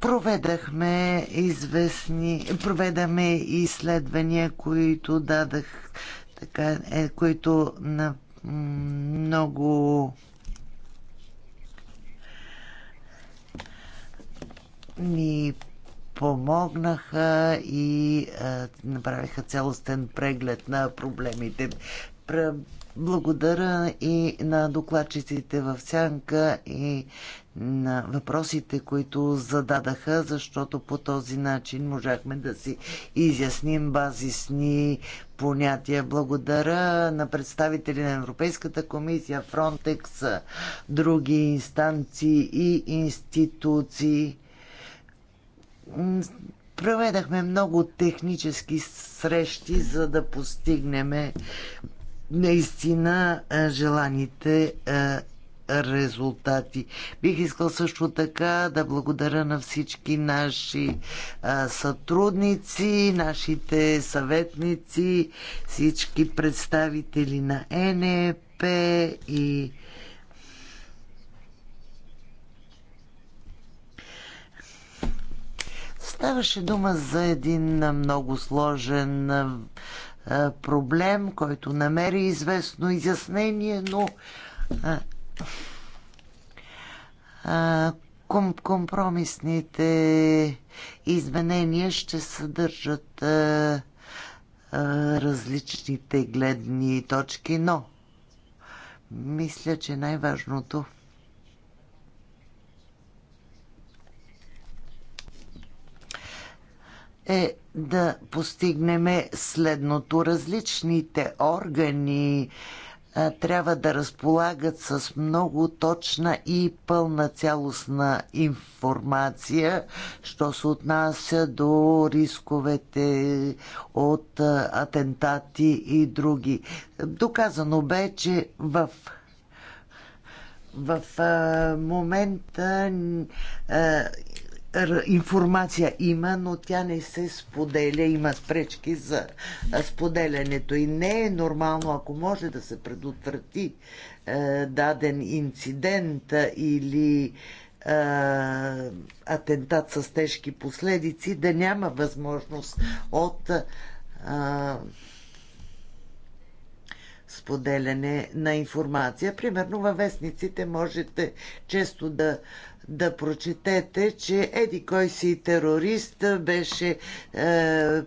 Проведахме известни, проведахме изследвания, които дадах, така, е, които на много ни помогнаха и а, направиха цялостен преглед на проблемите. Благодаря и на докладчиците в Сянка и на въпросите, които зададаха, защото по този начин можахме да си изясним базисни понятия. Благодаря на представители на Европейската комисия, Фронтекс, други инстанции и институции. Проведахме много технически срещи, за да постигнем наистина желаните резултати. Бих искал също така да благодаря на всички наши а, сътрудници, нашите съветници, всички представители на НЕП и Ставаше дума за един много сложен проблем, който намери известно изяснение, но ком, компромисните изменения ще съдържат а, а, различните гледни точки, но мисля, че най-важното е да постигнем следното. Различните органи а, трябва да разполагат с много точна и пълна цялостна информация, що се отнася до рисковете от а, атентати и други. Доказано бе, че в в а, момента а, информация има, но тя не се споделя. Има спречки за споделянето. И не е нормално, ако може да се предотврати е, даден инцидент или е, атентат с тежки последици, да няма възможност от е, споделяне на информация. Примерно във вестниците можете често да да прочетете, че еди кой си терорист беше е,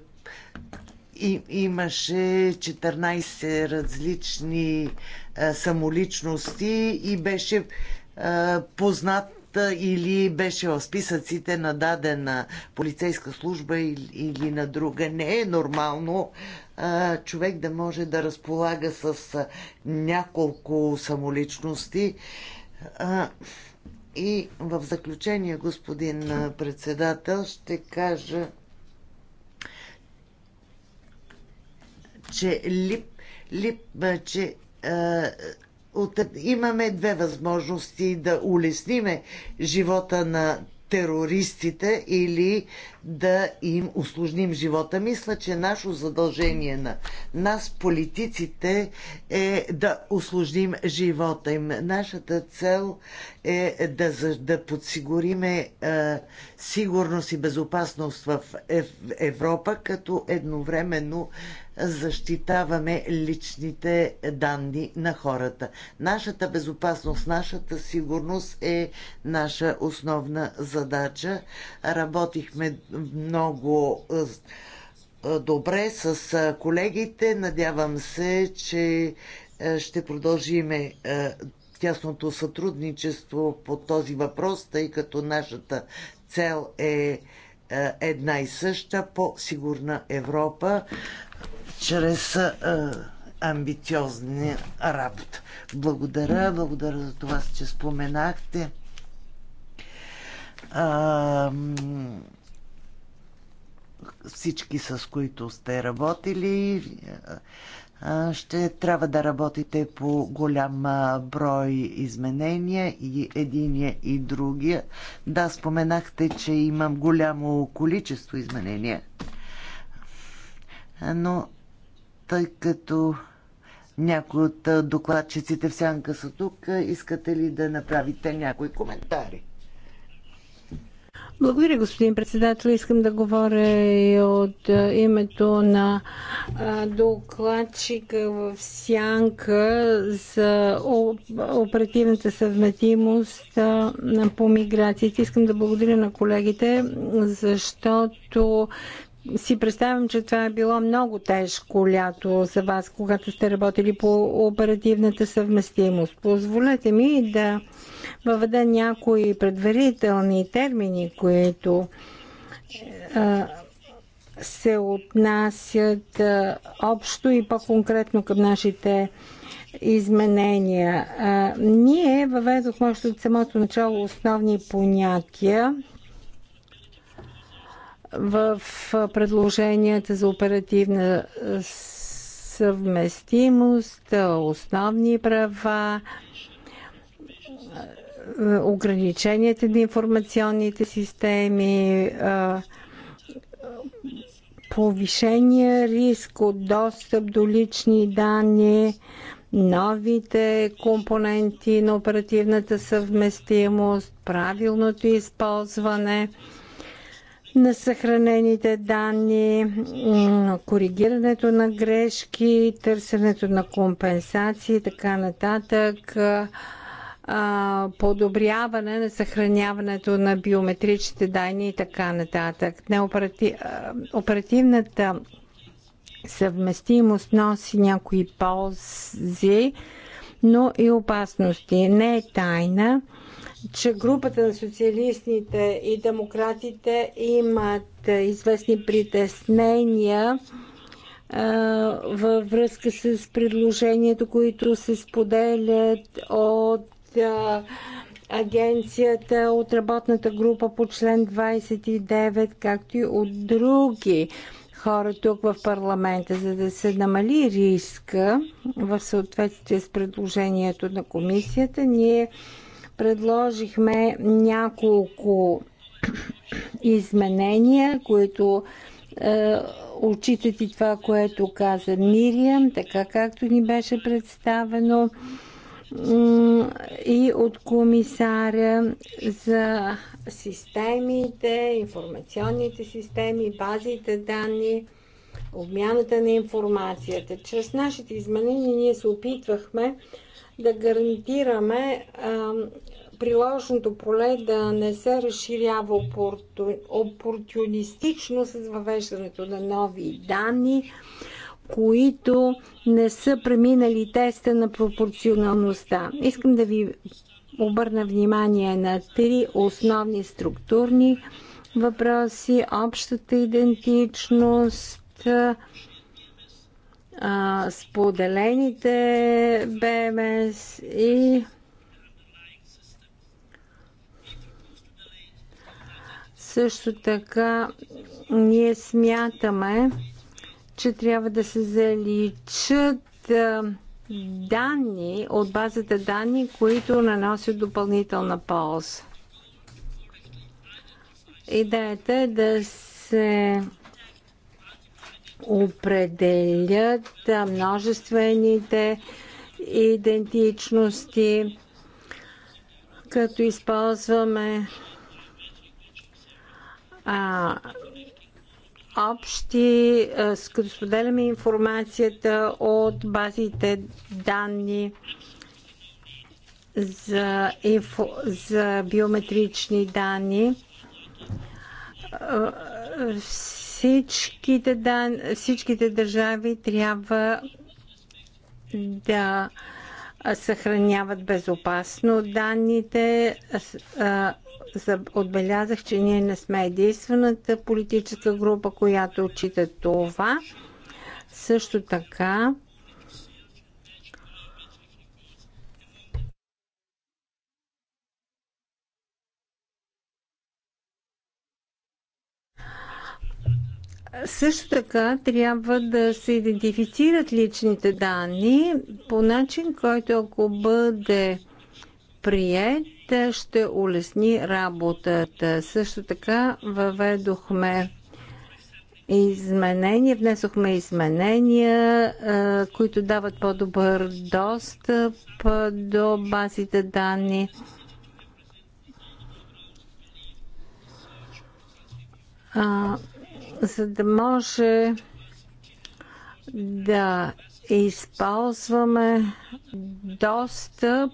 и, имаше 14 различни е, самоличности и беше е, познат или беше в списъците на дадена полицейска служба или, или на друга. Не е нормално а, човек да може да разполага с а, няколко самоличности. А, и в заключение, господин председател, ще кажа, че лип, лип, че от, имаме две възможности да улесниме живота на терористите или да им усложним живота. Мисля, че наше задължение на нас, политиците, е да усложним живота им. Нашата цел е да, да подсигуриме е, сигурност и безопасност в Европа, като едновременно защитаваме личните данни на хората. Нашата безопасност, нашата сигурност е наша основна задача. Работихме много е, е, добре с е, колегите. Надявам се, че ще продължиме тясното сътрудничество по този въпрос, тъй като нашата цел е една и съща по-сигурна Европа чрез амбициозни работа. Благодаря, благодаря за това, че споменахте. А, всички, с които сте работили, ще трябва да работите по голям брой изменения и единия и другия. Да, споменахте, че имам голямо количество изменения. Но тъй като някои от докладчиците в сянка са тук. Искате ли да направите някои коментари? Благодаря, господин председател. Искам да говоря и от името на докладчика в Сянка за оперативната съвместимост по миграцията. Искам да благодаря на колегите, защото си представям, че това е било много тежко лято за вас, когато сте работили по оперативната съвместимост. Позволете ми да въведа някои предварителни термини, които се отнасят общо и по-конкретно към нашите изменения. Ние въведохме още от самото начало основни понятия в предложенията за оперативна съвместимост, основни права, ограниченията на информационните системи, повишения риск от достъп до лични данни, новите компоненти на оперативната съвместимост, правилното използване – на съхранените данни, коригирането на грешки, търсенето на компенсации и така нататък подобряване на съхраняването на биометричните данни и така нататък. на оператив, оперативната съвместимост носи някои ползи, но и опасности. Не е тайна, че групата на социалистите и демократите имат известни притеснения във връзка с предложението, които се споделят от агенцията, от работната група по член 29, както и от други хора тук в парламента, за да се намали риска в съответствие с предложението на комисията, ние Предложихме няколко изменения, които е, отчитат и това, което каза Мириам, така както ни беше представено и от комисаря за системите, информационните системи, базите данни, обмяната на информацията. Чрез нашите изменения ние се опитвахме да гарантираме приложното поле да не се разширява опортунистично с въвеждането на нови данни, които не са преминали теста на пропорционалността. Искам да ви обърна внимание на три основни структурни въпроси общата идентичност, а, споделените БМС и също така ние смятаме, че трябва да се заличат а, данни от базата данни, които наносят допълнителна полза. Идеята е да се определят множествените идентичности, като използваме а, общи, като споделяме информацията от базите данни за, инфо, за биометрични данни. Всичките, дан... всичките държави трябва да съхраняват безопасно данните. Отбелязах, че ние не сме единствената политическа група, която отчита това. Също така Също така трябва да се идентифицират личните данни по начин, който ако бъде прият, ще улесни работата. Също така въведохме изменения, внесохме изменения, които дават по-добър достъп до базите данни за да може да използваме достъп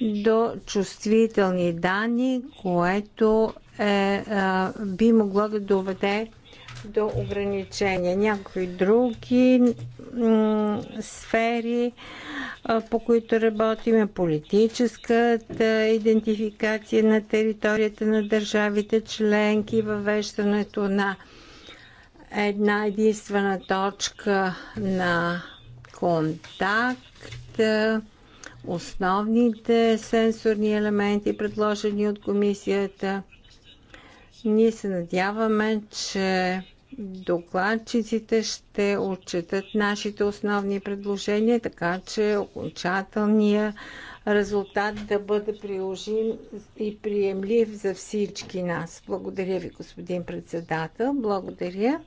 до чувствителни данни, което е, а, би могло да доведе до ограничения. Някои други сфери, а, по които работим, е политическата идентификация на територията на държавите членки, въвеждането на една единствена точка на контакт, основните сенсорни елементи, предложени от комисията. Ние се надяваме, че докладчиците ще отчетат нашите основни предложения, така че окончателния резултат да бъде приложим и приемлив за всички нас. Благодаря ви, господин председател. Благодаря.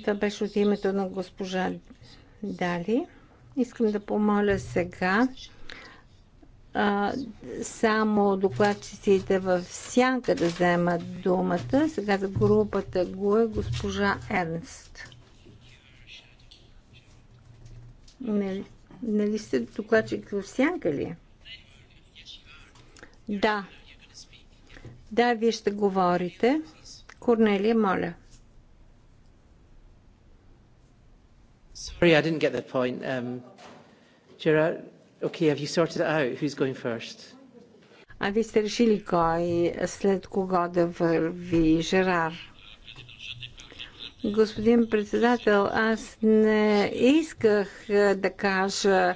Това беше от името на госпожа Дали. Искам да помоля сега а, само докладчиците в сянка да вземат думата. Сега за групата го е госпожа Ернст. Нали, нали сте докладчик в сянка ли? Да. Да, вие ще говорите. Корнелия, моля. Sorry, I didn't get the point. Um, Gerard, okay, have you sorted it out? Who's going first? А ви сте решили кой след кого да върви Жерар? Господин председател, аз не исках е, да кажа,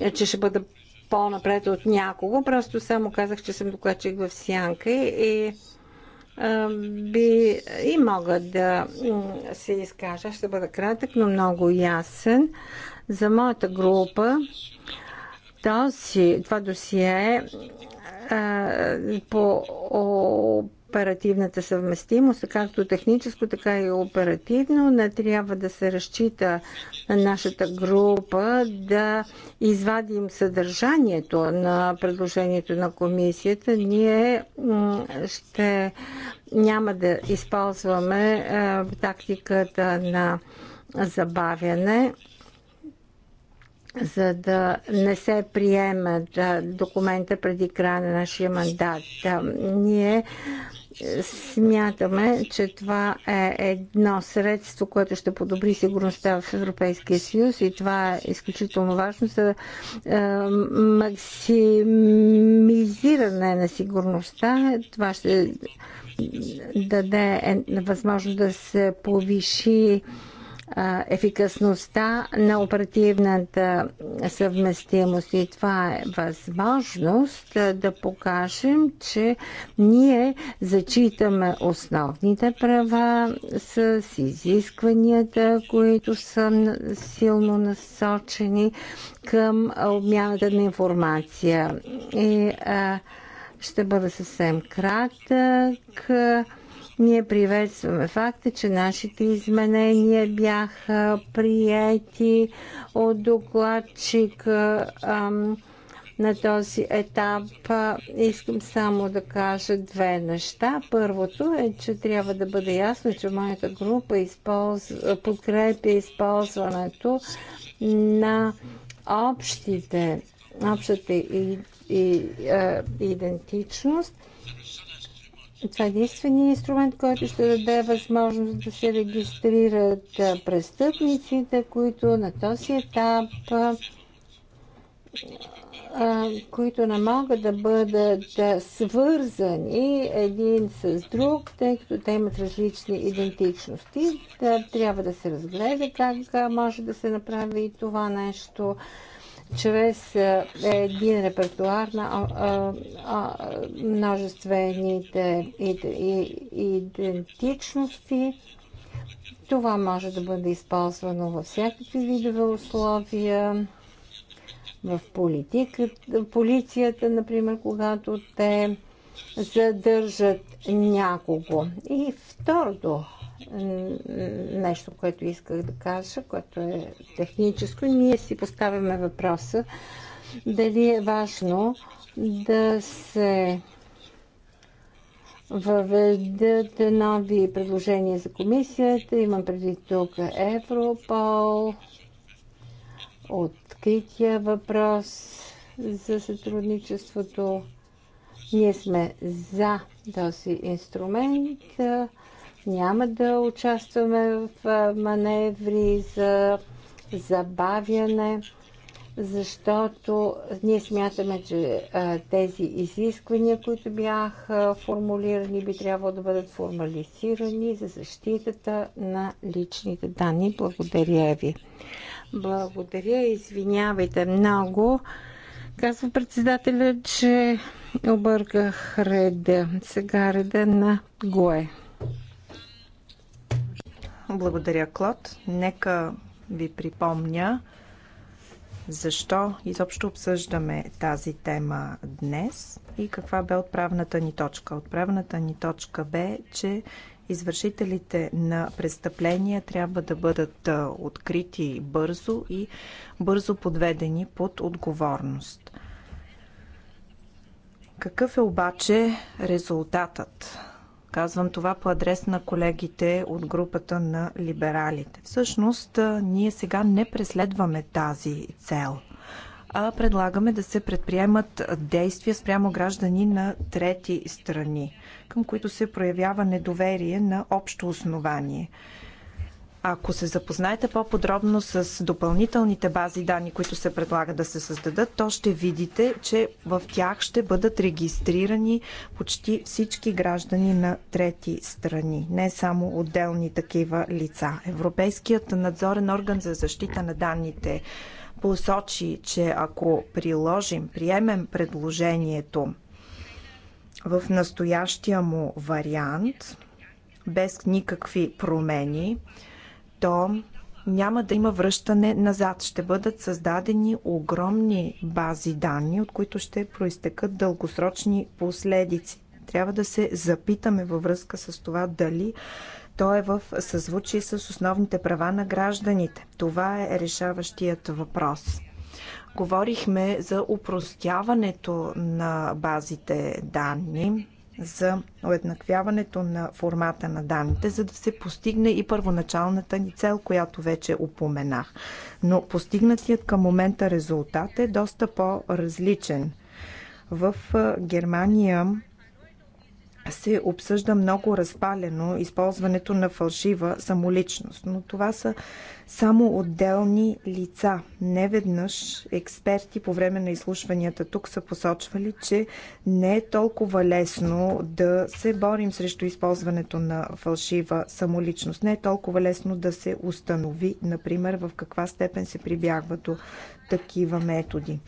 е, че ще бъда по-напред от някого. Просто само казах, че съм докладчик в Сянка и би и мога да се изкажа. Ще бъда кратък, но много ясен. За моята група този, това досие е, по оперативната съвместимост, както техническо, така и оперативно. Не трябва да се разчита на нашата група да извадим съдържанието на предложението на комисията. Ние ще няма да използваме е, тактиката на забавяне за да не се приемат е, документа преди края на нашия мандат. Е, ние Смятаме, че това е едно средство, което ще подобри сигурността в Европейския съюз и това е изключително важно за е, максимизиране на сигурността. Това ще даде възможност да се повиши ефикасността на оперативната съвместимост. И това е възможност да покажем, че ние зачитаме основните права с изискванията, които са силно насочени към обмяната на информация. И а, ще бъда съвсем кратък. Ние приветстваме факта, че нашите изменения бяха приети от докладчика на този етап искам само да кажа две неща. Първото е, че трябва да бъде ясно, че моята група използ... подкрепя използването на общите, общата и, и, и, е, идентичност това е единствения инструмент, който ще даде възможност да се регистрират престъпниците, които на този етап които не могат да бъдат свързани един с друг, тъй като те имат различни идентичности. трябва да се разгледа как може да се направи и това нещо чрез е, един репертуар на множествените идентичности. Това може да бъде използвано във всякакви видове условия, в полицията, например, когато те задържат някого. И второто нещо, което исках да кажа, което е техническо. Ние си поставяме въпроса дали е важно да се въведат нови предложения за комисията. Имам преди тук Европол, открития въпрос за сътрудничеството. Ние сме за този инструмент. Няма да участваме в маневри за забавяне, защото ние смятаме, че тези изисквания, които бяха формулирани, би трябвало да бъдат формализирани за защитата на личните данни. Благодаря ви. Благодаря. Извинявайте много. Казва председателя, че обърках реда. Сега реда на ГОЕ. Благодаря, Клод. Нека ви припомня защо изобщо обсъждаме тази тема днес и каква бе отправната ни точка. Отправната ни точка бе, че извършителите на престъпления трябва да бъдат открити бързо и бързо подведени под отговорност. Какъв е обаче резултатът Казвам това по адрес на колегите от групата на либералите. Всъщност, ние сега не преследваме тази цел, а предлагаме да се предприемат действия спрямо граждани на трети страни, към които се проявява недоверие на общо основание. Ако се запознаете по-подробно с допълнителните бази данни, които се предлага да се създадат, то ще видите, че в тях ще бъдат регистрирани почти всички граждани на трети страни, не само отделни такива лица. Европейският надзорен орган за защита на данните посочи, че ако приложим, приемем предложението в настоящия му вариант, без никакви промени, то няма да има връщане назад. Ще бъдат създадени огромни бази данни, от които ще проистекат дългосрочни последици. Трябва да се запитаме във връзка с това дали то е в съзвучие с основните права на гражданите. Това е решаващият въпрос. Говорихме за упростяването на базите данни, за уеднаквяването на формата на данните, за да се постигне и първоначалната ни цел, която вече упоменах. Но постигнатият към момента резултат е доста по-различен. В Германия се обсъжда много разпалено използването на фалшива самоличност, но това са само отделни лица. Неведнъж експерти по време на изслушванията тук са посочвали, че не е толкова лесно да се борим срещу използването на фалшива самоличност. Не е толкова лесно да се установи, например, в каква степен се прибягва до такива методи.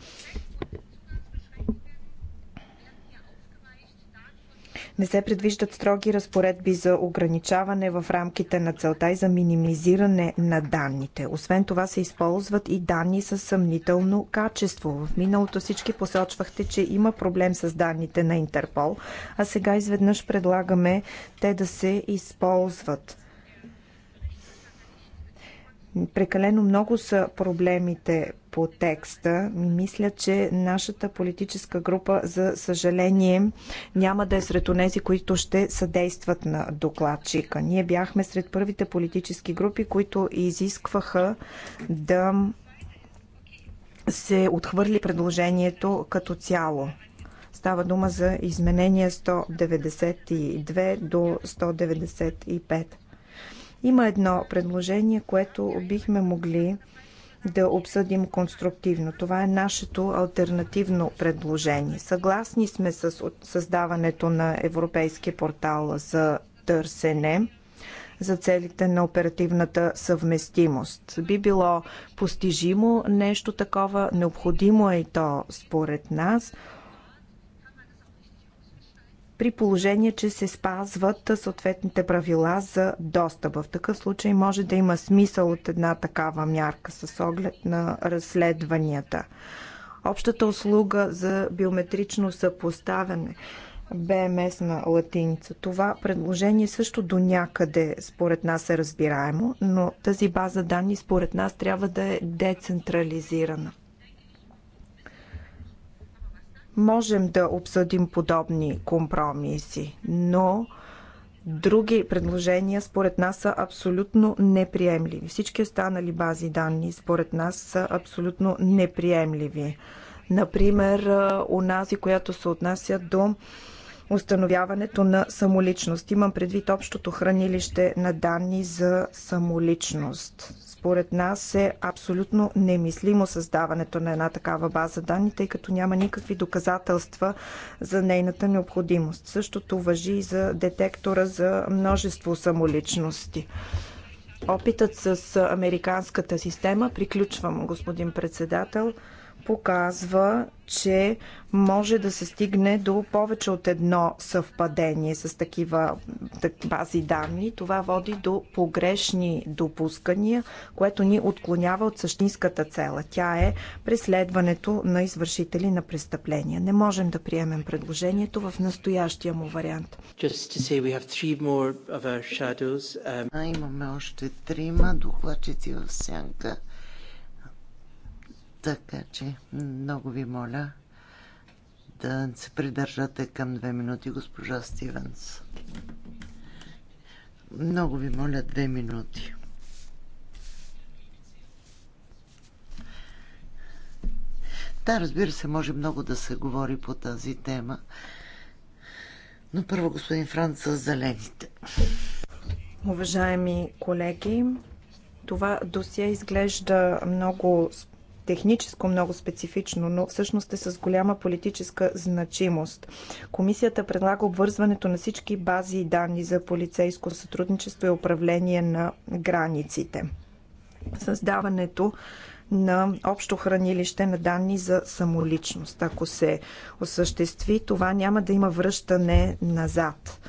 Не се предвиждат строги разпоредби за ограничаване в рамките на целта и за минимизиране на данните. Освен това се използват и данни с съмнително качество. В миналото всички посочвахте, че има проблем с данните на Интерпол, а сега изведнъж предлагаме те да се използват прекалено много са проблемите по текста. Мисля, че нашата политическа група, за съжаление, няма да е сред онези, които ще съдействат на докладчика. Ние бяхме сред първите политически групи, които изискваха да се отхвърли предложението като цяло. Става дума за изменения 192 до 195. Има едно предложение, което бихме могли да обсъдим конструктивно. Това е нашето альтернативно предложение. Съгласни сме с създаването на Европейски портал за търсене за целите на оперативната съвместимост. Би било постижимо нещо такова, необходимо е и то според нас – при положение, че се спазват съответните правила за достъп. В такъв случай може да има смисъл от една такава мярка с оглед на разследванията. Общата услуга за биометрично съпоставяне БМС на латиница. Това предложение също до някъде според нас е разбираемо, но тази база данни според нас трябва да е децентрализирана можем да обсъдим подобни компромиси, но други предложения според нас са абсолютно неприемливи. Всички останали бази данни според нас са абсолютно неприемливи. Например, унази, която се отнася до установяването на самоличност. Имам предвид общото хранилище на данни за самоличност според нас е абсолютно немислимо създаването на една такава база данни, тъй като няма никакви доказателства за нейната необходимост. Същото въжи и за детектора за множество самоличности. Опитът с американската система, приключвам, господин председател, показва, че може да се стигне до повече от едно съвпадение с такива бази данни. Това води до погрешни допускания, което ни отклонява от същинската цела. Тя е преследването на извършители на престъпления. Не можем да приемем предложението в настоящия му вариант. Um, имаме още трима докладчици в сянка. Така че много ви моля да се придържате към две минути, госпожа Стивенс. Много ви моля две минути. Да, разбира се, може много да се говори по тази тема. Но първо господин Франц с зелените. Уважаеми колеги, това досие изглежда много техническо, много специфично, но всъщност е с голяма политическа значимост. Комисията предлага обвързването на всички бази и данни за полицейско сътрудничество и управление на границите. Създаването на общо хранилище на данни за самоличност. Ако се осъществи, това няма да има връщане назад.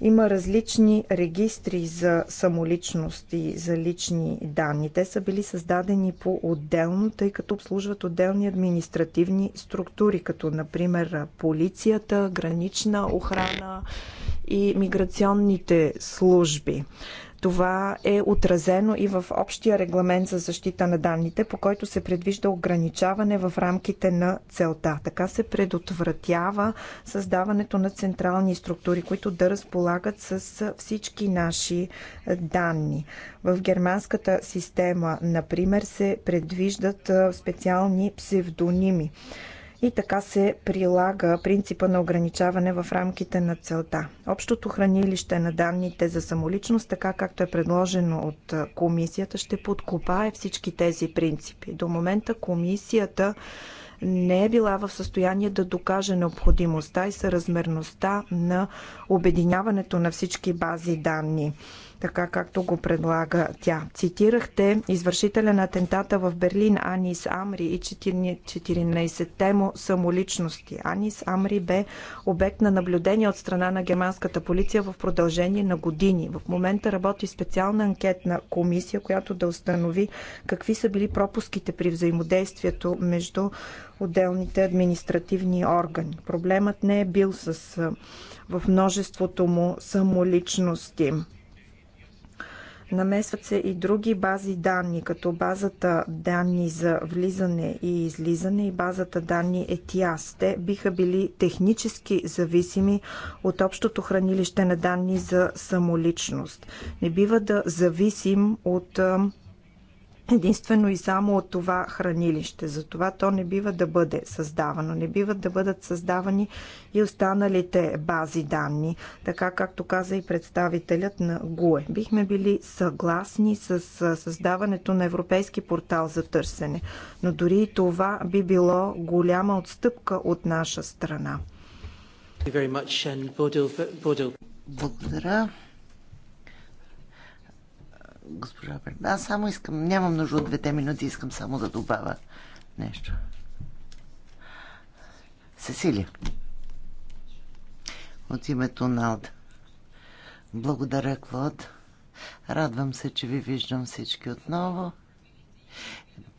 Има различни регистри за самоличност и за лични данни. Те са били създадени по-отделно, тъй като обслужват отделни административни структури, като например полицията, гранична охрана и миграционните служби. Това е отразено и в общия регламент за защита на данните, по който се предвижда ограничаване в рамките на целта. Така се предотвратява създаването на централни структури, които да разполагат с всички наши данни. В германската система, например, се предвиждат специални псевдоними и така се прилага принципа на ограничаване в рамките на целта. Общото хранилище на данните за самоличност, така както е предложено от комисията, ще подкопае всички тези принципи. До момента комисията не е била в състояние да докаже необходимостта и съразмерността на обединяването на всички бази данни така както го предлага тя. Цитирахте извършителя на атентата в Берлин Анис Амри и 14-те му самоличности. Анис Амри бе обект на наблюдение от страна на германската полиция в продължение на години. В момента работи специална анкетна комисия, която да установи какви са били пропуските при взаимодействието между отделните административни органи. Проблемът не е бил с в множеството му самоличности. Намесват се и други бази данни, като базата данни за влизане и излизане и базата данни ETIAS. Те биха били технически зависими от общото хранилище на данни за самоличност. Не бива да зависим от единствено и само от това хранилище. Затова то не бива да бъде създавано. Не биват да бъдат създавани и останалите бази данни, така както каза и представителят на ГУЕ. Бихме били съгласни с създаването на Европейски портал за търсене, но дори и това би било голяма отстъпка от наша страна. Благодаря. Госпожа Бербан. аз само искам, нямам нужда от двете минути, искам само да добавя нещо. Сесилия. От името на Алда. Благодаря, Клод. Радвам се, че ви виждам всички отново.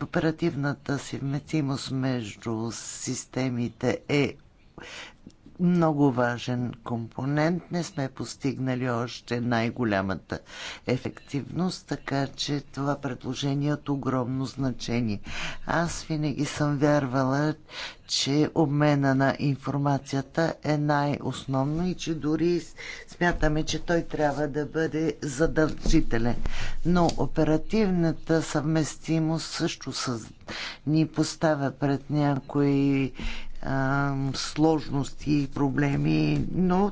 Оперативната съвместимост между системите е много важен компонент. Не сме постигнали още най-голямата ефективност, така че това предложение е от огромно значение. Аз винаги съм вярвала, че обмена на информацията е най-основно и че дори смятаме, че той трябва да бъде задължителен. Но оперативната съвместимост също с... ни поставя пред някои сложности и проблеми, но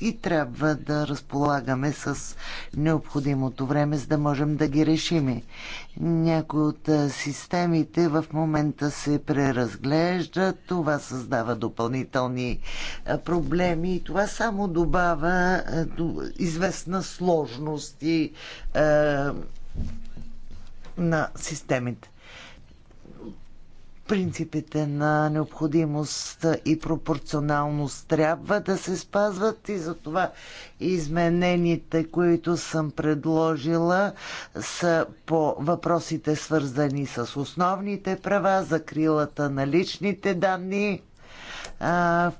и трябва да разполагаме с необходимото време, за да можем да ги решим. Някои от системите в момента се преразглеждат, това създава допълнителни проблеми и това само добавя известна сложност и на системите принципите на необходимост и пропорционалност трябва да се спазват и затова изменените, които съм предложила, са по въпросите свързани с основните права, закрилата на личните данни а,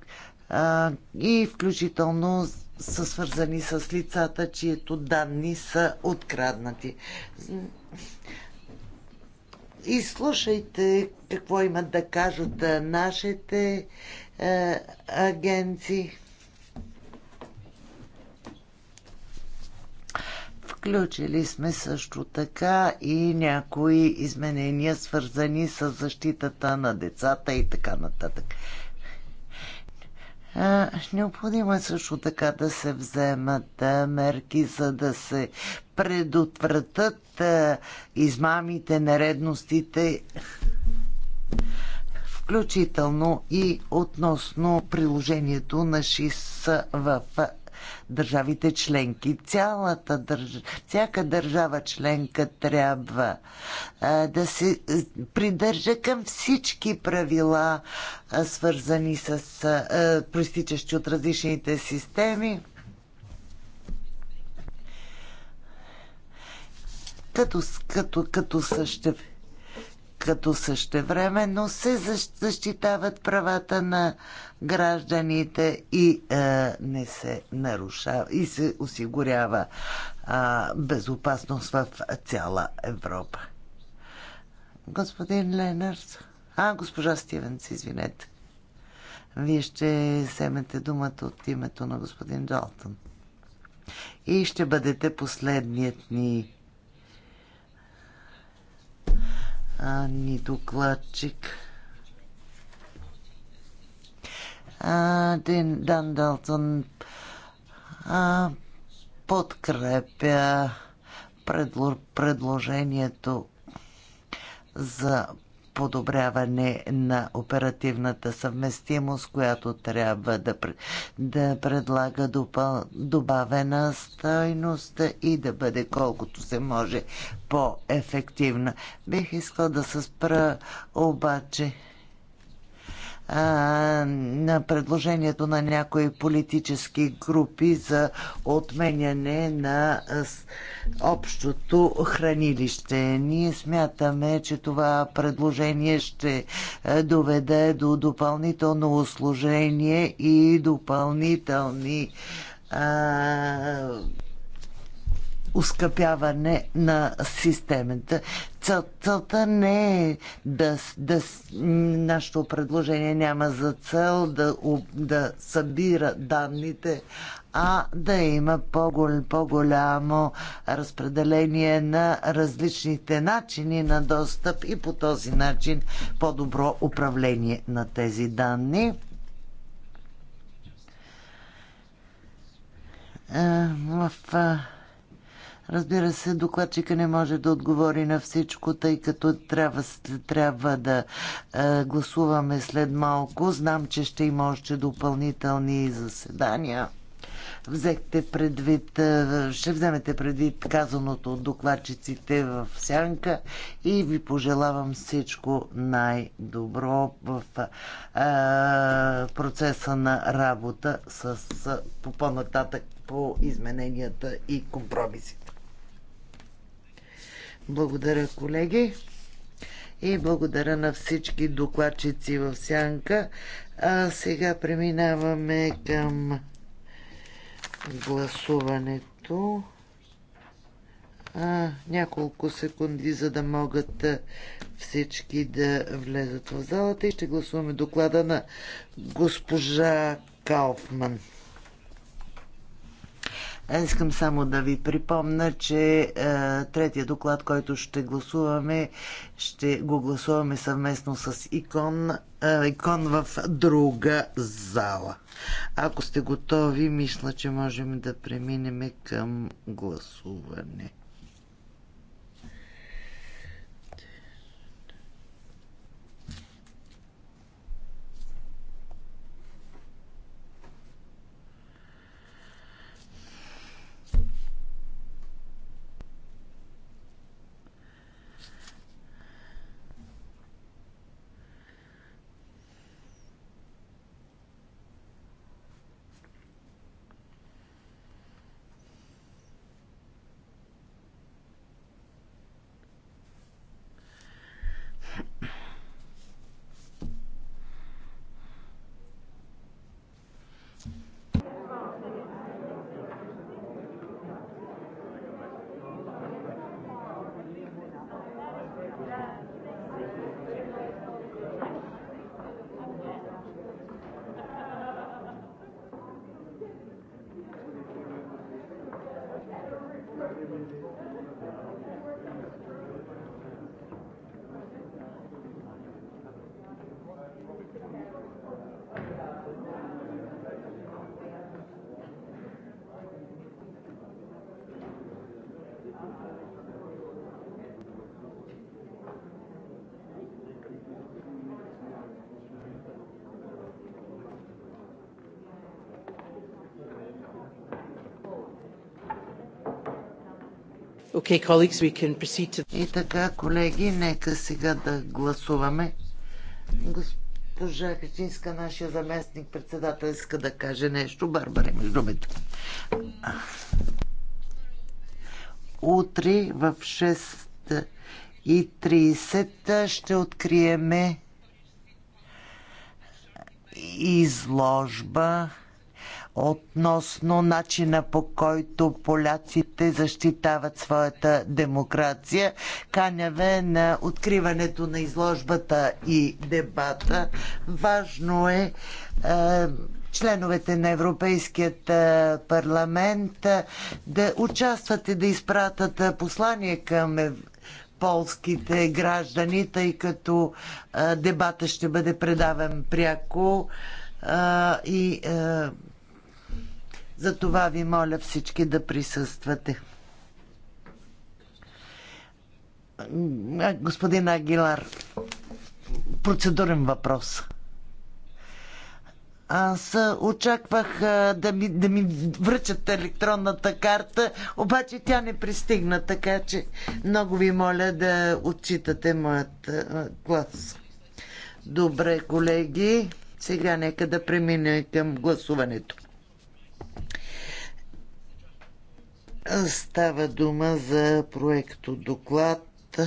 а, и включително са свързани с лицата, чието данни са откраднати. И слушайте какво имат да кажат нашите е, агенции. Включили сме също така и някои изменения, свързани с защитата на децата и така нататък. Необходимо е също така да се вземат мерки, за да се предотвратат измамите, нередностите включително и относно приложението на ШИС в държавите членки. Цялата държ... Всяка държава членка трябва а, да се придържа към всички правила, а, свързани с а, проистичащи от различните системи. Като, като, като също като същевременно се защитават правата на гражданите и е, не се нарушава и се осигурява е, безопасност в цяла Европа. Господин Ленърс. А, госпожа Стивенс, извинете. Вие ще вземете думата от името на господин Долтън. И ще бъдете последният ни а, ни докладчик. А, Дин, Дан Далтон а, подкрепя предло, предложението за подобряване на оперативната съвместимост, която трябва да, да предлага допъл, добавена стойност и да бъде колкото се може по-ефективна. Бих искал да се спра обаче на предложението на някои политически групи за отменяне на общото хранилище. Ние смятаме, че това предложение ще доведе до допълнително осложнение и допълнителни а, ускъпяване на системата. Цел, целта не е да, да нашето предложение няма за цел да, да събира данните, а да има по-голямо разпределение на различните начини на достъп и по този начин по-добро управление на тези данни. Е, в Разбира се, докладчика не може да отговори на всичко, тъй като трябва, трябва да е, гласуваме след малко. Знам, че ще има още допълнителни заседания. Взехте предвид, е, ще вземете предвид казаното от докладчиците в сянка и ви пожелавам всичко най-добро в е, процеса на работа с, по е, по-нататък по измененията и компромисите. Благодаря, колеги. И благодаря на всички докладчици в Сянка. А сега преминаваме към гласуването. А, няколко секунди, за да могат всички да влезат в залата и ще гласуваме доклада на госпожа Кауфман. Искам само да ви припомна, че е, третия доклад, който ще гласуваме, ще го гласуваме съвместно с икон, е, икон в друга зала. Ако сте готови, мисля, че можем да преминем към гласуване. Okay, colleagues, we can proceed to... И така, колеги, нека сега да гласуваме. Госпожа Хачинска, нашия заместник председател, иска да каже нещо. Барбара, между думата. Утре в 6.30 ще откриеме изложба относно начина по който поляците защитават своята демокрация. Каняве на откриването на изложбата и дебата. Важно е, е членовете на Европейският е, парламент е, да участват и да изпратят е, послание към полските граждани, тъй като дебата ще бъде предаван пряко и за това ви моля всички да присъствате. Господин Агилар, процедурен въпрос. Аз очаквах да ми, да ми връчат електронната карта, обаче тя не пристигна, така че много ви моля да отчитате моят глас. Добре, колеги, сега нека да преминем към гласуването. Става дума за проекто доклад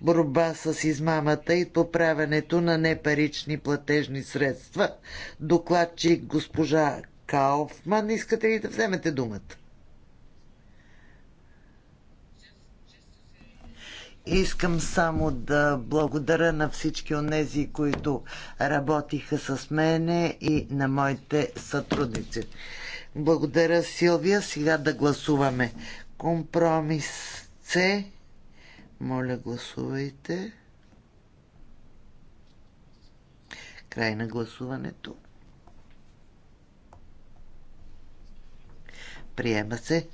борба с измамата и поправянето на непарични платежни средства. Докладчик госпожа Кауфман, искате ли да вземете думата? Искам само да благодаря на всички тези, които работиха с мене и на моите сътрудници. Благодаря, Силвия. Сега да гласуваме. Компромис С. Моля, гласувайте. Край на гласуването. Приема се.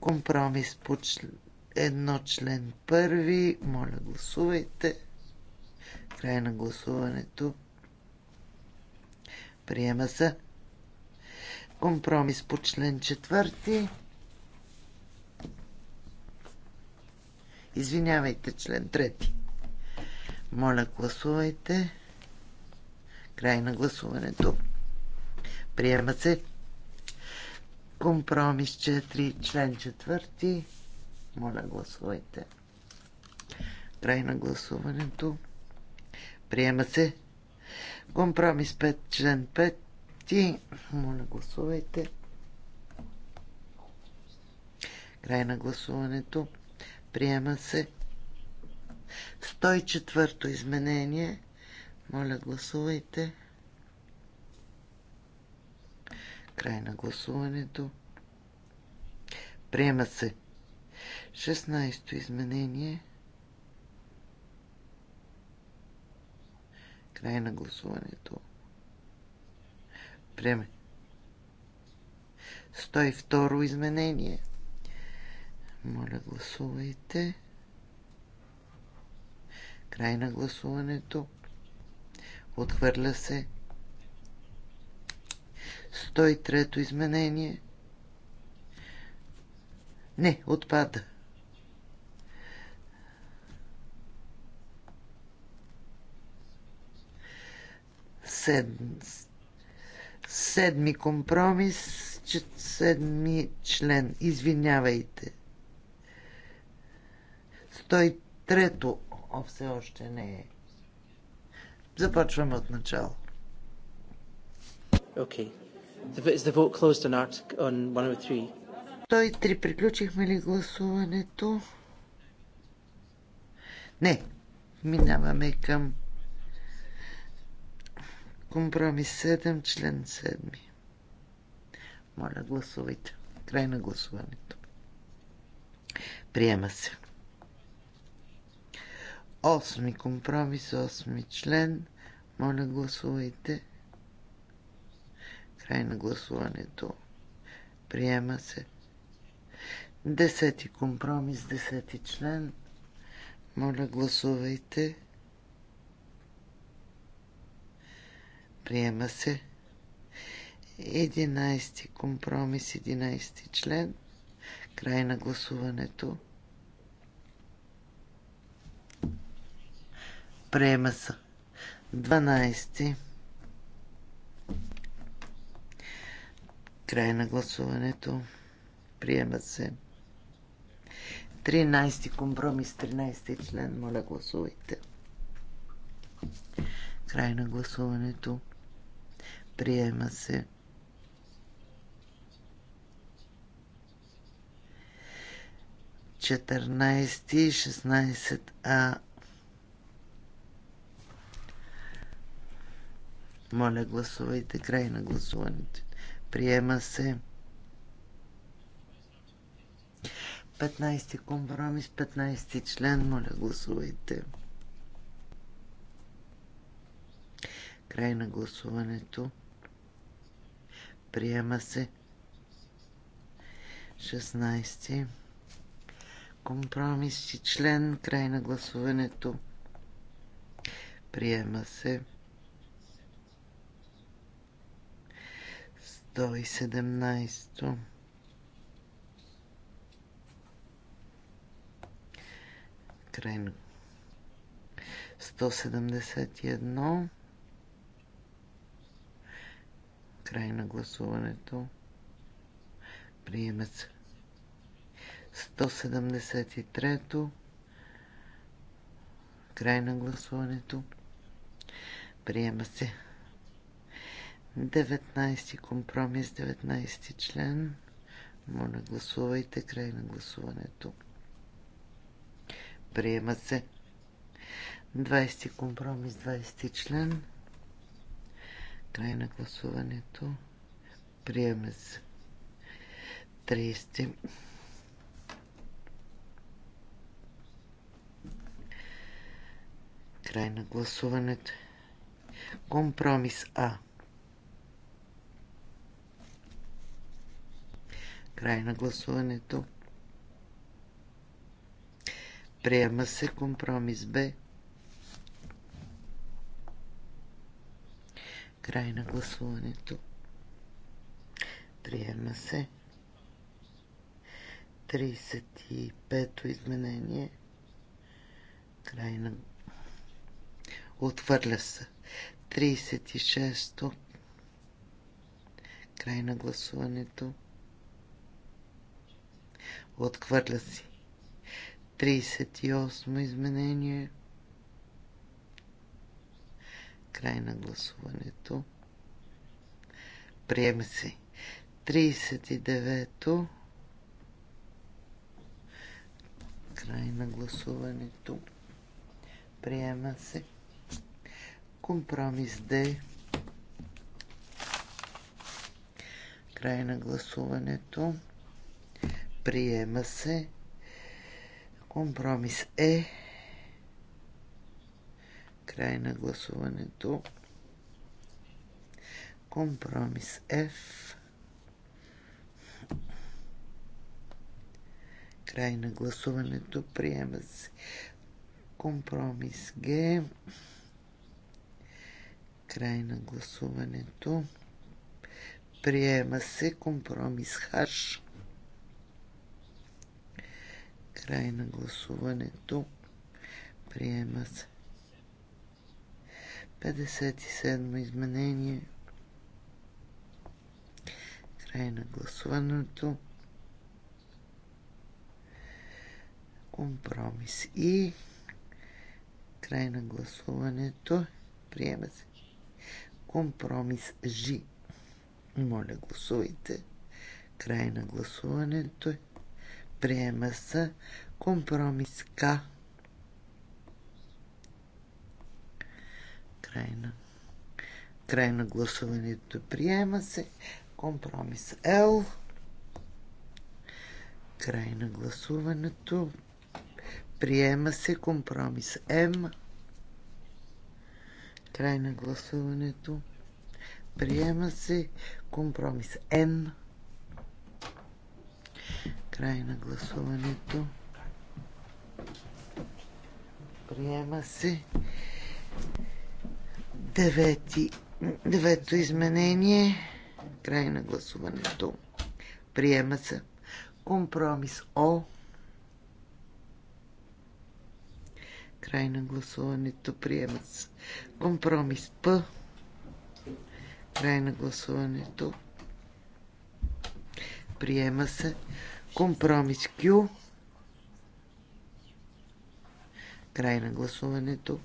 Компромис по чл... едно член първи. Моля, гласувайте. Край на гласуването. Приема се. Компромис по член четвърти. Извинявайте, член трети. Моля, гласувайте. Край на гласуването. Приема се. Компромис 4, член 4. Моля, гласувайте. Край на гласуването. Приема се. Компромис 5, член 5. Ти, Моля, гласувайте. Край на гласуването. Приема се. 104-то изменение. Моля, гласувайте. Край на гласуването. Приема се. 16-то изменение. Край на гласуването приеме. 102 изменение. Моля, гласувайте. Край на гласуването. Отхвърля се. 103 то изменение. Не, отпада. Седм. Седми компромис, седми член. Извинявайте. 103 О все още не е. Започваме от начало. Okay. Is the vote closed on, Arctic, on 103? 103. Приключихме ли гласуването? Не. Минаваме към Компромис 7, член 7. Моля, гласувайте. Край на гласуването. Приема се. Осми компромис, осми член. Моля, гласувайте. Край на гласуването. Приема се. Десети компромис, десети член. Моля, гласувайте. Приема се. 11 компромис, 11 член. Край на гласуването. Приема се. 12. Край на гласуването. Приема се. 13 компромис, 13 член. Моля, гласувайте. Край на гласуването. Приема се. Четърнайсти и шестнайсет А. Моля, гласувайте край на гласуването. Приема се. 15 компромис, 15 член. Моля, гласувайте. Край на гласуването. Приема се. 16. Компромис и член. Край на гласуването. Приема се. 117. Крайно. 171. Край на гласуването. Приема се. 173-то. Край на гласуването. Приема се. 19 компромис, 19 член. Моля, гласувайте. Край на гласуването. Приема се. 20 компромис, 20 член. Край на гласуването. Приема се. 30. Край на гласуването. Компромис А. Край на гласуването. Приема се компромис Б. Край на гласуването. Приема се. 35-то изменение. Край на... Отвърля се. 36-то. Край на гласуването. Отхвърля си. 38-то изменение. Край на гласуването. Приеме се. 39-то. Край на гласуването. Приема се. Компромис Д. Край на гласуването. Приема се. Компромис Е. E Край на гласуването. Компромис F. Край на гласуването. Приема се. Компромис Г. Край на гласуването. Приема се компромис H. Край на гласуването. Приема се. 57 изменение. Край на гласуването. Компромис и край на гласуването. Приема се. Компромис Ж. Моля, гласувайте. Край на гласуването. Приема се компромис К. Край на, край на гласуването. Приема се. Компромис Л. Край на гласуването. Приема се. Компромис М. Край на гласуването. Приема се. Компромис N. Край на гласуването. Приема се. Девети, девето изменение. Край на гласуването. Приема се. Компромис О. Край на гласуването. Приема се. Компромис П. Край на гласуването. Приема се. Компромис Q. Край на гласуването.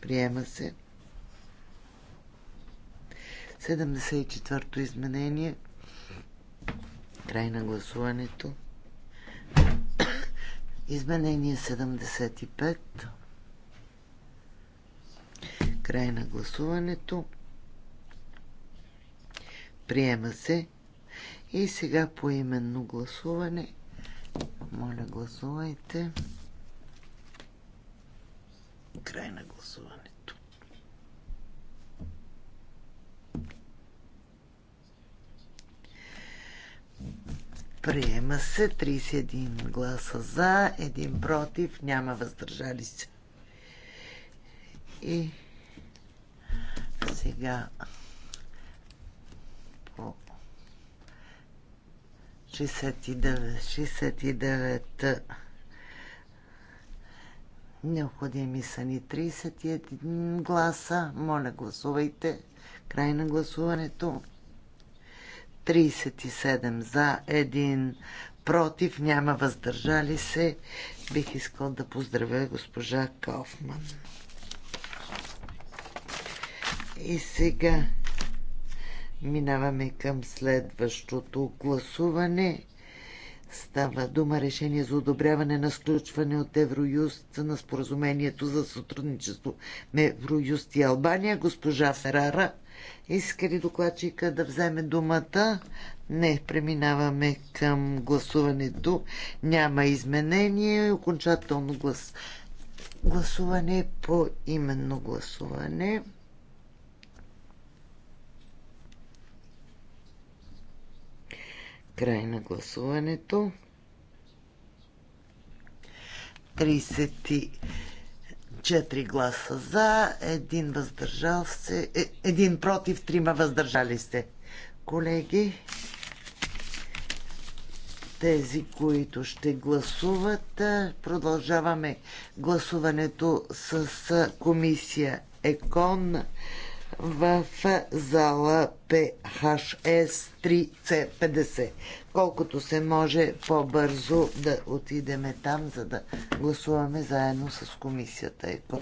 Приема се. 74-то изменение. Край на гласуването. Изменение 75. Край на гласуването. Приема се. И сега по именно гласуване. Моля, гласувайте. Край на гласуване. Приема се 31 гласа за, 1 против, няма въздържали се. И сега по 69, 69 необходими са ни 31 гласа. Моля, гласувайте. Край на гласуването. 37 за, 1 против, няма въздържали се. Бих искал да поздравя госпожа Кауфман. И сега минаваме към следващото гласуване. Става дума решение за одобряване на сключване от Евроюст на споразумението за сътрудничество на Евроюст и Албания. Госпожа Ферара иска ли докладчика да вземе думата? Не, преминаваме към гласуването. Няма изменение. Окончателно глас... гласуване по именно гласуване. Край на гласуването. 30 4 гласа за, един въздържал се, е, един против, трима въздържали се. Колеги, тези, които ще гласуват, е, продължаваме гласуването с е, комисия ЕКОН в зала PHS 3C50 колкото се може по-бързо да отидеме там, за да гласуваме заедно с комисията. ЕКО.